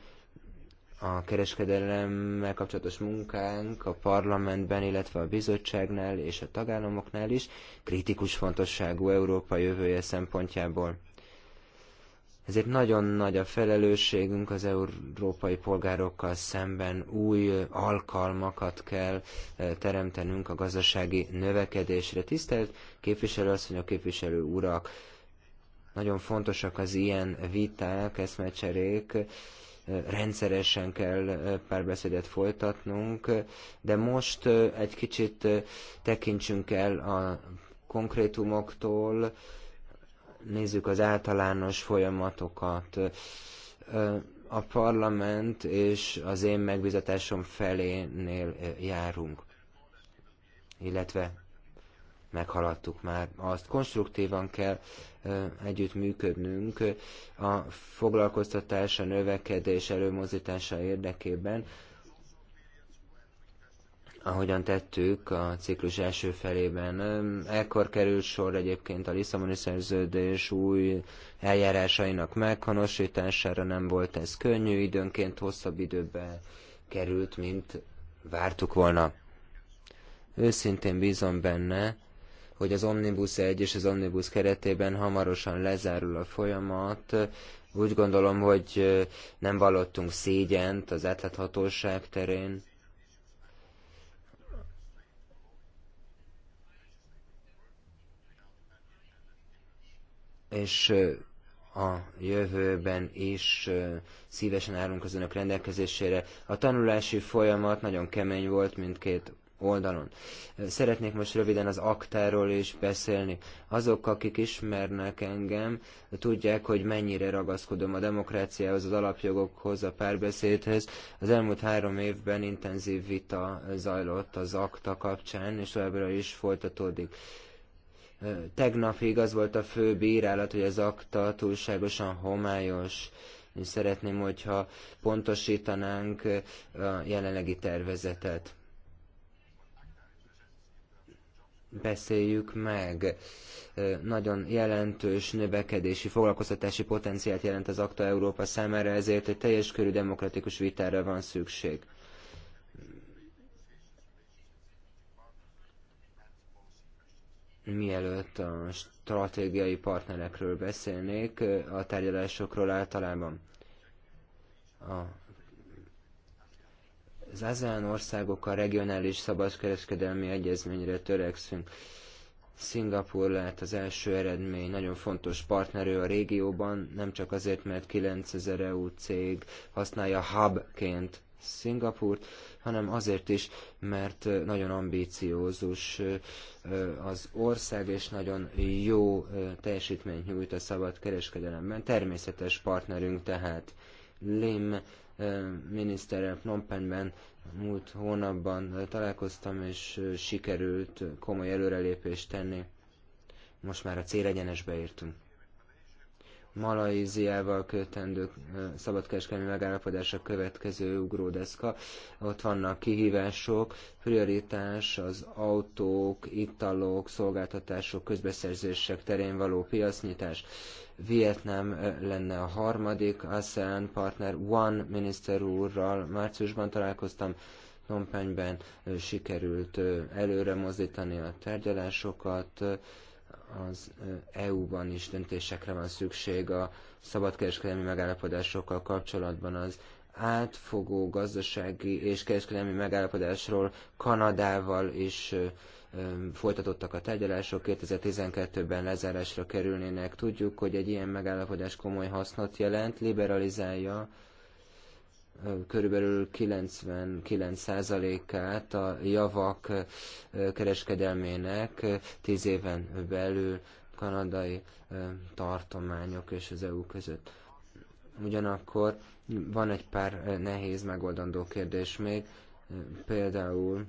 [SPEAKER 1] a kereskedelemmel kapcsolatos munkánk a parlamentben, illetve a bizottságnál és a tagállamoknál is kritikus fontosságú Európa jövője szempontjából. Ezért nagyon nagy a felelősségünk az európai polgárokkal szemben, új alkalmakat kell e, teremtenünk a gazdasági növekedésre. Tisztelt képviselő képviselő urak, nagyon fontosak az ilyen viták, eszmecserék, e, rendszeresen kell e, párbeszédet folytatnunk, de most egy kicsit tekintsünk el a konkrétumoktól, nézzük az általános folyamatokat, a parlament és az én megbizatásom felénél járunk, illetve meghaladtuk már. Azt konstruktívan kell együtt működnünk a foglalkoztatás, a növekedés előmozítása érdekében, ahogyan tettük a ciklus első felében. Ekkor került sor egyébként a Lisszaboni szerződés új eljárásainak meghonosítására, nem volt ez könnyű, időnként hosszabb időben került, mint vártuk volna. Őszintén bízom benne, hogy az Omnibus 1 és az Omnibus keretében hamarosan lezárul a folyamat. Úgy gondolom, hogy nem vallottunk szégyent az átláthatóság terén, és a jövőben is szívesen állunk az önök rendelkezésére. A tanulási folyamat nagyon kemény volt mindkét oldalon. Szeretnék most röviden az aktáról is beszélni. Azok, akik ismernek engem, tudják, hogy mennyire ragaszkodom a demokráciához, az alapjogokhoz, a párbeszédhez. Az elmúlt három évben intenzív vita zajlott az akta kapcsán, és továbbra is folytatódik. Tegnapig az volt a fő bírálat, hogy az akta túlságosan homályos, és szeretném, hogyha pontosítanánk a jelenlegi tervezetet. Beszéljük meg. Nagyon jelentős növekedési, foglalkoztatási potenciált jelent az akta Európa számára, ezért egy teljes körű demokratikus vitára van szükség. mielőtt a stratégiai partnerekről beszélnék, a tárgyalásokról általában. A, az ASEAN országokkal regionális szabadkereskedelmi egyezményre törekszünk. Szingapur lehet az első eredmény, nagyon fontos partnerő a régióban, nem csak azért, mert 9000 EU cég használja hubként Szingapurt, hanem azért is, mert nagyon ambíciózus az ország, és nagyon jó teljesítményt nyújt a szabad kereskedelemben. Természetes partnerünk tehát Lim miniszterrel Phnom Penhben múlt hónapban találkoztam, és sikerült komoly előrelépést tenni. Most már a célegyenesbe értünk. Malajziával kötendő szabadkereskedelmi megállapodásra következő ugródeszka. Ott vannak kihívások, prioritás az autók, italok, szolgáltatások, közbeszerzések terén való piacnyitás. Vietnám lenne a harmadik ASEAN partner. One Minister úrral márciusban találkoztam, Phnom sikerült előre mozdítani a tárgyalásokat, az EU-ban is döntésekre van szükség a szabadkereskedelmi megállapodásokkal kapcsolatban. Az átfogó gazdasági és kereskedelmi megállapodásról Kanadával is folytatottak a tárgyalások, 2012-ben lezárásra kerülnének. Tudjuk, hogy egy ilyen megállapodás komoly hasznot jelent, liberalizálja körülbelül 99%-át a javak kereskedelmének 10 éven belül kanadai tartományok és az EU között. Ugyanakkor van egy pár nehéz megoldandó kérdés még, például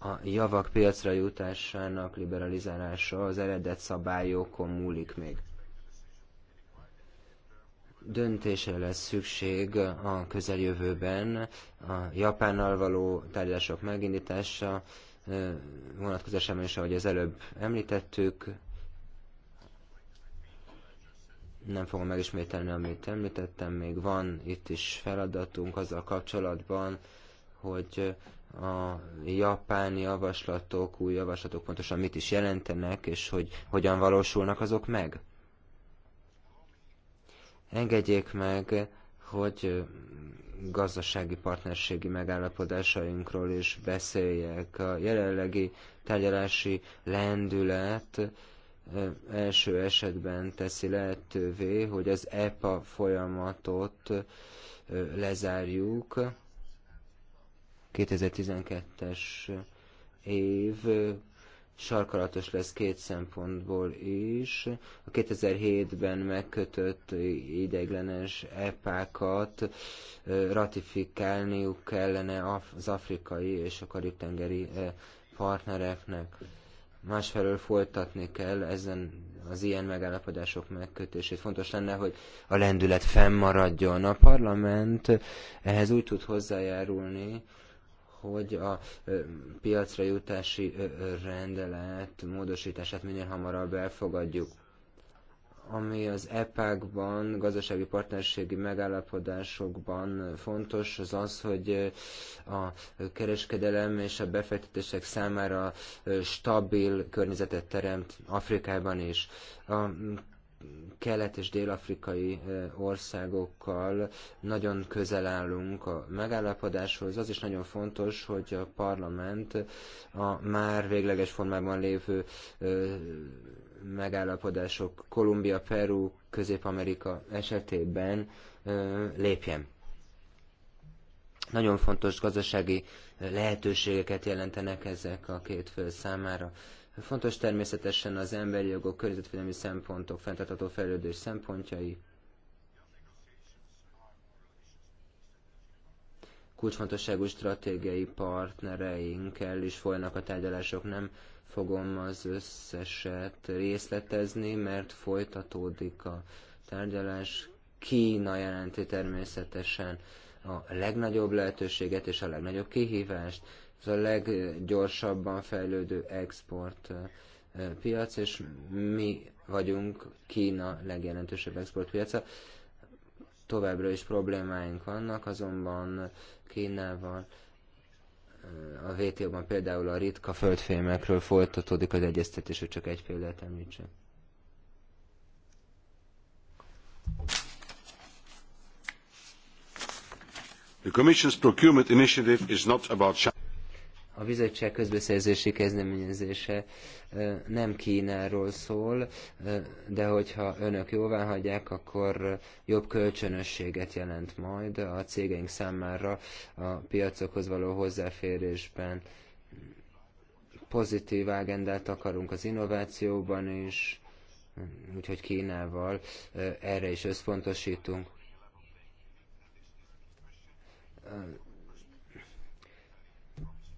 [SPEAKER 1] a javak piacra jutásának liberalizálása az eredet szabályokon múlik még döntése lesz szükség a közeljövőben a Japánnal való tárgyalások megindítása vonatkozásában is, ahogy az előbb említettük. Nem fogom megismételni, amit említettem, még van itt is feladatunk azzal kapcsolatban, hogy a japán javaslatok, új javaslatok pontosan mit is jelentenek, és hogy hogyan valósulnak azok meg. Engedjék meg, hogy gazdasági partnerségi megállapodásainkról is beszéljek. A jelenlegi tárgyalási lendület első esetben teszi lehetővé, hogy az EPA folyamatot lezárjuk. 2012-es év sarkalatos lesz két szempontból is. A 2007-ben megkötött ideiglenes epákat ratifikálniuk kellene az afrikai és a karib-tengeri partnereknek. Másfelől folytatni kell ezen az ilyen megállapodások megkötését. Fontos lenne, hogy a lendület fennmaradjon. A parlament ehhez úgy tud hozzájárulni, hogy a piacra jutási rendelet módosítását minél hamarabb elfogadjuk ami az epag ban gazdasági partnerségi megállapodásokban fontos, az az, hogy a kereskedelem és a befektetések számára stabil környezetet teremt Afrikában is. A kelet- és dél-afrikai országokkal nagyon közel állunk a megállapodáshoz. Az is nagyon fontos, hogy a parlament a már végleges formában lévő megállapodások Kolumbia, Peru, Közép-Amerika esetében lépjen. Nagyon fontos gazdasági lehetőségeket jelentenek ezek a két fél számára. Fontos természetesen az emberi jogok, környezetvédelmi szempontok, fenntartható fejlődés szempontjai. Kulcsfontosságú stratégiai partnereinkkel is folynak a tárgyalások, nem fogom az összeset részletezni, mert folytatódik a tárgyalás. Kína jelenti természetesen a legnagyobb lehetőséget és a legnagyobb kihívást ez a leggyorsabban fejlődő export piac, és mi vagyunk Kína legjelentősebb exportpiaca. Továbbra is problémáink vannak, azonban Kínával a WTO-ban például a ritka földfémekről folytatódik az egyeztetés, hogy csak egy példát említsen.
[SPEAKER 4] The Commission's procurement initiative is not about
[SPEAKER 1] a bizottság közbeszerzési kezdeményezése nem Kínáról szól, de hogyha önök jóvá hagyják, akkor jobb kölcsönösséget jelent majd a cégeink számára a piacokhoz való hozzáférésben. Pozitív agendát akarunk az innovációban is, úgyhogy Kínával erre is összpontosítunk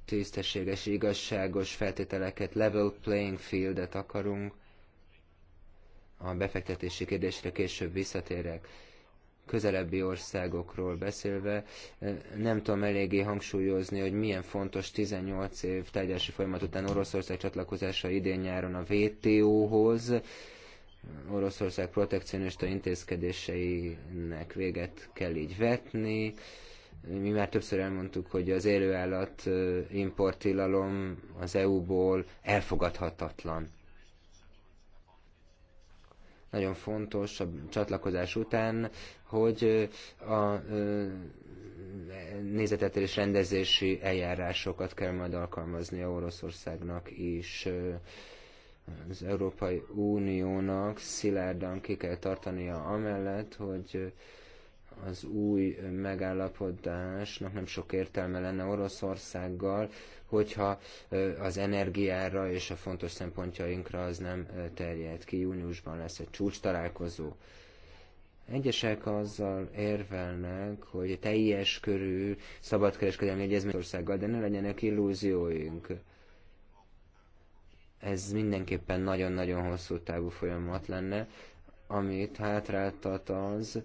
[SPEAKER 1] tisztességes, igazságos feltételeket, level playing fieldet akarunk. A befektetési kérdésre később visszatérek közelebbi országokról beszélve, eh, nem tudom eléggé hangsúlyozni, hogy milyen fontos 18 év tárgyalási folyamat után Oroszország csatlakozása idén nyáron a WTO-hoz, Oroszország protekcionista intézkedéseinek véget kell így vetni, mi már többször elmondtuk, hogy az élőállat importtilalom az EU-ból elfogadhatatlan. Nagyon fontos a csatlakozás után, hogy a nézetetelés rendezési eljárásokat kell majd alkalmazni a Oroszországnak is. Az Európai Uniónak szilárdan ki kell tartania amellett, hogy az új megállapodásnak nem sok értelme lenne Oroszországgal, hogyha az energiára és a fontos szempontjainkra az nem terjed ki. Júniusban lesz egy csúcs találkozó. Egyesek azzal érvelnek, hogy teljes körű szabadkereskedelmi egyezmény országgal, de ne legyenek illúzióink. Ez mindenképpen nagyon-nagyon hosszú távú folyamat lenne, amit hátráltat az,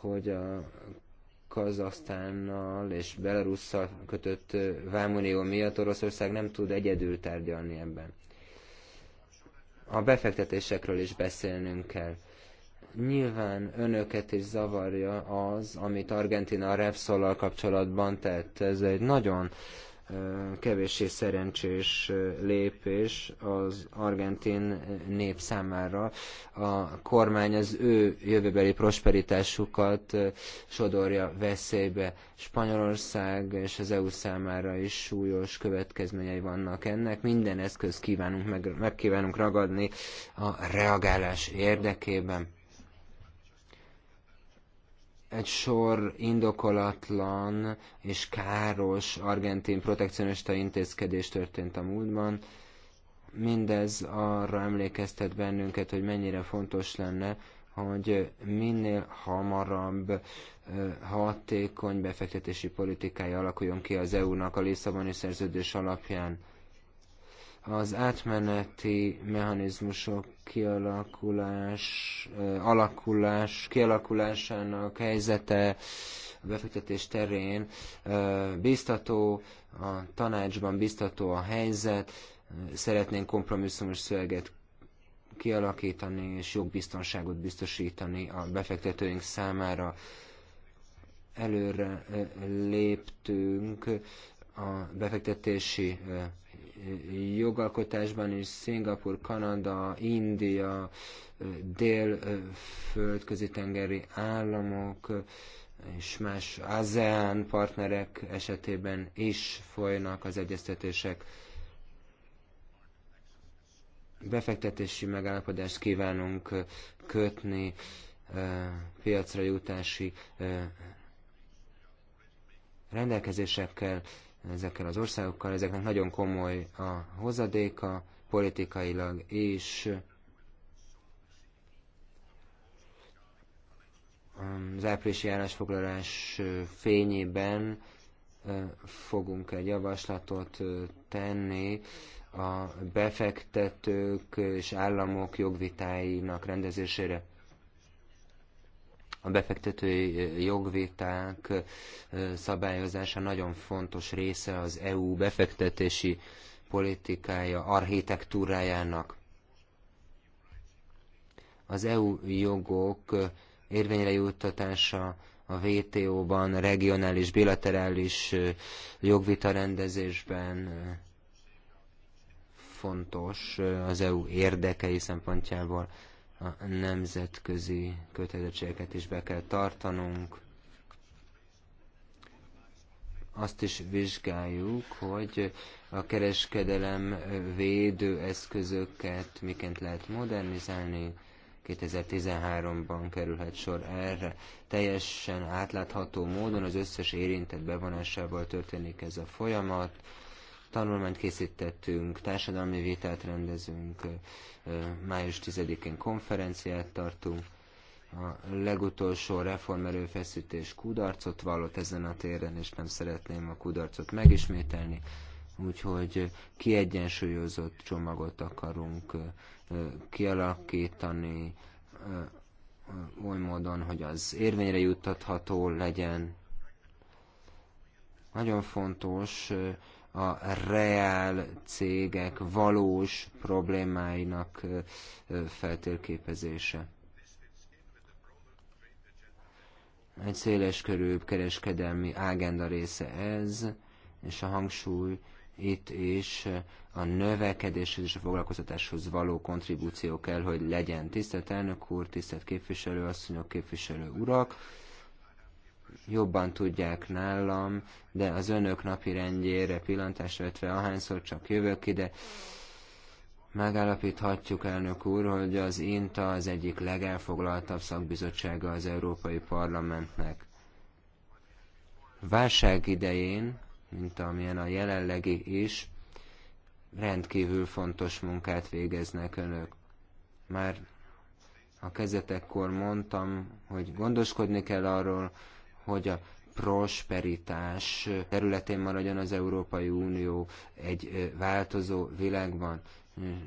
[SPEAKER 1] hogy a Kazasztánnal és Belarusszal kötött vámunió miatt Oroszország nem tud egyedül tárgyalni ebben. A befektetésekről is beszélnünk kell. Nyilván önöket is zavarja az, amit Argentina a Repsol-al kapcsolatban tett. Ez egy nagyon uh, kevéssé szerencsés lépés az argentin nép számára. A kormány az ő jövőbeli prosperitásukat sodorja veszélybe. Spanyolország és az EU számára is súlyos következményei vannak ennek. Minden eszköz kívánunk meg, meg kívánunk ragadni a reagálás érdekében egy sor indokolatlan és káros argentin protekcionista intézkedés történt a múltban. Mindez arra emlékeztet bennünket, hogy mennyire fontos lenne, hogy minél hamarabb hatékony befektetési politikája alakuljon ki az EU-nak a Lisszaboni szerződés alapján az átmeneti mechanizmusok kialakulás, alakulás, kialakulásának helyzete a befektetés terén biztató, a tanácsban biztató a helyzet, szeretnénk kompromisszumos szöveget kialakítani és jogbiztonságot biztosítani a befektetőink számára előre léptünk a befektetési jogalkotásban is Szingapur, Kanada, India, dél-földközi tengeri államok és más ASEAN partnerek esetében is folynak az egyeztetések. Befektetési megállapodást kívánunk kötni piacra jutási rendelkezésekkel ezekkel az országokkal, ezeknek nagyon komoly a hozadéka, politikailag és um, Az áprilisi állásfoglalás fényében fogunk egy javaslatot tenni a befektetők és államok jogvitáinak rendezésére. A befektetői eh, jogvéták eh, szabályozása nagyon fontos része az EU befektetési politikája, architektúrájának. Az EU jogok eh, érvényre juttatása a WTO-ban, regionális, bilaterális jogvita rendezésben fontos az EU érdekei szempontjából a nemzetközi kötelezettségeket is be kell tartanunk. Azt is vizsgáljuk, hogy a kereskedelem védő eszközöket miként lehet modernizálni, 2013-ban kerülhet sor erre. Teljesen átlátható módon az összes érintett bevonásával történik ez a folyamat, Tanulmányt készítettünk, társadalmi vételt rendezünk, május 10-én konferenciát tartunk. A legutolsó reformerőfeszítés kudarcot vallott ezen a téren, és nem szeretném a kudarcot megismételni úgyhogy kiegyensúlyozott csomagot akarunk kialakítani oly módon, hogy az érvényre juttatható legyen. Nagyon fontos a reál cégek valós problémáinak feltérképezése. Egy széleskörű kereskedelmi ágenda része ez, és a hangsúly itt is a növekedéshez és a foglalkoztatáshoz való kontribúció kell, hogy legyen. Tisztelt elnök úr, tisztelt képviselő, asszonyok, képviselő urak! jobban tudják nálam, de az önök napi rendjére pillantás vetve ahányszor csak jövök ide, megállapíthatjuk, elnök úr, hogy az INTA az egyik legelfoglaltabb szakbizottsága az Európai Parlamentnek. Válság idején, mint amilyen a jelenlegi is, rendkívül fontos munkát végeznek önök. Már a kezetekkor mondtam, hogy gondoskodni kell arról, hogy a prosperitás területén maradjon az Európai Unió egy változó világban.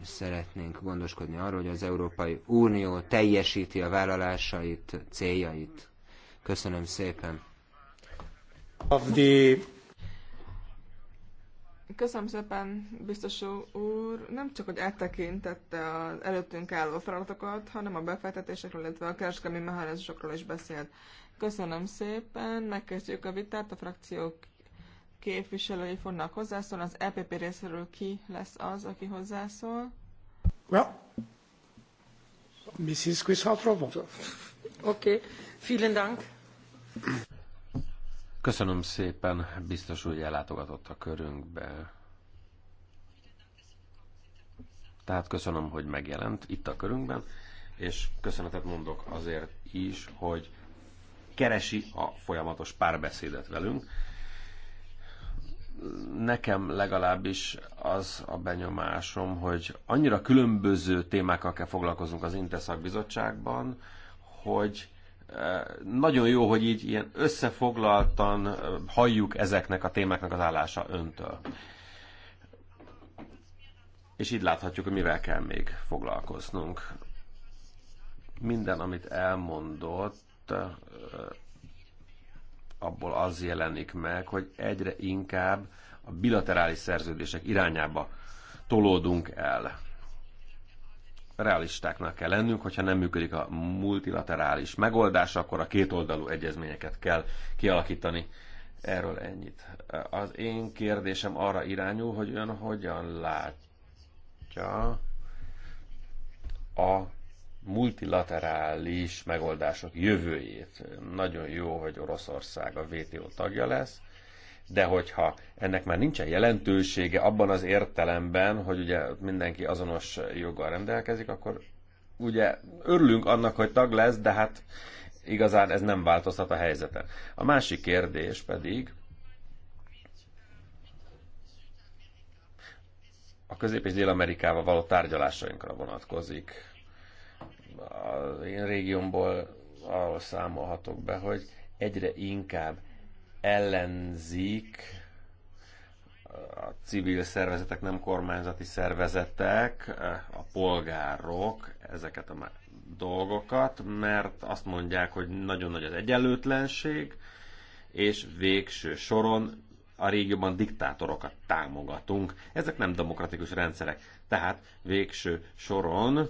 [SPEAKER 1] Szeretnénk gondoskodni arról, hogy az Európai Unió teljesíti a vállalásait, céljait. Köszönöm szépen.
[SPEAKER 3] Köszönöm szépen, biztos úr. Nem csak, hogy áttekintette az előttünk álló feladatokat, hanem a befektetésekről, illetve a kereskedelmi mechanizmusokról is beszélt. Köszönöm szépen, megkezdjük a vitát, a frakciók képviselői fognak hozzászólni, az EPP részéről ki lesz az, aki hozzászól?
[SPEAKER 4] Well, Mrs. Kwisatrova. Oké,
[SPEAKER 3] okay. vielen Dank.
[SPEAKER 2] Köszönöm szépen, biztos, hogy ellátogatott a körünkbe. Tehát köszönöm, hogy megjelent itt a körünkben, és köszönetet mondok azért is, hogy keresi a folyamatos párbeszédet velünk. Nekem legalábbis az a benyomásom, hogy annyira különböző témákkal kell foglalkozunk az Inteszak bizottságban, hogy eh, nagyon jó, hogy így ilyen összefoglaltan eh, halljuk ezeknek a témáknak az állása öntől. És így láthatjuk, hogy mivel kell még foglalkoznunk. Minden, amit elmondott, abból az jelenik meg, hogy egyre inkább a bilaterális szerződések irányába tolódunk el. Realistáknak kell lennünk, hogyha nem működik a multilaterális megoldás, akkor a kétoldalú egyezményeket kell kialakítani. Erről ennyit. Az én kérdésem arra irányul, hogy ön hogyan látja a multilaterális megoldások jövőjét. Nagyon jó, hogy Oroszország a WTO tagja lesz, de hogyha ennek már nincsen jelentősége abban az értelemben, hogy ugye mindenki azonos joggal rendelkezik, akkor ugye örülünk annak, hogy tag lesz, de hát igazán ez nem változtat a helyzeten. A másik kérdés pedig a Közép- és Dél-Amerikával való tárgyalásainkra vonatkozik az én régiómból arról számolhatok be, hogy egyre inkább ellenzik a civil szervezetek, nem kormányzati szervezetek, a polgárok ezeket a dolgokat, mert azt mondják, hogy nagyon nagy az egyenlőtlenség, és végső soron a régióban diktátorokat támogatunk. Ezek nem demokratikus rendszerek. Tehát végső soron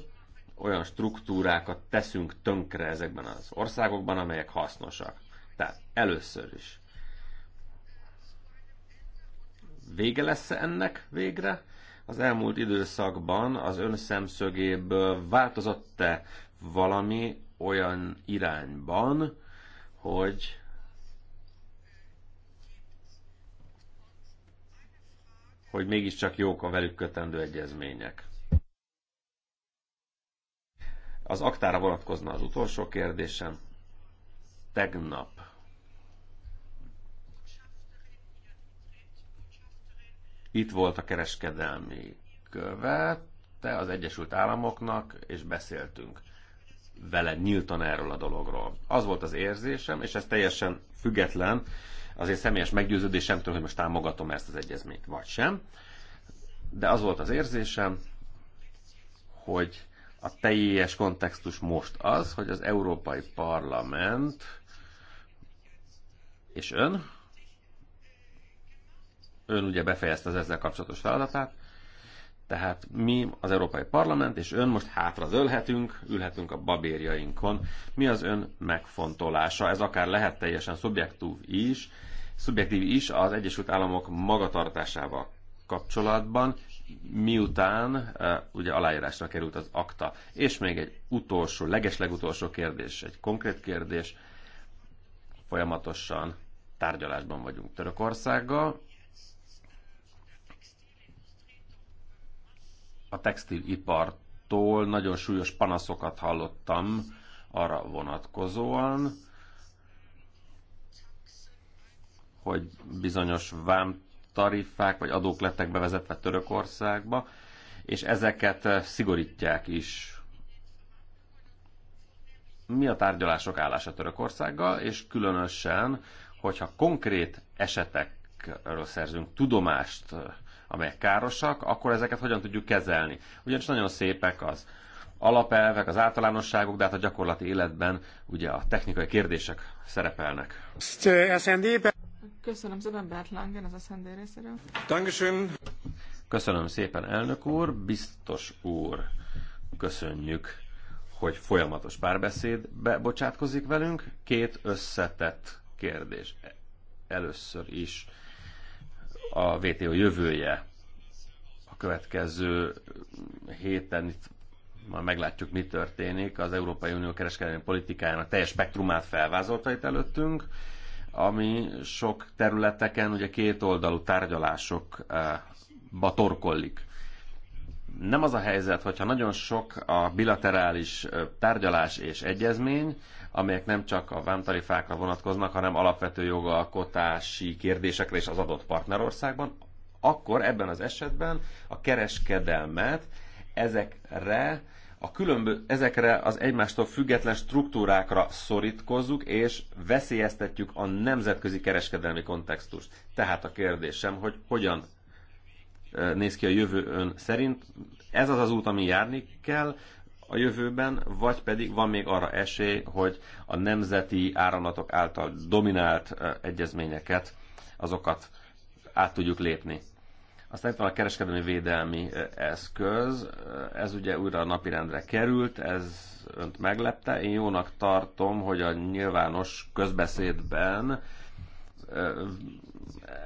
[SPEAKER 2] olyan struktúrákat teszünk tönkre ezekben az országokban, amelyek hasznosak. Tehát először is. Vége lesz -e ennek végre? Az elmúlt időszakban az ön szemszögéből változott-e valami olyan irányban, hogy hogy mégiscsak jók a velük kötendő egyezmények. Az aktára vonatkozna az utolsó kérdésem. Tegnap itt volt a kereskedelmi követ, az Egyesült Államoknak, és beszéltünk vele nyíltan erről a dologról. Az volt az érzésem, és ez teljesen független, azért személyes meggyőződésemtől, hogy most támogatom ezt az egyezményt, vagy sem. De az volt az érzésem, hogy a teljes kontextus most az, hogy az Európai Parlament és ön, ön ugye befejezte az ezzel kapcsolatos feladatát, tehát mi, az Európai Parlament és ön most hátra zölhetünk, ülhetünk a babérjainkon. Mi az ön megfontolása? Ez akár lehet teljesen szubjektív is, szubjektív is az Egyesült Államok magatartásával kapcsolatban, miután e, ugye aláírásra került az akta. És még egy utolsó, legeslegutolsó kérdés, egy konkrét kérdés. Folyamatosan tárgyalásban vagyunk Törökországgal. A textilipartól nagyon súlyos panaszokat hallottam arra vonatkozóan, hogy bizonyos vám tarifák vagy adók lettek bevezetve Törökországba, és ezeket eh, szigorítják is. Mi a tárgyalások állása Törökországgal, és különösen, hogyha konkrét esetekről szerzünk tudomást, eh, amelyek károsak, akkor ezeket hogyan tudjuk kezelni? Ugyanis nagyon szépek az alapelvek, az általánosságok, de hát a gyakorlati életben ugye a technikai kérdések szerepelnek. Eh,
[SPEAKER 3] Köszönöm szépen, Bert Langen, az a szendély részéről.
[SPEAKER 2] Dankeschön. Köszönöm szépen, elnök úr, biztos úr. Köszönjük, hogy folyamatos párbeszédbe bocsátkozik velünk. Két összetett kérdés. Először is a VTO jövője a következő héten itt majd meglátjuk, mi történik. Az Európai Unió kereskedelmi politikájának teljes spektrumát felvázolta itt előttünk ami sok területeken ugye kétoldalú tárgyalásokba torkollik. Nem az a helyzet, hogyha nagyon sok a bilaterális tárgyalás és egyezmény, amelyek nem csak a vámtarifákra vonatkoznak, hanem alapvető jogalkotási kérdésekre is az adott partnerországban, akkor ebben az esetben a kereskedelmet ezekre a különböző, ezekre az egymástól független struktúrákra szorítkozzuk, és veszélyeztetjük a nemzetközi kereskedelmi kontextust. Tehát a kérdésem, hogy hogyan néz ki a jövő ön szerint. Ez az az út, ami járni kell a jövőben, vagy pedig van még arra esély, hogy a nemzeti áramlatok által dominált egyezményeket, azokat át tudjuk lépni. Aztán itt van a kereskedelmi védelmi eszköz, ez ugye újra a napirendre került, ez önt meglepte. Én jónak tartom, hogy a nyilvános közbeszédben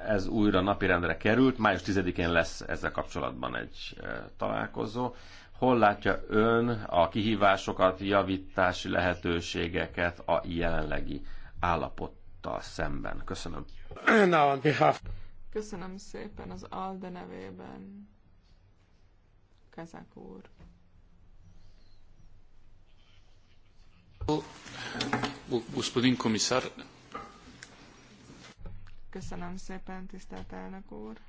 [SPEAKER 2] ez újra napirendre került. Május 10-én lesz ezzel kapcsolatban egy találkozó. Hol látja ön a kihívásokat, javítási lehetőségeket a jelenlegi állapottal szemben? Köszönöm. Now on behalf...
[SPEAKER 3] Köszönöm szépen az ALDE nevében. Kazák úr.
[SPEAKER 4] Господин комисар.
[SPEAKER 3] Köszönöm szépen, tisztelt elnök úr.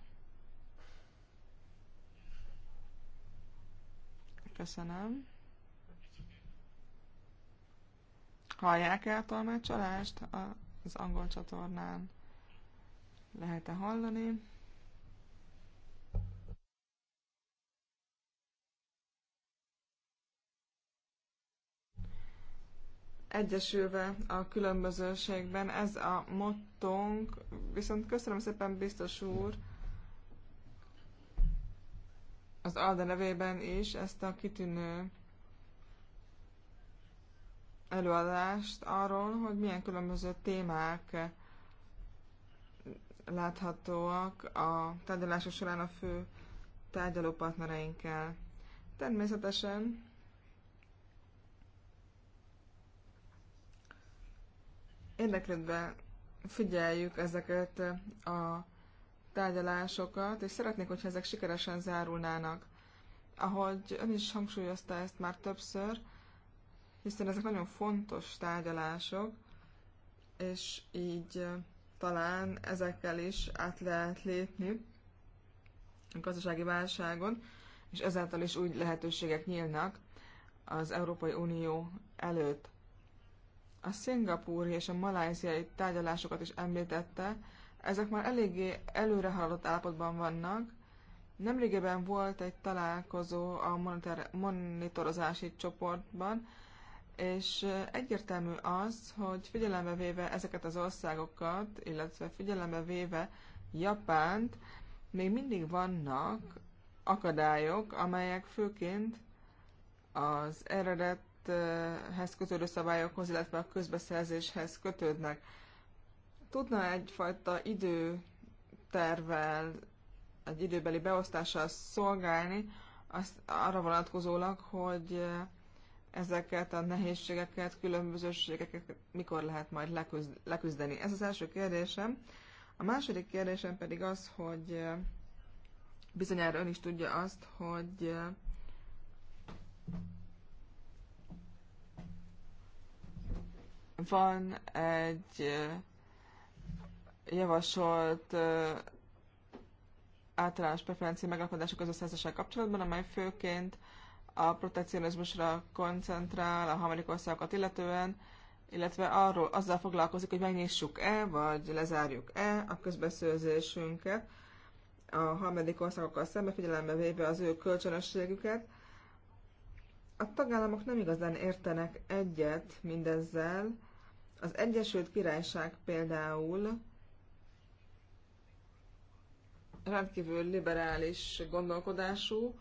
[SPEAKER 3] Köszönöm. Hallják el tolmácsolást az angol csatornán? Lehet-e hallani? Egyesülve a különbözőségben, ez a mottónk, viszont köszönöm szépen biztos úr, az Alda nevében is ezt a kitűnő előadást arról, hogy milyen különböző témák láthatóak a tárgyalások során a fő partnereinkkel. Természetesen érdeklődve figyeljük ezeket a tárgyalásokat, és szeretnék, hogyha ezek sikeresen zárulnának. Ahogy ön is hangsúlyozta ezt már többször, hiszen ezek nagyon fontos tárgyalások, és így talán ezekkel is át lehet lépni a gazdasági válságon, és ezáltal is úgy lehetőségek nyílnak az Európai Unió előtt. A szingapúri és a malajziai tárgyalásokat is említette, ezek már eléggé haladott állapotban vannak. Nemrégében volt egy találkozó a monitorozási csoportban, és egyértelmű az, hogy figyelembe véve ezeket az országokat, illetve figyelembe véve Japánt, még mindig vannak akadályok, amelyek főként az eredethez kötődő szabályokhoz, illetve a közbeszerzéshez kötődnek. Tudna egyfajta időtervel, egy időbeli beosztással szolgálni, azt arra vonatkozólag, hogy ezeket a nehézségeket, különbözőségeket mikor lehet majd leküzdeni. Ez az első kérdésem. A második kérdésem pedig az, hogy eh, bizonyára ön is tudja azt, hogy eh, van egy eh, javasolt általános preferencia megalapodások közösszerzéssel kapcsolatban, amely főként a protekcionizmusra koncentrál a harmadik országokat illetően, illetve arról azzal foglalkozik, hogy megnyissuk-e, vagy lezárjuk-e a közbeszőzésünket a harmadik országokkal szembe figyelembe véve az ő kölcsönösségüket. A tagállamok nem igazán értenek egyet mindezzel. Az Egyesült Királyság például rendkívül liberális gondolkodású,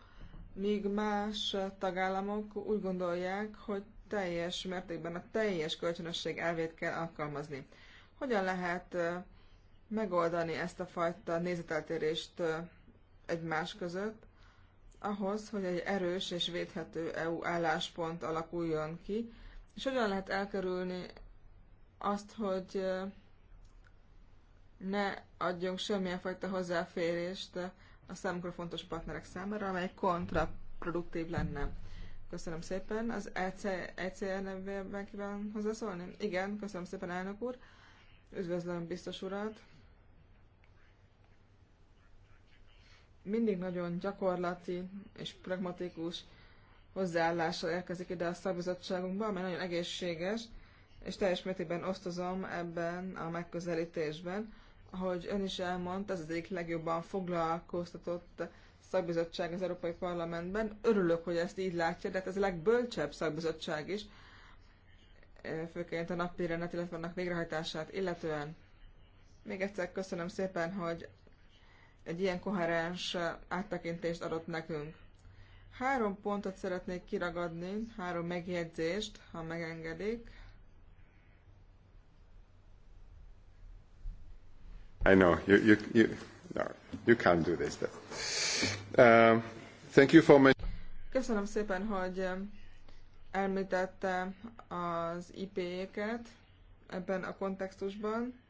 [SPEAKER 3] míg más tagállamok úgy gondolják, hogy teljes mértékben a teljes kölcsönösség elvét kell alkalmazni. Hogyan lehet megoldani ezt a fajta nézeteltérést egymás között, ahhoz, hogy egy erős és védhető EU álláspont alakuljon ki, és hogyan lehet elkerülni azt, hogy ne adjunk semmilyen fajta hozzáférést a számukra fontos partnerek számára, amely kontraproduktív lenne. Köszönöm szépen. Az ECR e nevében kíván hozzászólni? Igen, köszönöm szépen, elnök úr. Üdvözlöm biztos urat. Mindig nagyon gyakorlati és pragmatikus hozzáállással érkezik ide a szakbizottságunkba, amely nagyon egészséges, és teljes mértékben osztozom ebben a megközelítésben ahogy ön is elmondta, ez az egyik legjobban foglalkoztatott szakbizottság az Európai Parlamentben. Örülök, hogy ezt így látja, de hát ez a legbölcsebb szakbizottság is, e, főként a napi illetve annak végrehajtását illetően. Még egyszer köszönöm szépen, hogy egy ilyen koherens áttekintést adott nekünk. Három pontot szeretnék kiragadni, három megjegyzést, ha megengedik.
[SPEAKER 4] I know you you you no, you can't do this. But, Uh, thank you for my...
[SPEAKER 3] Köszönöm szépen, hogy um, elmítette az IP-ket ebben a kontextusban.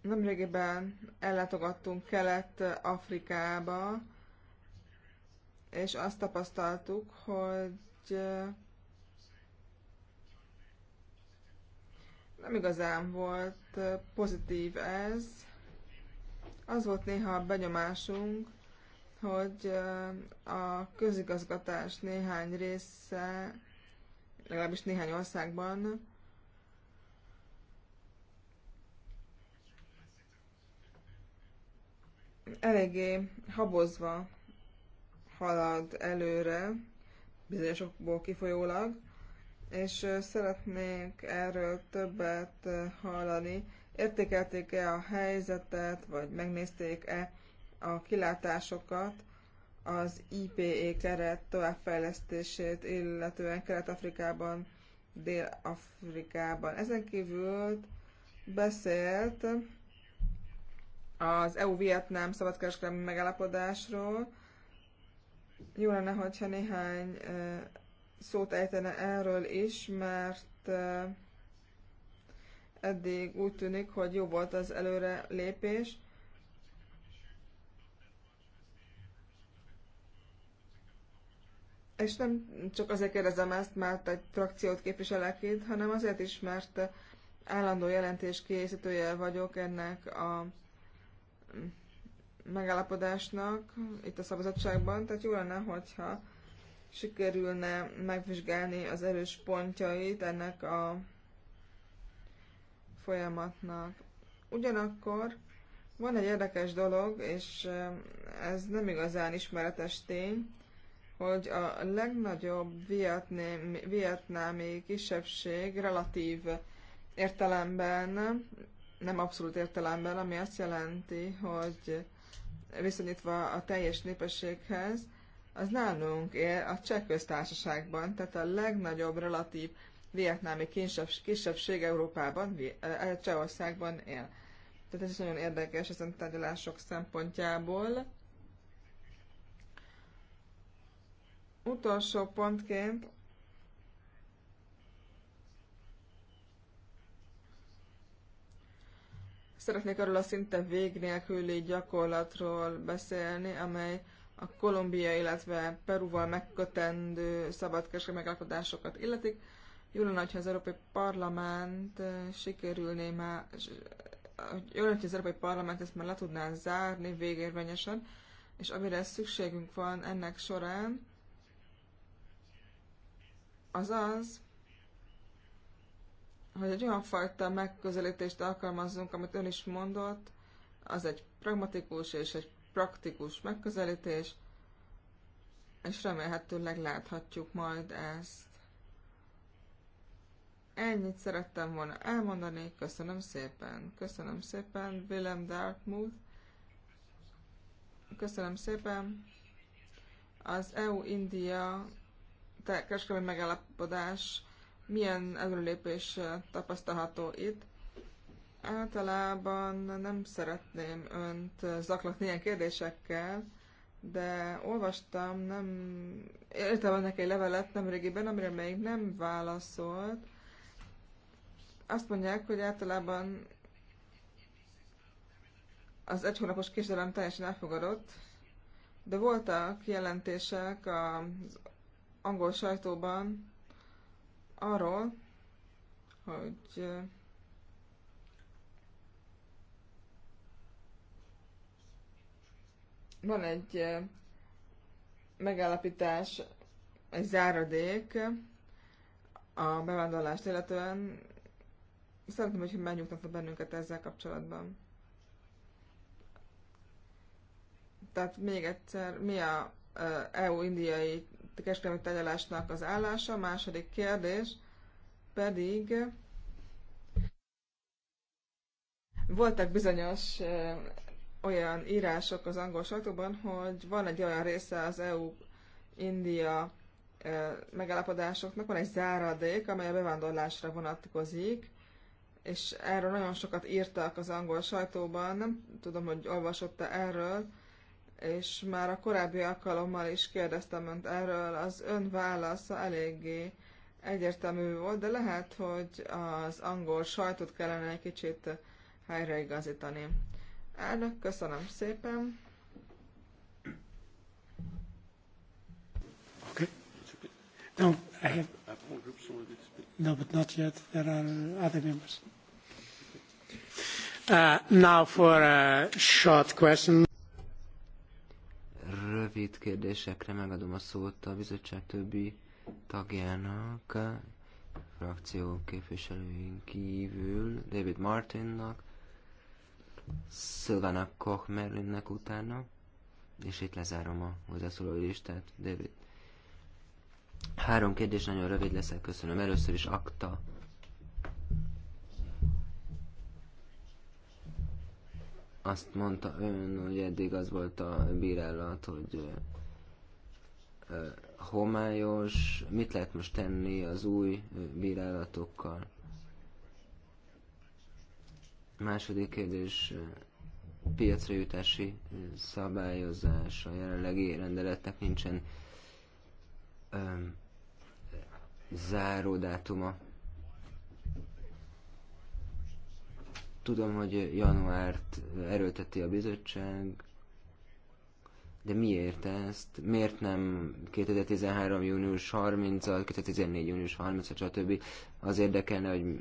[SPEAKER 3] Nemrégiben ellátogattunk Kelet-Afrikába, és azt tapasztaltuk, hogy nem igazán volt pozitív ez. Az volt néha a benyomásunk, hogy a közigazgatás néhány része, legalábbis néhány országban, eléggé habozva halad előre, bizonyosokból kifolyólag, és szeretnénk erről többet hallani. Értékelték-e a helyzetet, vagy megnézték-e a kilátásokat az IPE keret továbbfejlesztését, illetően Kelet-Afrikában, Dél-Afrikában. Ezen kívül beszélt az EU-Vietnám szabadkereskedelmi megállapodásról. Jó lenne, hogyha néhány szót ejtene erről is, mert eddig úgy tűnik, hogy jó volt az előre lépés. És nem csak azért kérdezem ezt, mert egy frakciót képviselek itt, hanem azért is, mert állandó jelentés készítője vagyok ennek a megállapodásnak itt a szabadságban, tehát jó lenne, hogyha sikerülne megvizsgálni az erős pontjait ennek a folyamatnak. Ugyanakkor van egy érdekes dolog, és eh, ez nem igazán ismeretes tény, hogy a legnagyobb vietnámi, vietnámi kisebbség relatív értelemben, nem abszolút értelemben, ami azt jelenti, hogy viszonyítva a teljes népességhez, az nálunk él a cseh köztársaságban, tehát a legnagyobb relatív vietnámi kisebbség Európában, Csehországban él. Tehát ez is nagyon érdekes ezen tárgyalások szempontjából. Utolsó pontként szeretnék arról a szinte vég nélküli gyakorlatról beszélni, amely a Kolumbia, illetve Peruval megkötendő szabadkereskedelmi megállapodásokat illetik. Jó lenne, hogyha az Európai Parlament eh, sikerülné már, jó lenne, hogy az Európai Parlament ezt már le tudná zárni végérvényesen, és amire szükségünk van ennek során, az az, hogy egy olyan fajta megközelítést alkalmazzunk, amit ön is mondott, az egy pragmatikus és egy praktikus megközelítés, és remélhetőleg láthatjuk majd ezt. Ennyit szerettem volna elmondani, köszönöm szépen. Köszönöm szépen, Willem Dartmouth. Köszönöm szépen. Az EU-India kereskedelmi megállapodás milyen előlépés tapasztalható itt? Általában nem szeretném önt zaklatni ilyen kérdésekkel, de olvastam, nem értem ennek egy levelet nemrégiben, amire még nem válaszolt. Azt mondják, hogy általában az egy hónapos késedelem teljesen elfogadott, de voltak jelentések az angol sajtóban arról, hogy Van egy megállapítás, egy záradék a bevándorlást illetően. Szeretném, hogyha megnyugtatna bennünket ezzel kapcsolatban. Tehát még egyszer, mi a EU-indiai kereskedelmi tárgyalásnak az állása? Második kérdés pedig voltak bizonyos olyan írások az angol sajtóban, hogy van egy olyan része az EU-India e, megállapodásoknak, van egy záradék, amely a bevándorlásra vonatkozik, és erről nagyon sokat írtak az angol sajtóban, nem tudom, hogy olvasotta erről, és már a korábbi alkalommal is kérdeztem önt erről, az ön válasza eléggé egyértelmű volt, de lehet, hogy az angol sajtót kellene egy kicsit helyreigazítani. Elnök, köszönöm szépen. No, I have... No, but not yet. There
[SPEAKER 4] are other members. Uh, now for a short question.
[SPEAKER 1] Rövid kérdésekre megadom a szót a bizottság többi tagjának, frakció képviselőink kívül, David Martinnak, Szilvana Koch Merlinnek utána, és itt lezárom a hozzászóló listát, David. Három kérdés, nagyon rövid leszek, köszönöm. Először is akta. Azt mondta ön, hogy eddig az volt a bírálat, hogy homályos, mit lehet most tenni az új bírálatokkal? Második kérdés, piacra jutási szabályozás, a jelenlegi rendeletnek nincsen öm, záró dátuma. Tudom, hogy januárt erőlteti a bizottság, de miért ezt? Miért nem 2013. június 30-a, 2014. június 30-a, stb. Az érdekelne, hogy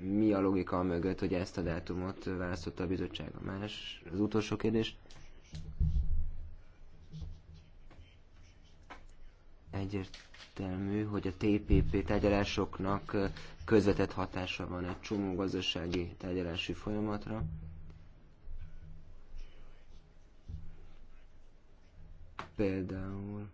[SPEAKER 1] mi a logika a mögött, hogy ezt a dátumot választotta a bizottság. A más, az utolsó kérdés. Egyértelmű, hogy a TPP tárgyalásoknak közvetett hatása van egy csomó gazdasági tárgyalási folyamatra. Például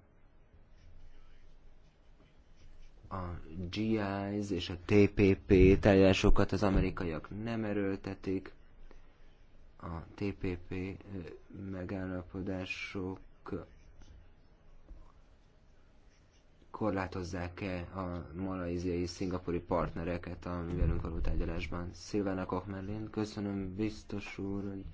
[SPEAKER 1] a GIs és a TPP tárgyalásokat az amerikaiak nem erőltetik. A TPP megállapodások korlátozzák-e a malajziai, szingapuri partnereket a velünk való tárgyalásban. Szilvának Ahmerlén, köszönöm biztos úr, hogy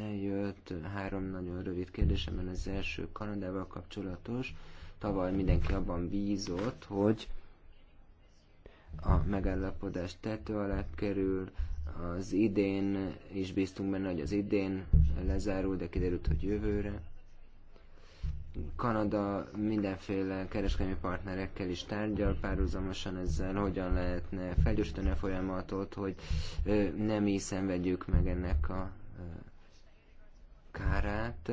[SPEAKER 1] eljött. Három nagyon rövid kérdésem az első Kanadával kapcsolatos. Tavaly mindenki abban bízott, hogy a megállapodás tető alá kerül, az idén is bíztunk benne, hogy az idén lezárul, de kiderült, hogy jövőre. Kanada mindenféle kereskedelmi partnerekkel is tárgyal párhuzamosan ezzel, hogyan lehetne felgyorsítani a folyamatot, hogy nem így szenvedjük meg ennek a kárát.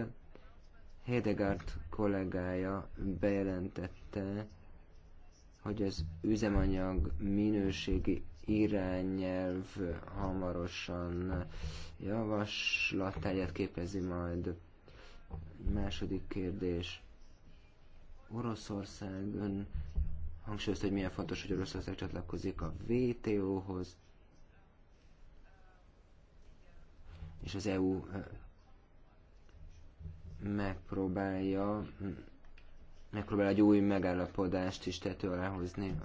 [SPEAKER 1] Hedegard kollégája bejelentette, hogy az üzemanyag minőségi irányelv hamarosan javaslatáját képezi majd. Második kérdés. Oroszország ön hangsúlyozta, hogy milyen fontos, hogy Oroszország csatlakozik a WTO-hoz, és az EU megpróbálja megpróbál egy új megállapodást is tető alá hozni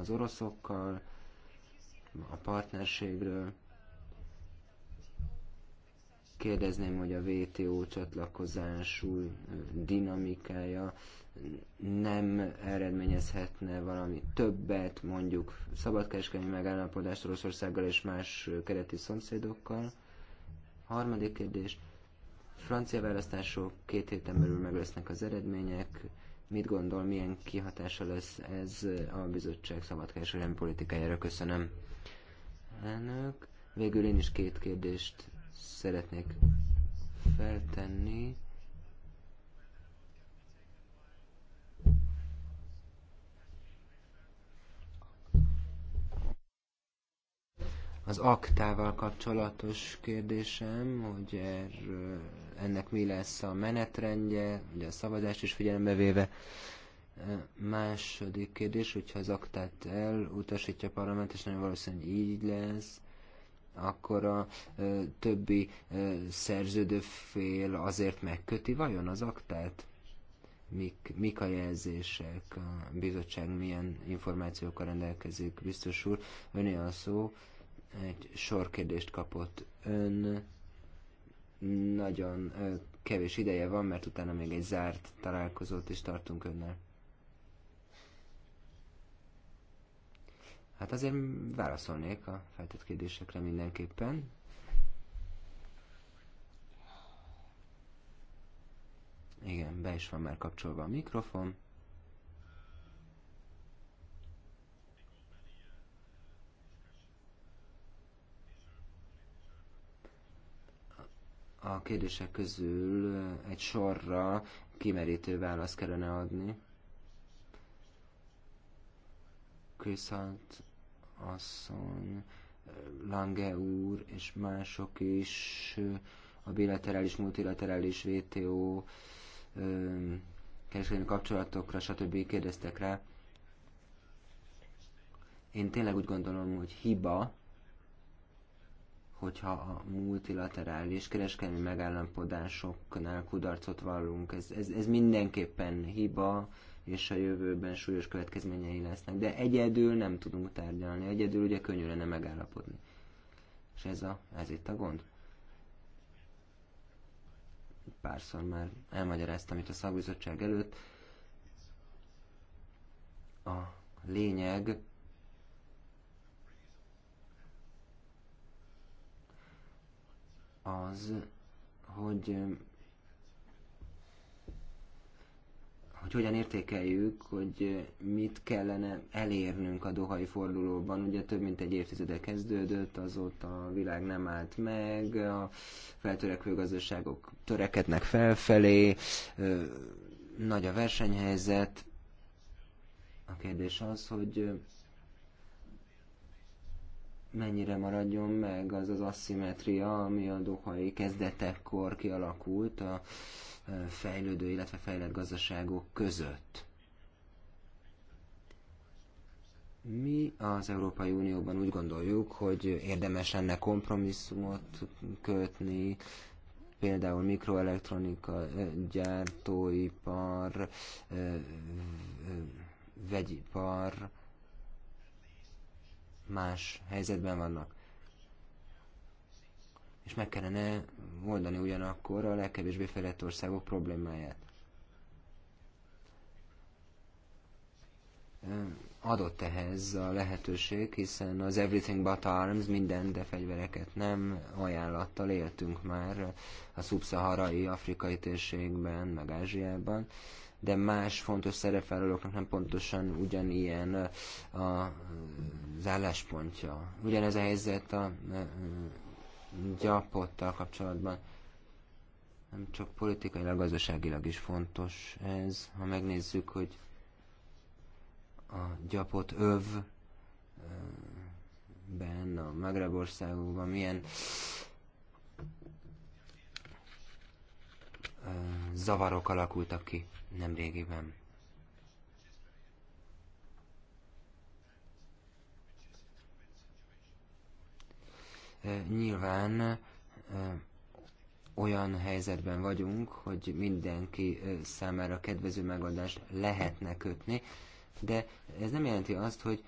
[SPEAKER 1] az oroszokkal, a partnerségről. Kérdezném, hogy a WTO csatlakozású dinamikája nem eredményezhetne valami többet, mondjuk szabadkereskedelmi megállapodást Oroszországgal és más kereti szomszédokkal. Harmadik kérdés, francia választások, két héten belül meg lesznek az eredmények. Mit gondol, milyen kihatása lesz ez a bizottság szabadkereskedelmi politikájára? Köszönöm. Elnök, végül én is két kérdést szeretnék feltenni. Az aktával kapcsolatos kérdésem, hogy er, ennek mi lesz a menetrendje, ugye a szavazást is figyelembe véve. E, második kérdés, hogyha az aktát elutasítja a parlament, és nagyon valószínűleg így lesz, akkor a ö, e, többi ö, e, szerződő fél azért megköti vajon az aktát? Mik, mik a jelzések? A bizottság milyen információkkal rendelkezik? Biztos úr, öné a szó. Ö, egy sor kérdést kapott ön. Nagyon kevés ideje van, mert utána még egy zárt találkozót is tartunk önnel. Hát azért válaszolnék a feltett kérdésekre mindenképpen. Igen, be is van már kapcsolva a mikrofon. a kérdések közül egy sorra kimerítő választ kellene adni. Köszönt asszony, Lange úr és mások is, a bilaterális, multilaterális VTO kereskedelmi kapcsolatokra, stb. kérdeztek rá. Én tényleg úgy gondolom, hogy hiba, hogyha a multilaterális kereskedelmi megállapodásoknál kudarcot vallunk. Ez, ez, ez mindenképpen hiba, és a jövőben súlyos következményei lesznek. De egyedül nem tudunk tárgyalni, egyedül ugye könnyű lenne megállapodni. És ez, a, ez itt a gond. Párszor már elmagyaráztam itt a szakbizottság előtt. A lényeg az, hogy hogy hogyan értékeljük, hogy eh, mit kellene elérnünk a dohai fordulóban. Ugye több mint egy évtizede kezdődött, azóta a világ nem állt meg, a feltörekvő gazdaságok törekednek felfelé, nagy a versenyhelyzet. A kérdés az, hogy mennyire maradjon meg az az asszimetria, ami a dohai kezdetekkor kialakult a e, fejlődő, illetve fejlett gazdaságok között. Mi az Európai Unióban úgy gondoljuk, hogy érdemes lenne kompromisszumot kötni, például mikroelektronika e, gyártóipar, e, vegyipar, más helyzetben vannak. És meg kellene oldani ugyanakkor a legkevésbé fejlett országok problémáját. Adott ehhez a lehetőség, hiszen az Everything But Arms, minden, de fegyvereket nem ajánlattal éltünk már a szubszaharai afrikai térségben, meg Ázsiában de más fontos szerepvállalóknak nem pontosan ugyanilyen a, az álláspontja. Ugyanez a helyzet a gyapottal kapcsolatban. Nem csak politikailag, gazdaságilag is fontos ez. Ha megnézzük, hogy a gyapott öv ben, a Magreb országokban milyen zavarok alakultak ki. Nem régiben. Nyilván olyan helyzetben vagyunk, hogy mindenki számára kedvező megoldást lehetne kötni, de ez nem jelenti azt, hogy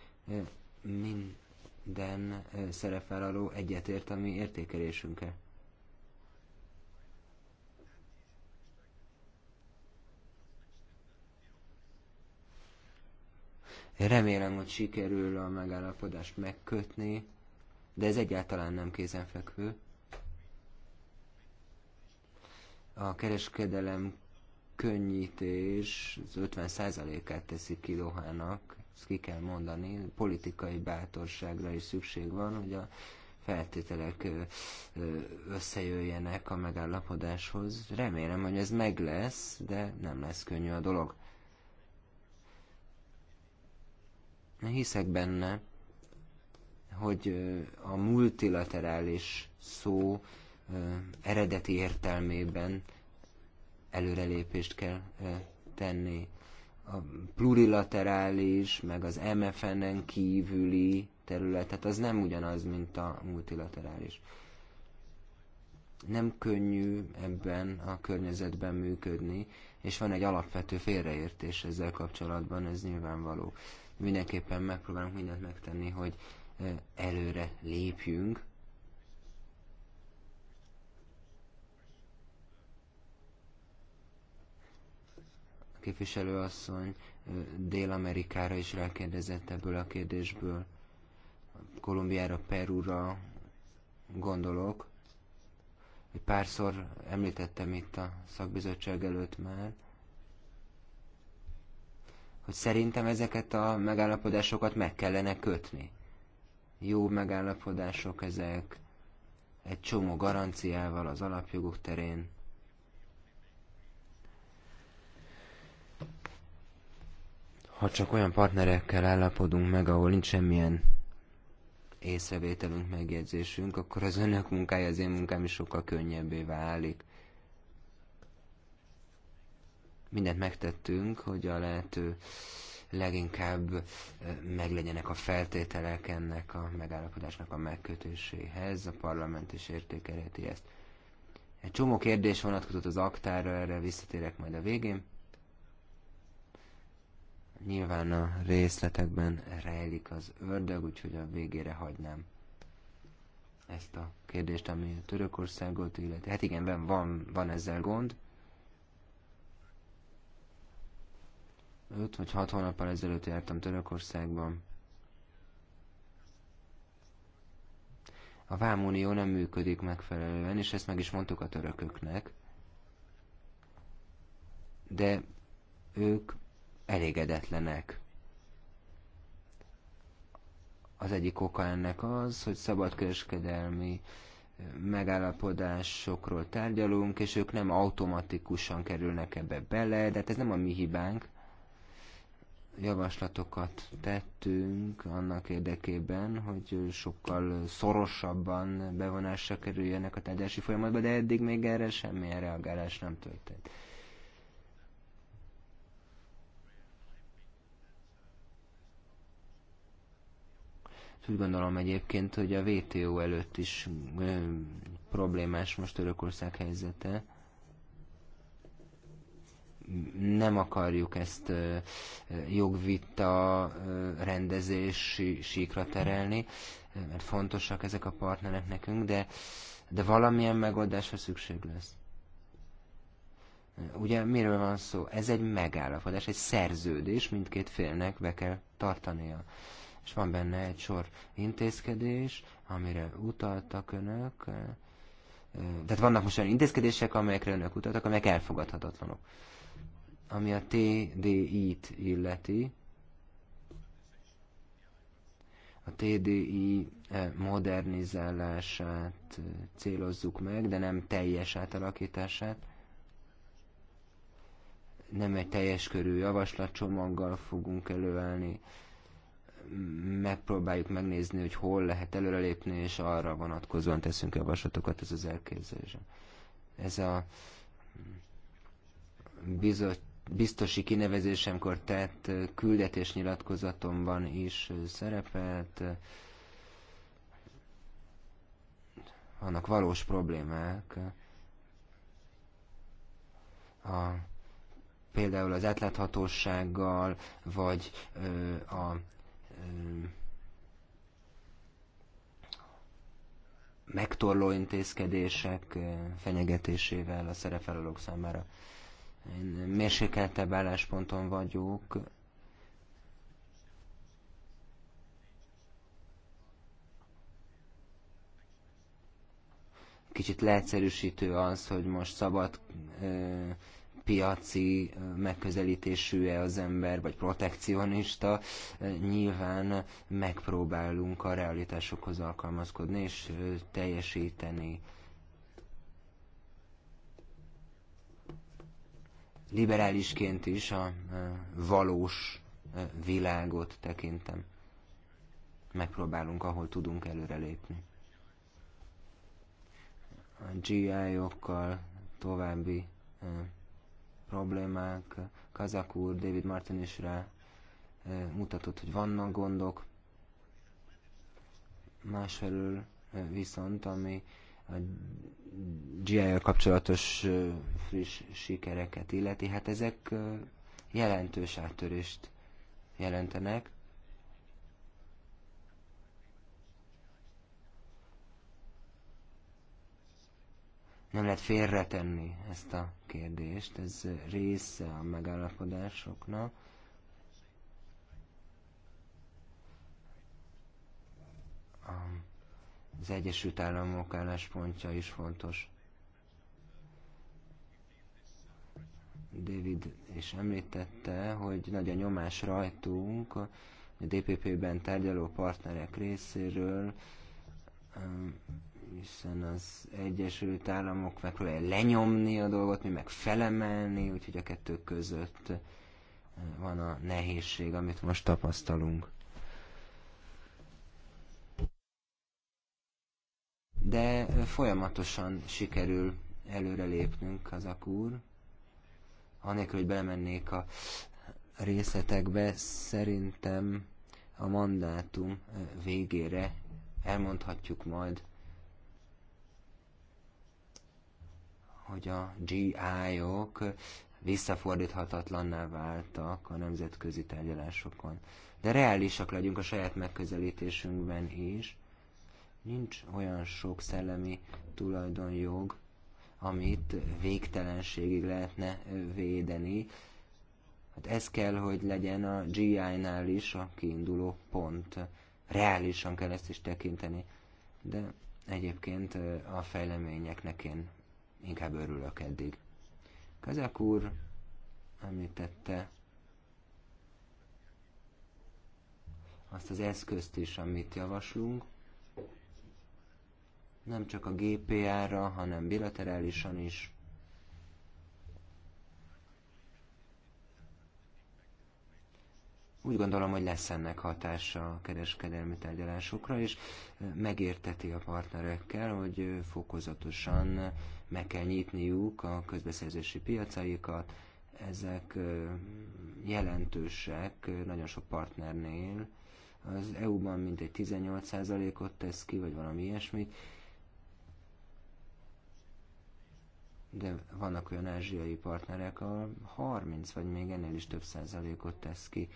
[SPEAKER 1] minden szerepvállaló egyetért a mi értékelésünkkel. Remélem, hogy sikerül a megállapodást megkötni, de ez egyáltalán nem kézenfekvő. A kereskedelem könnyítés az 50%-át teszi ki Dohának, ezt ki kell mondani, politikai bátorságra is szükség van, hogy a feltételek összejöjjenek a megállapodáshoz. Remélem, hogy ez meg lesz, de nem lesz könnyű a dolog. Hiszek benne, hogy a multilaterális szó eredeti értelmében előrelépést kell tenni. A plurilaterális, meg az MFN-en kívüli terület, tehát az nem ugyanaz, mint a multilaterális. Nem könnyű ebben a környezetben működni, és van egy alapvető félreértés ezzel kapcsolatban, ez nyilvánvaló mindenképpen megpróbálunk mindent megtenni, hogy előre lépjünk. A képviselőasszony Dél-Amerikára is rákérdezett ebből a kérdésből. Kolumbiára, Perúra gondolok. Egy párszor említettem itt a szakbizottság előtt már, hogy szerintem ezeket a megállapodásokat meg kellene kötni. Jó megállapodások ezek, egy csomó garanciával az alapjogok terén. Ha csak olyan partnerekkel állapodunk meg, ahol nincs semmilyen észrevételünk, megjegyzésünk, akkor az önök munkája az én munkám is sokkal könnyebbé válik mindent megtettünk, hogy a lehető leginkább eh, meglegyenek a feltételek ennek a megállapodásnak a megkötéséhez, a parlament is értékelheti ezt. Egy csomó kérdés vonatkozott az aktára, erre visszatérek majd a végén. Nyilván a részletekben rejlik az ördög, úgyhogy a végére hagynám ezt a kérdést, ami a Törökországot illeti. Hát igen, van, van ezzel gond, 5 vagy 6 hónappal ezelőtt jártam Törökországban. A vámunió nem működik megfelelően, és ezt meg is mondtuk a törököknek. De ők elégedetlenek. Az egyik oka ennek az, hogy szabadkereskedelmi megállapodásokról tárgyalunk, és ők nem automatikusan kerülnek ebbe bele, de hát ez nem a mi hibánk javaslatokat tettünk annak érdekében, hogy sokkal szorosabban bevonásra kerüljenek a tárgyalási folyamatba, de eddig még erre semmilyen reagálás nem történt. Hát úgy gondolom egyébként, hogy a VTO előtt is ö, problémás most Törökország helyzete nem akarjuk ezt jogvita rendezési síkra terelni, mert fontosak ezek a partnerek nekünk, de, de valamilyen megoldásra szükség lesz. Ugye miről van szó? Ez egy megállapodás, egy szerződés, mindkét félnek be kell tartania. És van benne egy sor intézkedés, amire utaltak önök, tehát vannak most olyan intézkedések, amelyekre önök utaltak, amelyek elfogadhatatlanok. Ami a TDI-t illeti, a TDI e modernizálását e, célozzuk meg, de nem teljes átalakítását. Nem egy teljes körű javaslatcsomaggal fogunk előállni. Megpróbáljuk megnézni, hogy hol lehet előrelépni, és arra vonatkozóan teszünk javaslatokat, ez az elképzelés. Ez a bizottság biztosi kinevezésemkor tett küldetésnyilatkozatomban is szerepelt. Vannak valós problémák. A, például az átláthatósággal, vagy ö, a ö, megtorló intézkedések fenyegetésével a szerepelők számára. Én mérsékeltebb állásponton vagyok. Kicsit leegyszerűsítő az, hogy most szabad ö, piaci megközelítésű-e az ember, vagy protekcionista, nyilván megpróbálunk a realitásokhoz alkalmazkodni és teljesíteni liberálisként is a valós világot tekintem. Megpróbálunk, ahol tudunk előrelépni. A GI-okkal további problémák, Kazak úr, David Martin is rá mutatott, hogy vannak gondok. Másfelől viszont, ami a gi kapcsolatos friss sikereket illeti, hát ezek jelentős áttörést jelentenek. Nem lehet félretenni ezt a kérdést, ez része a megállapodásoknak. Um, az Egyesült Államok álláspontja is fontos. David is említette, hogy nagy a nyomás rajtunk a DPP-ben tárgyaló partnerek részéről, ehm, hiszen az Egyesült Államok megpróbálja lenyomni a dolgot, mi meg felemelni, úgyhogy a kettő között eh, van a nehézség, amit most tapasztalunk. de folyamatosan sikerül előrelépnünk, az akúr. Anélkül, hogy belemennék a részletekbe, szerintem a mandátum végére elmondhatjuk majd, hogy a GI-ok -ok visszafordíthatatlanná váltak a nemzetközi tárgyalásokon. De reálisak legyünk a saját megközelítésünkben is, Nincs olyan sok szellemi tulajdonjog, amit végtelenségig lehetne védeni. Hát ez kell, hogy legyen a GI-nál is a kiinduló pont. Reálisan kell ezt is tekinteni. De egyébként a fejleményeknek én inkább örülök eddig. Kazak úr említette azt az eszközt is, amit javaslunk, nem csak a gpr ra hanem bilaterálisan is. Úgy gondolom, hogy lesz ennek hatása a kereskedelmi tárgyalásokra, és megérteti a partnerekkel, hogy fokozatosan meg kell nyitniuk a közbeszerzési piacaikat. Ezek jelentősek nagyon sok partnernél. Az EU-ban mintegy 18%-ot tesz ki, vagy valami ilyesmit de vannak olyan ázsiai partnerek, ahol 30 vagy még ennél is több százalékot tesz ki.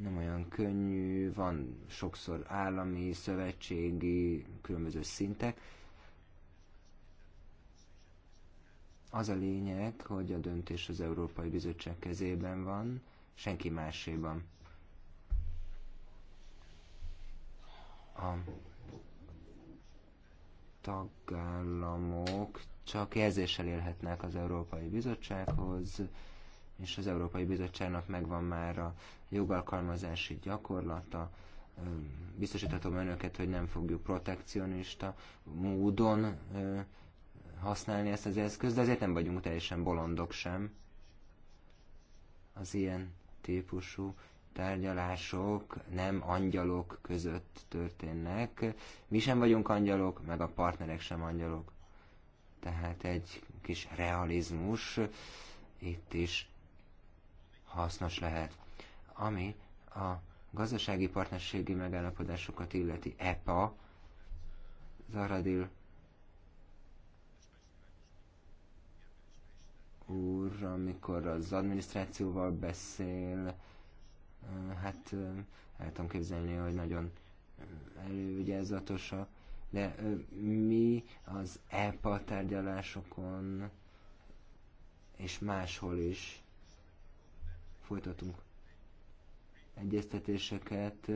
[SPEAKER 1] Nem olyan könnyű, van sokszor állami, szövetségi, különböző szintek. Az a lényeg, hogy a döntés az Európai Bizottság kezében van, senki máséban. A tagállamok csak jelzéssel élhetnek az Európai Bizottsághoz, és az Európai Bizottságnak megvan már a jogalkalmazási gyakorlata. Biztosíthatom önöket, hogy nem fogjuk protekcionista módon használni ezt az eszközt, de azért nem vagyunk teljesen bolondok sem. Az ilyen típusú tárgyalások nem angyalok között történnek. Mi sem vagyunk angyalok, meg a partnerek sem angyalok. Tehát egy kis realizmus itt is hasznos lehet. Ami a gazdasági partnerségi megállapodásokat illeti EPA, Zaradil úr, amikor az adminisztrációval beszél, hát el tudom képzelni, hogy nagyon elővigyázatosak, de mi az EPA tárgyalásokon és máshol is folytatunk egyeztetéseket.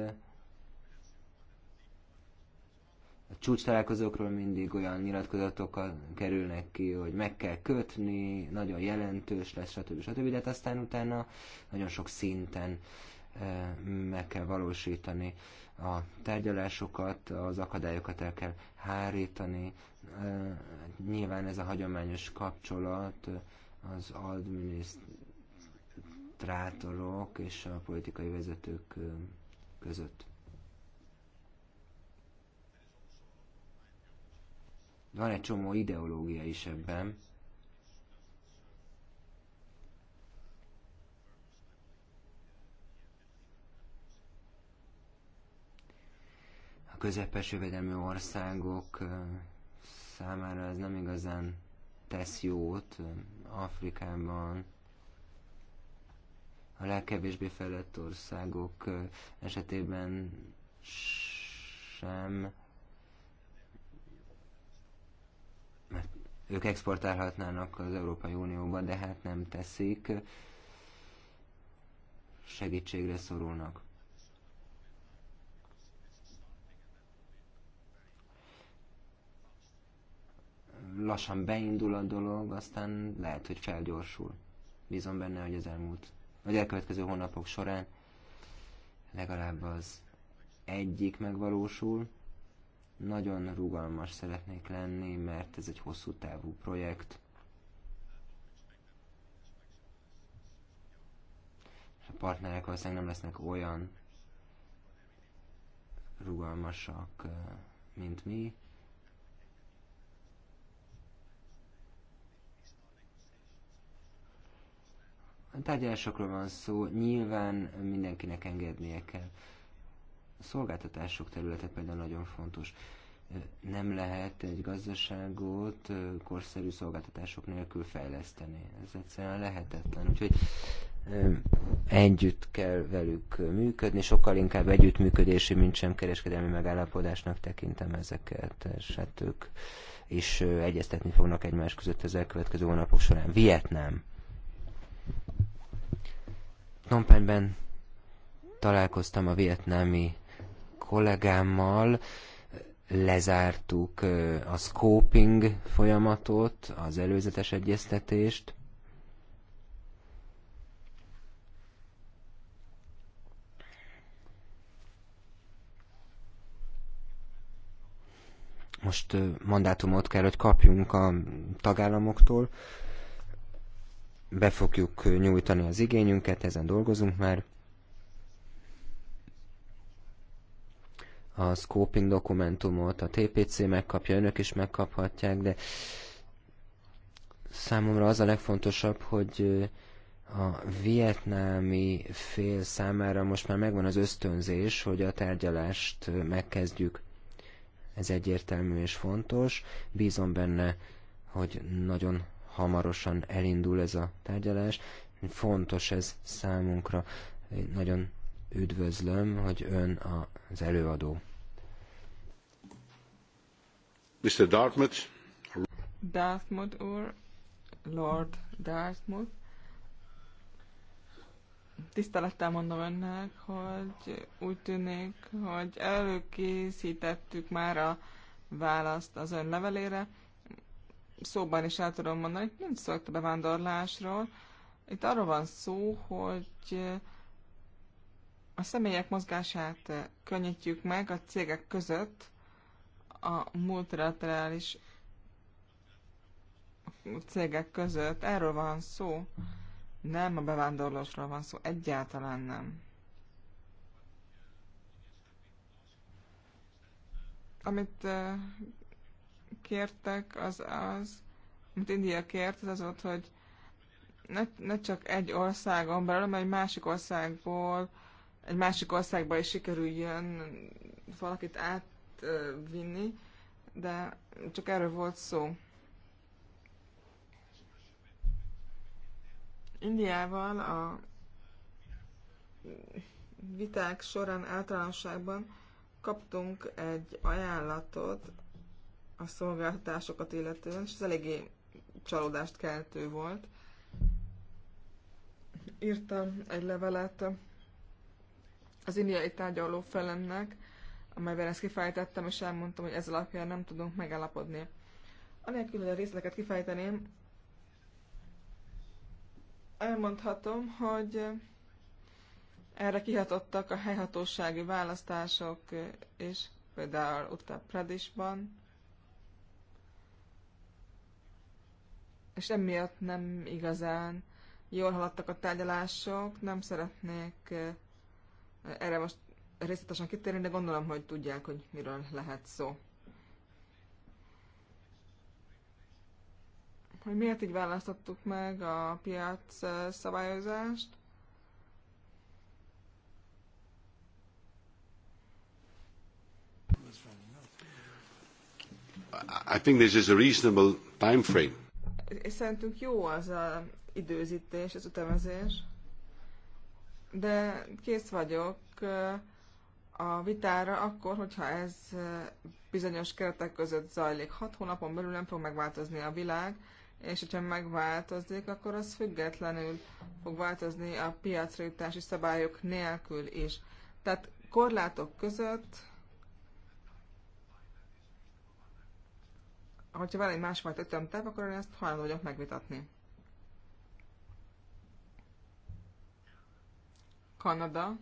[SPEAKER 1] A csúcs találkozókról mindig olyan nyilatkozatok kerülnek ki, hogy meg kell kötni, nagyon jelentős lesz, stb. stb. De hát aztán utána nagyon sok szinten uh, meg kell valósítani a tárgyalásokat, az akadályokat el kell hárítani. Nyilván ez a hagyományos kapcsolat az adminisztrátorok és a politikai vezetők között. Van egy csomó ideológia is ebben, közepes jövedelmű országok számára ez nem igazán tesz jót Afrikában. A legkevésbé fejlett országok esetében sem, mert ők exportálhatnának az Európai Unióba, de hát nem teszik, segítségre szorulnak. lassan beindul a dolog, aztán lehet, hogy felgyorsul. Bízom benne, hogy az elmúlt, vagy elkövetkező hónapok során legalább az egyik megvalósul. Nagyon rugalmas szeretnék lenni, mert ez egy hosszú távú projekt. A partnerek valószínűleg nem lesznek olyan rugalmasak, mint mi Tárgyalásokról van szó, nyilván mindenkinek engednie kell. A szolgáltatások területe például nagyon fontos. Nem lehet egy gazdaságot korszerű szolgáltatások nélkül fejleszteni. Ez egyszerűen lehetetlen. Úgyhogy együtt kell velük működni, sokkal inkább együttműködési, mint sem kereskedelmi megállapodásnak tekintem ezeket, és hát ők is egyeztetni fognak egymás között az elkövetkező hónapok során. Vietnám. Phnom Penhben találkoztam a vietnámi kollégámmal, lezártuk a scoping folyamatot, az előzetes egyeztetést, Most mandátumot kell, hogy kapjunk a tagállamoktól be fogjuk nyújtani az igényünket, ezen dolgozunk már. A scoping dokumentumot a TPC megkapja, önök is megkaphatják, de számomra az a legfontosabb, hogy a vietnámi fél számára most már megvan az ösztönzés, hogy a tárgyalást megkezdjük. Ez egyértelmű és fontos. Bízom benne, hogy nagyon hamarosan elindul ez a tárgyalás. Fontos ez számunkra. Én nagyon üdvözlöm, hogy ön az előadó. Mr. Dartmouth.
[SPEAKER 3] Dartmouth úr, Lord Dartmouth. Tisztelettel mondom önnek, hogy úgy tűnik, hogy előkészítettük már a választ az ön levelére szóban is el tudom mondani, hogy nem szólok a bevándorlásról. Itt arról van szó, hogy eh, a személyek mozgását eh, könnyítjük meg a cégek között a multilaterális cégek között. Erről van szó. Nem a bevándorlásról van szó. Egyáltalán nem. Amit eh, kértek, az az, amit India kért, az az volt, hogy ne, ne csak egy országon belül, hanem egy másik országból, egy másik országba is sikerüljön valakit átvinni, de csak erről volt szó. Indiával a viták során általánosságban kaptunk egy ajánlatot a szolgáltatásokat illetően, és ez eléggé csalódást keltő volt. Írtam egy levelet az indiai tárgyaló felemnek, amelyben ezt kifejtettem, és elmondtam, hogy ez alapján nem tudunk megállapodni. Anélkül, hogy a részleteket kifejteném, elmondhatom, hogy erre kihatottak a helyhatósági választások és például Uttar Pradishban, és emiatt nem igazán jól haladtak a tárgyalások, nem szeretnék erre most részletesen kitérni, de gondolom, hogy tudják, hogy miről lehet szó. Hogy miért így választottuk meg a piac szabályozást?
[SPEAKER 2] I think this is a reasonable time frame
[SPEAKER 3] és szerintünk jó az a időzítés, az ütemezés, de kész vagyok a vitára akkor, hogyha ez bizonyos keretek között zajlik. Hat hónapon belül nem fog megváltozni a világ, és hogyha megváltozik, akkor az függetlenül fog változni a piacra jutási szabályok nélkül is. Tehát korlátok között hogyha van egy másfajta ütemterv, akkor én ezt hajlandó vagyok megvitatni. Kanada.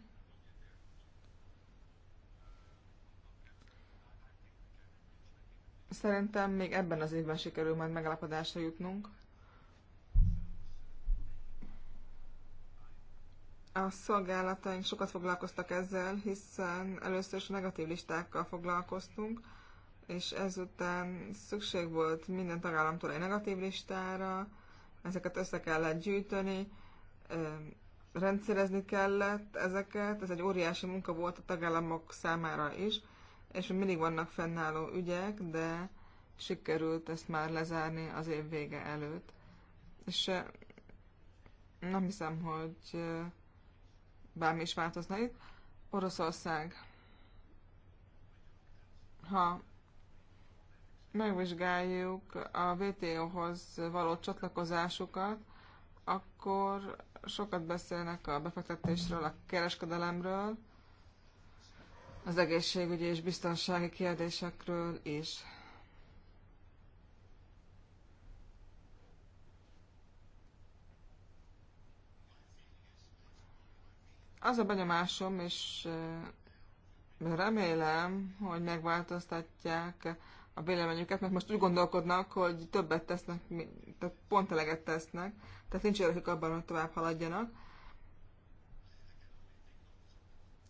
[SPEAKER 3] Szerintem még ebben az évben sikerül majd megállapodásra jutnunk. A szolgálataink sokat foglalkoztak ezzel, hiszen először is negatív listákkal foglalkoztunk, és ezután szükség volt minden tagállamtól egy negatív listára, ezeket össze kellett gyűjteni, rendszerezni kellett ezeket, ez egy óriási munka volt a tagállamok számára is, és mindig vannak fennálló ügyek, de sikerült ezt már lezárni az év vége előtt. És nem hiszem, hogy bármi is változna itt. Oroszország, ha megvizsgáljuk a WTO-hoz való csatlakozásukat, akkor sokat beszélnek a befektetésről, a kereskedelemről, az egészségügyi és biztonsági kérdésekről is. Az a benyomásom, és remélem, hogy megváltoztatják a véleményüket, mert most úgy gondolkodnak, hogy többet tesznek, tehát pont eleget tesznek, tehát nincs érdekük abban, hogy tovább haladjanak.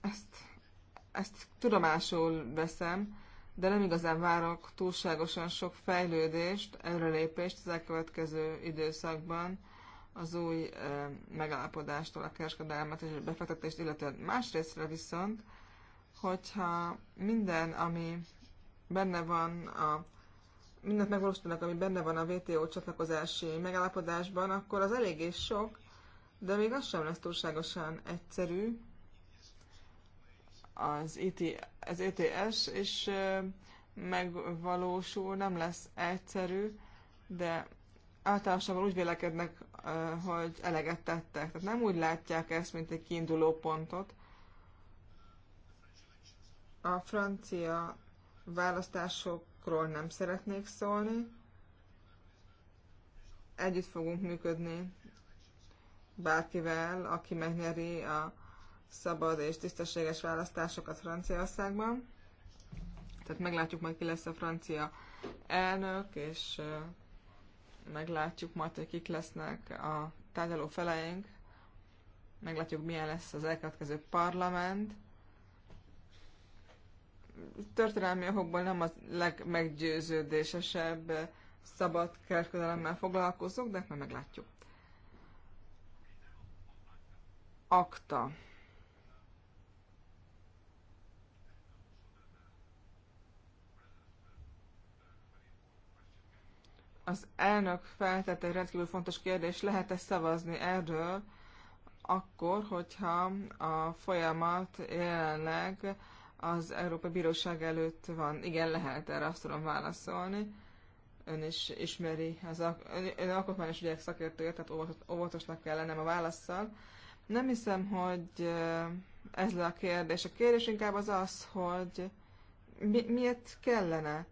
[SPEAKER 3] Ezt, ezt tudomásul veszem, de nem igazán várok túlságosan sok fejlődést, előrelépést az elkövetkező időszakban az új e, megállapodástól a kereskedelmet és a befektetést, illetve másrésztre viszont, hogyha minden, ami benne van a mindent megvalósítanak, ami benne van a WTO csatlakozási megállapodásban, akkor az eléggé sok, de még az sem lesz túlságosan egyszerű. Az, IT, e az ETS is megvalósul, nem lesz egyszerű, de általában úgy vélekednek, hogy eleget tettek. Tehát nem úgy látják ezt, mint egy kiinduló pontot. A francia választásokról nem szeretnék szólni. Együtt fogunk működni bárkivel, aki megnyeri a szabad és tisztességes választásokat Franciaországban. Tehát meglátjuk majd, ki lesz a francia elnök, és meglátjuk majd, hogy kik lesznek a tárgyaló feleink, meglátjuk, milyen lesz az elkövetkező parlament, történelmi okokból nem a legmeggyőződésesebb szabad kereskedelemmel foglalkozok, de meg meglátjuk. Akta. Az elnök feltette egy rendkívül fontos kérdés, lehet-e szavazni erről, akkor, hogyha a folyamat jelenleg az Európai Bíróság előtt van. Igen, lehet, erre azt tudom válaszolni. Ön is ismeri, az ak- ön, ön alkotmányos ügyek szakértője, tehát óvatosnak kell lennem a válaszsal. Nem hiszem, hogy eh, ez le a kérdés. A kérdés inkább az az, hogy mi, miért kellene?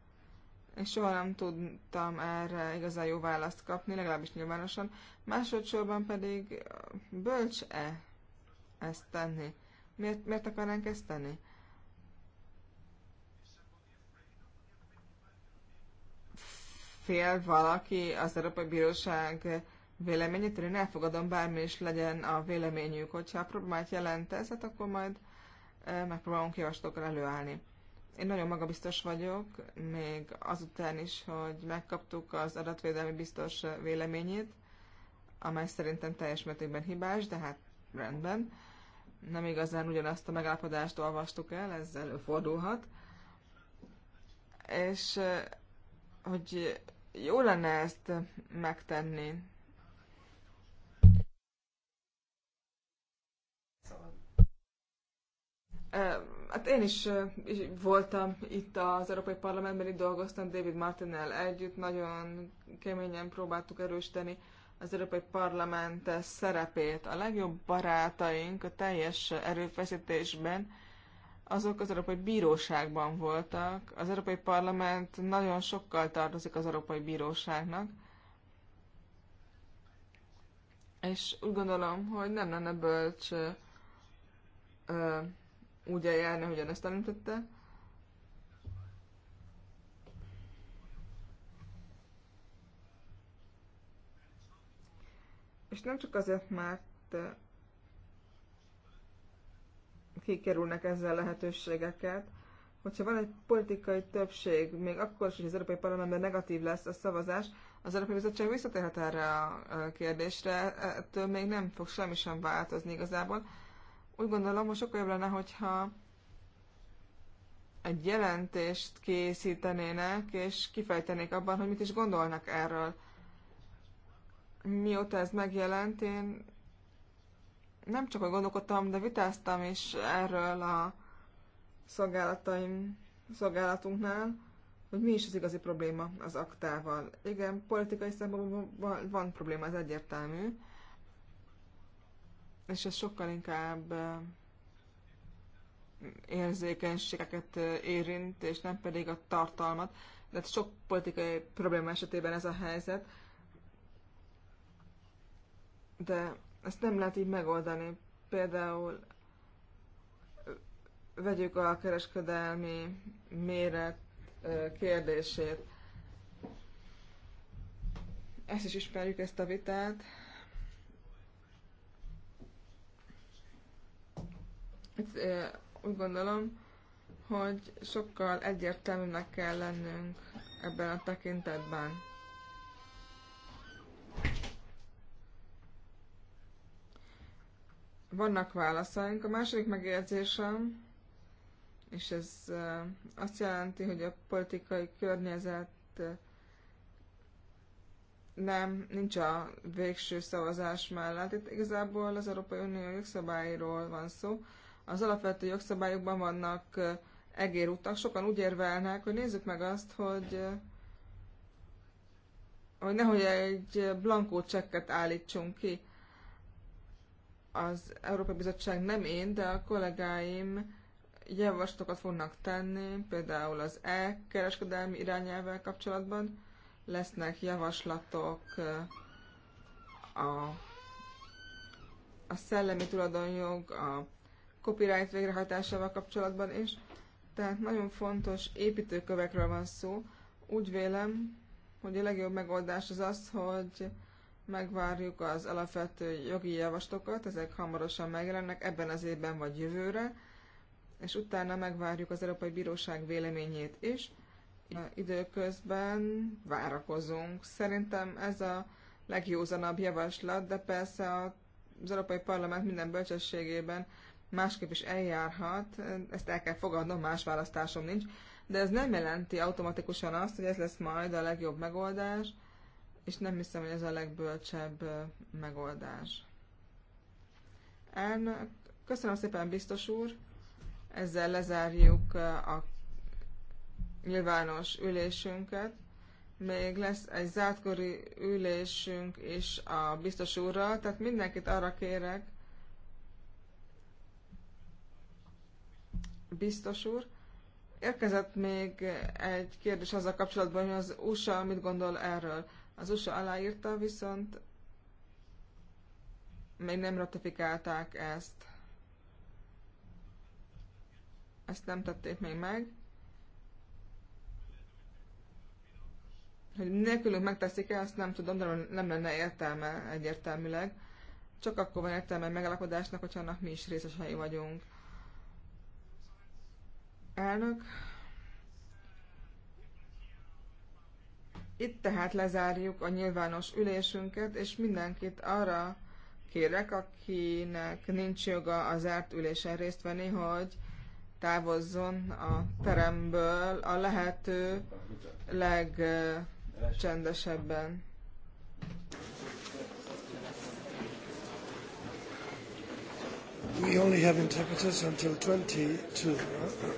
[SPEAKER 3] És soha nem tudtam erre igazán jó választ kapni, legalábbis nyilvánosan. Másodszorban pedig eh, bölcs-e ezt tenni? Miért, miért akarnánk ezt tenni? fél valaki az Európai Bíróság véleményét, én elfogadom bármi is legyen a véleményük, hogyha a problémát jelent ez, hát akkor majd megpróbálunk javaslatokra előállni. Én nagyon magabiztos vagyok, még azután is, hogy megkaptuk az adatvédelmi biztos véleményét, amely szerintem teljes mértékben hibás, de hát rendben. Nem igazán ugyanazt a megállapodást olvastuk el, ez előfordulhat. És hogy jó lenne ezt megtenni. Hát én is, is voltam itt az Európai Parlamentben, itt dolgoztam David Martinnel együtt, nagyon keményen próbáltuk erősíteni az Európai Parlament szerepét. A legjobb barátaink a teljes erőfeszítésben azok az Európai Bíróságban voltak. Az Európai Parlament nagyon sokkal tartozik az Európai Bíróságnak, és úgy gondolom, hogy nem lenne bölcs ö, úgy eljárni, hogyan ezt említette. És nem csak azért, mert kikerülnek ezzel lehetőségeket. Hogyha van egy politikai többség, még akkor is, hogy az Európai Parlamentben negatív lesz a szavazás, az Európai Bizottság visszatérhet erre a kérdésre, ettől még nem fog semmi sem változni igazából. Úgy gondolom, hogy sokkal jobb lenne, hogyha egy jelentést készítenének, és kifejtenék abban, hogy mit is gondolnak erről. Mióta ez megjelent, én nem csak, hogy gondolkodtam, de vitáztam is erről a szolgálataim, szolgálatunknál, hogy mi is az igazi probléma az aktával. Igen, politikai szempontból van probléma, ez egyértelmű, és ez sokkal inkább eh, érzékenységeket eh, érint, és nem pedig a tartalmat. De hát sok politikai probléma esetében ez a helyzet. De ezt nem lehet így megoldani. Például vegyük a kereskedelmi méret kérdését. Ezt is ismerjük, ezt a vitát. Itt, úgy gondolom, hogy sokkal egyértelműnek kell lennünk ebben a tekintetben. vannak válaszaink. A második megérzésem, és ez azt jelenti, hogy a politikai környezet nem, nincs a végső szavazás mellett. Itt igazából az Európai Unió jogszabályról van szó. Az alapvető jogszabályokban vannak egérutak. Sokan úgy érvelnek, hogy nézzük meg azt, hogy hogy nehogy egy blankó csekket állítsunk ki az Európai Bizottság nem én, de a kollégáim javaslatokat fognak tenni, például az e-kereskedelmi irányelvvel kapcsolatban lesznek javaslatok a, a szellemi tulajdonjog, a copyright végrehajtásával kapcsolatban is. Tehát nagyon fontos építőkövekről van szó. Úgy vélem, hogy a legjobb megoldás az az, hogy megvárjuk az alapvető jogi javaslatokat, ezek hamarosan megjelennek ebben az évben vagy jövőre, és utána megvárjuk az Európai Bíróság véleményét is. Időközben várakozunk. Szerintem ez a legjózanabb javaslat, de persze az Európai Parlament minden bölcsességében másképp is eljárhat, ezt el kell fogadnom, más választásom nincs, de ez nem jelenti automatikusan azt, hogy ez lesz majd a legjobb megoldás, és nem hiszem, hogy ez a legbölcsebb megoldás. Elnök, köszönöm szépen, biztos úr! Ezzel lezárjuk a nyilvános ülésünket. Még lesz egy zártkori ülésünk is a biztos úrral, tehát mindenkit arra kérek, biztos úr, érkezett még egy kérdés azzal kapcsolatban, hogy az USA mit gondol erről. Az USA aláírta, viszont még nem ratifikálták ezt. Ezt nem tették még meg. Hogy nélkülünk megteszik-e, azt nem tudom, de nem lenne értelme egyértelműleg. Csak akkor van értelme egy megállapodásnak, hogyha annak mi is részesei vagyunk. Elnök, Itt tehát lezárjuk a nyilvános ülésünket, és mindenkit arra kérek, akinek nincs joga a zárt ülésen részt venni, hogy távozzon a teremből a lehető legcsendesebben. We
[SPEAKER 4] only have interpreters until 22.